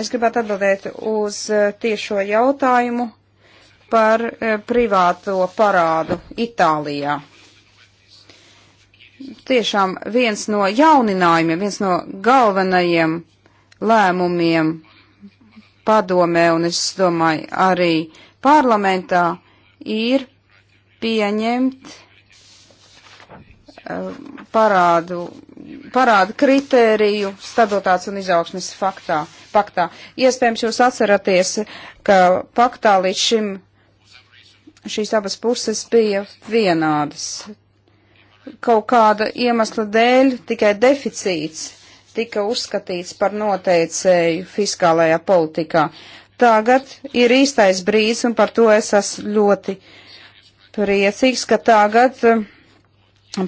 es gribētu atbildēt uz eh, tiešo jautājumu par privāto parādu Itālijā. Tiešām viens no jauninājumiem, viens no galvenajiem lēmumiem padomē un es domāju arī parlamentā ir pieņemt eh, parādu, parādu kritēriju stabilitātes un izaugsmes faktā, paktā. Iespējams, jūs atceraties, ka paktā līdz šim šīs abas puses bija vienādas. Kaut kāda iemesla dēļ tikai deficīts tika uzskatīts par noteicēju fiskālajā politikā. Tagad ir īstais brīdis, un par to es esmu ļoti priecīgs, ka tagad um,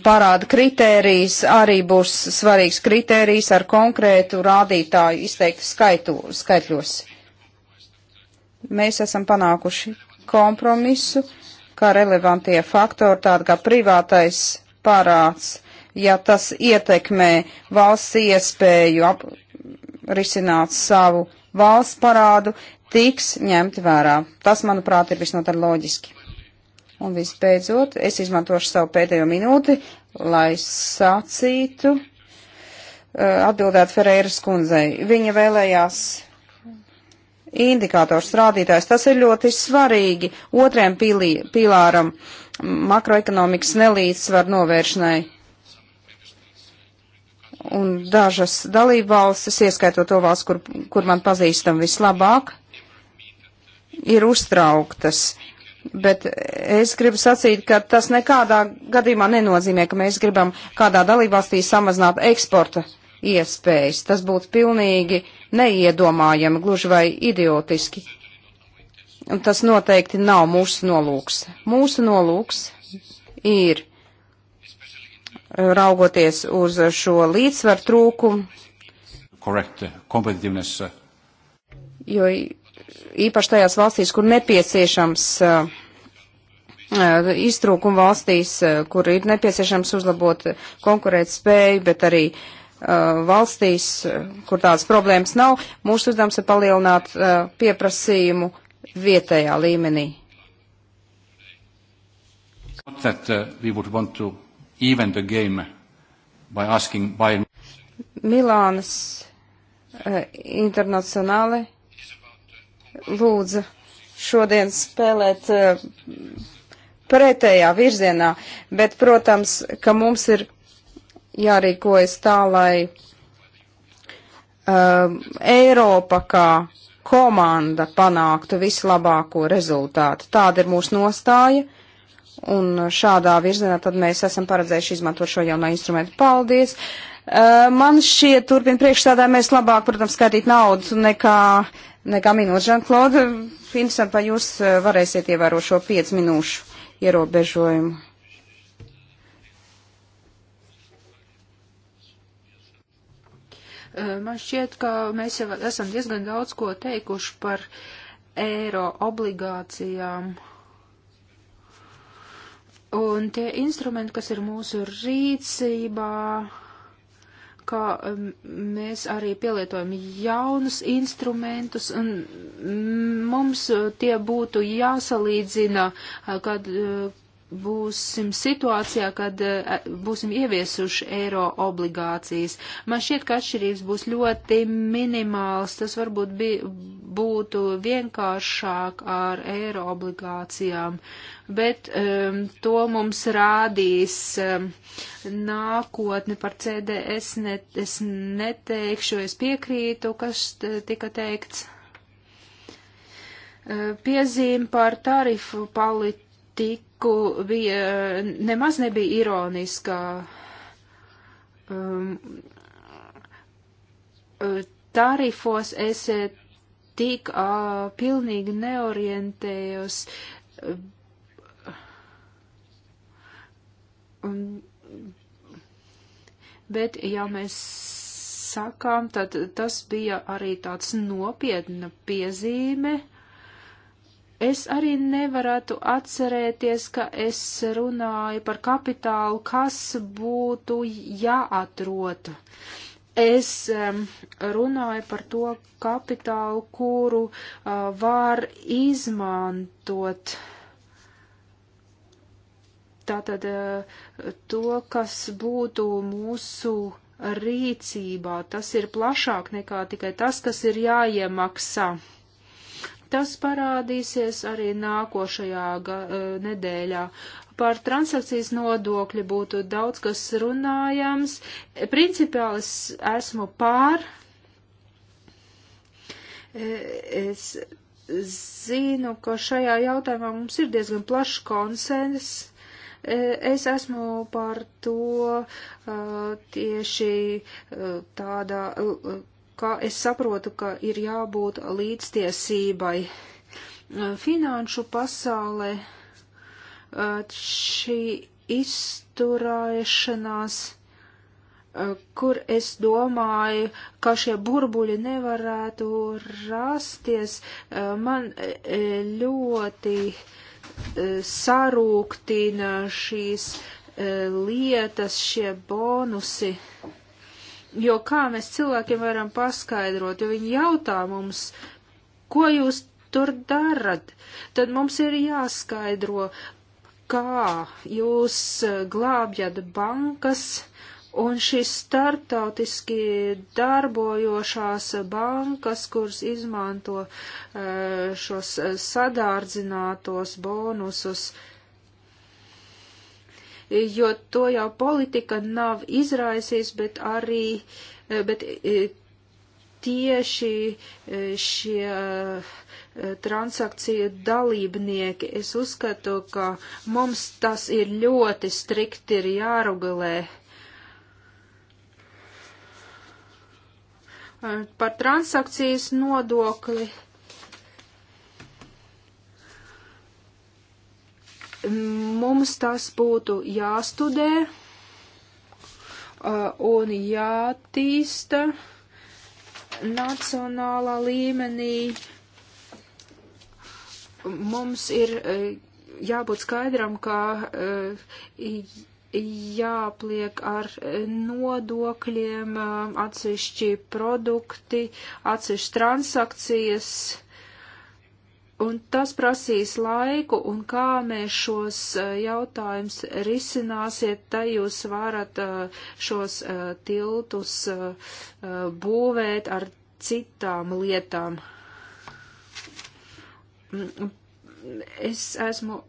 parāda kritērijs arī būs svarīgs kritērijs ar konkrētu rādītāju izteikti skaitu, skaitļos. Mēs esam panākuši kompromisu, kā relevantie faktori, tādi kā privātais parāds ja tas ietekmē valsts iespēju ap, risināt savu valsts parādu, tiks ņemt vērā. Tas, manuprāt, ir visnotaļ loģiski. Un visbeidzot, es izmantošu savu pēdējo minūti, lai sacītu, eh, atbildētu Ferēras kundzei. Viņa vēlējās indikātors rādītājs. Tas ir ļoti svarīgi otriem pīlī, pīlāram makroekonomikas nelīdzsvar novēršanai. Un dažas dalībvalstis, ieskaitot to valsts, kur, kur man pazīstam vislabāk, ir uztrauktas. Bet es gribu sacīt, ka tas nekādā gadījumā nenozīmē, ka mēs gribam kādā dalībvalstī samazināt eksporta iespējas. Tas būtu pilnīgi neiedomājami, gluži vai idiotiski. Un tas noteikti nav mūsu nolūks. Mūsu nolūks ir raugoties uz šo līdzsvaru trūkumu. Correct, competitiveness. Uh, jo īpaši tajās valstīs, kur nepieciešams uh, uh, iztrūkuma valstīs, uh, kur ir nepieciešams uzlabot konkurēt spēju, bet arī uh, valstīs, uh, kur tādas problēmas nav, mūsu uzdevums ir palielināt pieprasījumu vietējā līmenī. Not that, uh, even the game by asking Bayern. Milānas uh, eh, internacionāli lūdza šodien spēlēt uh, pretējā virzienā, bet, protams, ka mums ir jārīkojas tā, lai uh, Eiropa kā komanda panāktu vislabāko rezultātu. Tāda ir mūsu nostāja. Un šādā virzienā tad mēs esam paredzējuši izmantot šo jauno instrumentu. Paldies! Uh, man šie turpina priekšstādā mēs labāk, protams, skaitīt naudu nekā, nekā minūtes. Žanklauda, interesanti, vai jūs uh, varēsiet ievērot šo 5 minūšu ierobežojumu. Uh, man šķiet, ka mēs jau esam diezgan daudz ko teikuši par eiro obligācijām. Uh, Un tie instrumenti, kas ir mūsu rīcībā, ka mēs arī pielietojam jaunus instrumentus, un mums uh, tie būtu jāsalīdzina, uh, kad uh, būsim situācijā, kad eh, būsim ieviesuši eiro obligācijas. Man šķiet, ka atšķirības būs ļoti minimāls. Tas varbūt bi, būtu vienkāršāk ar eiro obligācijām, bet um, to mums rādīs um, ehm, nākotni par CDS. Net, es neteikšu, es piekrītu, kas tika teikts. Ehm, piezīme par tarifu politiku tiku bija, nemaz nebija ironiskā. Um, tarifos es tik uh, pilnīgi neorientējos. Um, bet, ja mēs sakām, tad tas bija arī tāds nopietna piezīme. Uh, Es arī nevarētu atcerēties, ka es runāju par kapitālu, kas būtu jāatrod. Es um, runāju par to kapitālu, kuru uh, var izmantot. Tātad uh, to, kas būtu mūsu rīcībā, tas ir plašāk nekā tikai tas, kas ir jāiemaksā. Tas parādīsies arī nākošajā ga, e, nedēļā. Par transakcijas nodokļu būtu daudz kas runājams. Principiāli es esmu pār. E, es zinu, ka šajā jautājumā mums ir diezgan plašs konsens. E, es esmu par to tieši tādā ka es saprotu, ka ir jābūt līdztiesībai finanšu pasaulē. Šī izturēšanās, kur es domāju, ka šie burbuļi nevarētu rasties, man ļoti sarūktina šīs lietas, šie bonusi. Uh, Jo kā mēs cilvēkiem varam paskaidrot, jo viņi jautā mums, ko jūs tur darat, tad mums ir jāskaidro, kā jūs eh, glābjat bankas un šīs startautiski darbojošās bankas, kuras izmanto eh, šos eh, sadārdzinātos bonusus. Uh, jo to jau politika nav izraisījis, bet arī eh, bet eh, tieši eh, šie transakciju dalībnieki. Es uzskatu, ka mums tas ir ļoti strikti ir jārugulē. Par transakcijas nodokli Mums tas būtu jāstudē uh, un jātīsta nacionālā līmenī. Mums ir uh, jābūt skaidram, ka uh, jāpliek ar nodokļiem atsevišķi produkti, atsevišķi transakcijas Un tas prasīs laiku, un kā mēs šos eh, jautājumus risināsiet, tā jūs varat eh, šos eh, tiltus būvēt ar citām lietām. Mm, mm, es esmu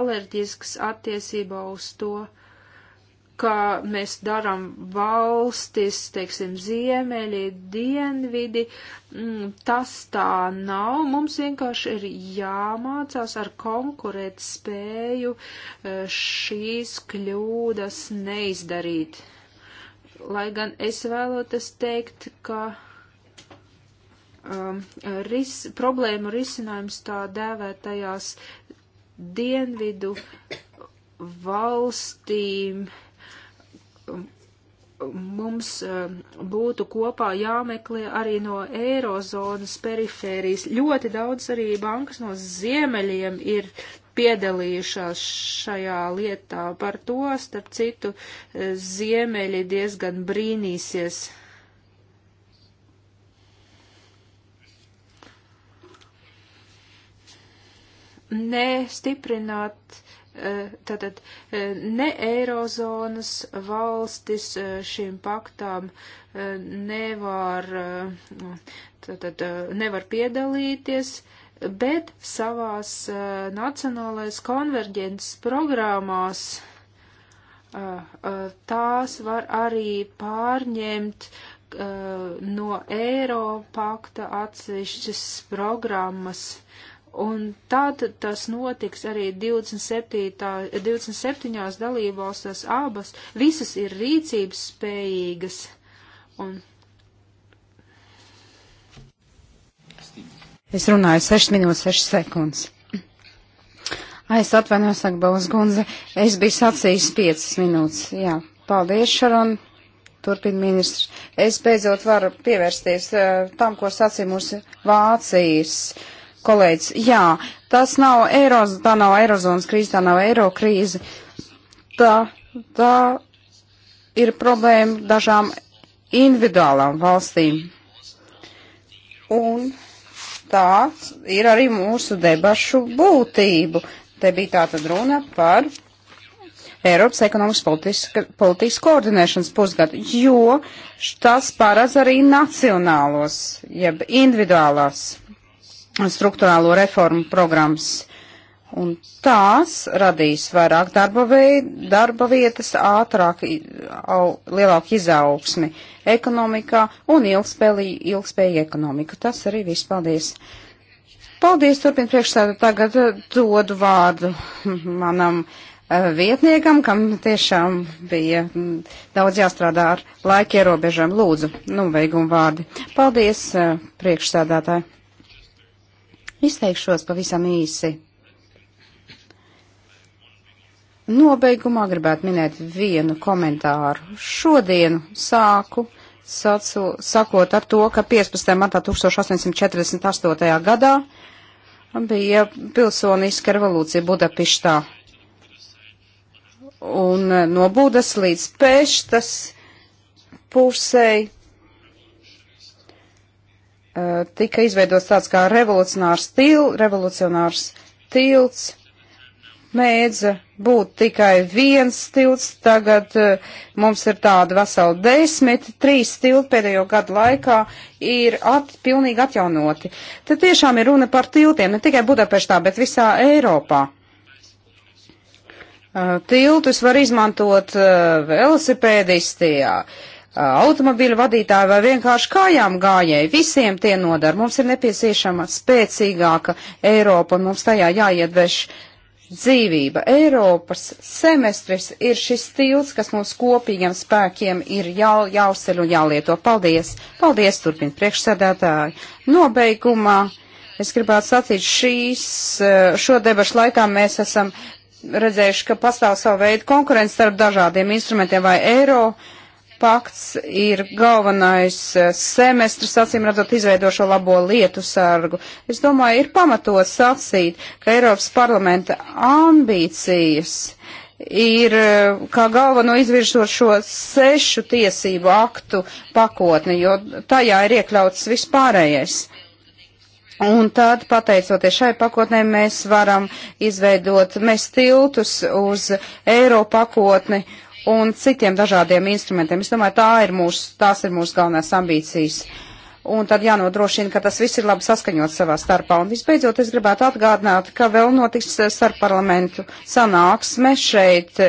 alerģisks attiecībā uz to, uh, ka mēs darām valstis, teiksim, ziemeļi, dienvidi, mm, tas tā nav. Mums vienkārši ir jāmācās ar konkurēt spēju e, šīs kļūdas neizdarīt. Lai gan es vēlotas teikt, ka um, ris, problēmu risinājums tā dēvētajās dienvidu valstīm uh, mums um, būtu kopā jāmeklē arī no eirozonas perifērijas. Ļoti daudz arī bankas no ziemeļiem ir piedalījušās šajā lietā. Par to, starp citu, eh, ziemeļi diezgan brīnīsies. Nē, stiprināt Eh, tātad eh, ne eirozonas valstis eh, šīm paktām nevar, tātad, nevar piedalīties, bet savās nacionālais konverģences programmās tās var arī pārņemt no Eiropakta atsevišķas programmas. Uh, Un tad tas notiks arī 27, 27 dalībvalstās abas. Visas ir rīcības spējīgas. Un es runāju 6 minūtes 6 sekundes. Ai, es atvainojos, saka Balas Gunze. Es biju sacījis 5 minūtes. Jā, paldies, Šaron. Turpin ministrs. Es beidzot varu pievērsties uh, tam, ko sacīja mūsu Vācijas. Uh, kolēģis. Jā, tas nav eiroz, tā nav eirozonas krīze, tā nav eiro krīze. Tā, tā ir problēma dažām individuālām valstīm. Un tā ir arī mūsu debašu būtību. Te bija tātad runa par Eiropas ekonomikas politiska, politikas koordinēšanas pusgadu, jo tas paredz arī nacionālos, jeb individuālās struktūrālo reformu programmas. Un tās radīs vairāk darba, veid, darba vietas, ātrāk, au, lielāku izaugsmi ekonomikā un ilgspējīgu ilgspēju ekonomiku. Tas arī viss. Paldies! Paldies, turpin priekšstādā. Tagad eh, dodu vārdu manam eh, vietniekam, kam tiešām bija mm, daudz jāstrādā ar laika ierobežām. Lūdzu, nu, veigumu vārdi. Paldies, eh, priekšstādātāji! Izteikšos pavisam īsi. Nobeigumā gribētu minēt vienu komentāru. Šodien sāku sacu, sakot ar to, ka 15. martā 1848. gadā bija pilsoniska revolūcija Budapeštā. Un no Budas līdz Peštas pusēji Eh, tika izveidots tāds kā revolucionārs, til, revolucionārs tilts, mēdza būt tikai viens tilts, tagad uh, mums ir tāda vesela desmit, trīs tilti pēdējo gadu laikā ir at, pilnīgi atjaunoti. Tad tiešām ir runa par tiltiem, ne tikai Budapeštā, bet visā Eiropā. Uh, tiltus var izmantot uh, velosipēdistijā. Uh, automobīļu vadītāji vai vienkārši kājām gājēji. Visiem tie nodara. Mums ir nepieciešama spēcīgāka Eiropa un mums tajā jāiedveš dzīvība. Eiropas semestris ir šis stils, kas mums kopīgiem spēkiem ir jā, jāuzceļ un jālieto. Paldies! Paldies, turpina priekšsēdētāji! Nobeigumā es gribētu sacīt, šīs, šo debašu laikā mēs esam redzējuši, ka pastāv savu veidu konkurence starp dažādiem instrumentiem vai eiro pakts ir galvenais eh, semestris, acīm redzot, izveidošo labo lietu sargu. Es domāju, ir pamatot sacīt, ka Eiropas parlamenta ambīcijas ir eh, kā galveno izvirzot šo sešu tiesību aktu pakotni, jo tajā ir iekļauts vispārējais. Un tad, pateicoties šai pakotnē, mēs varam izveidot, mēs tiltus uz Eiropa pakotni un citiem dažādiem instrumentiem. Es domāju, tā ir mūsu, tās ir mūsu galvenās ambīcijas. Un tad jānodrošina, ka tas viss ir labi saskaņot savā starpā. Un visbeidzot, es gribētu atgādināt, ka vēl notiks eh, starp parlamentu sanāksme šeit uh,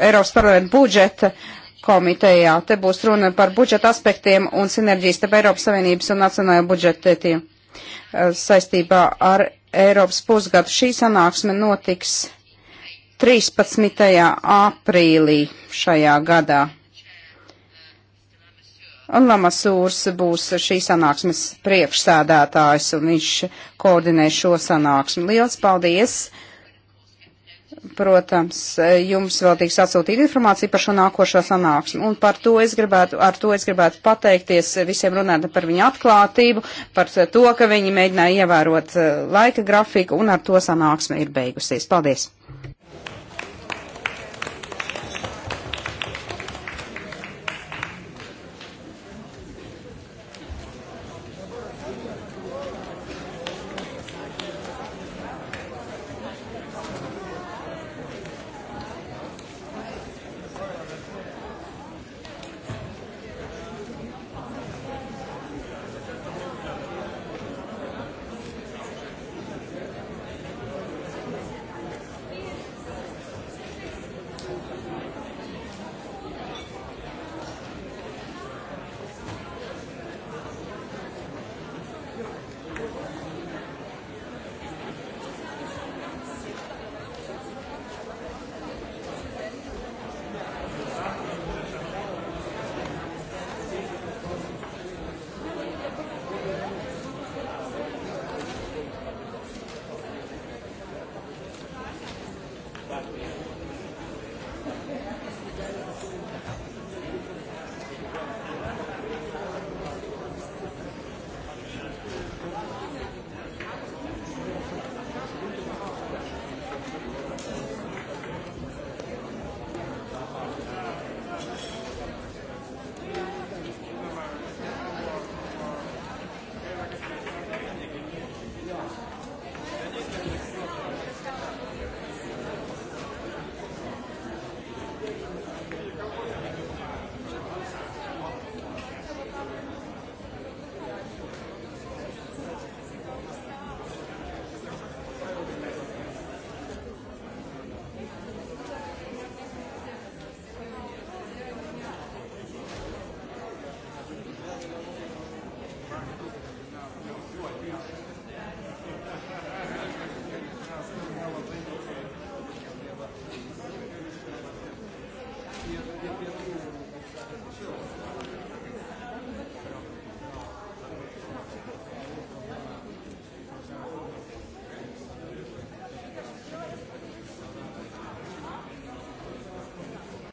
Eiropas parlamentu budžeta komitejā. Te būs runa par budžeta aspektiem un sinerģijas starp Eiropas Savienības un nacionālajiem budžetiem uh, saistībā ar Eiropas pusgadu. Šī sanāksme notiks 13. aprīlī šajā gadā. Un Lamasūrs būs šīs sanāksmes priekšsēdētājs, un viņš koordinē šo sanāksmi. Liels paldies! Protams, jums vēl tiks atsūtīta informācija par šo nākošo sanāksmi. Un par to es gribētu, ar to es gribētu pateikties visiem runāt par viņu atklātību, par to, ka viņi mēģināja ievērot eh, laika grafiku, un ar to sanāksme ir beigusies. Paldies!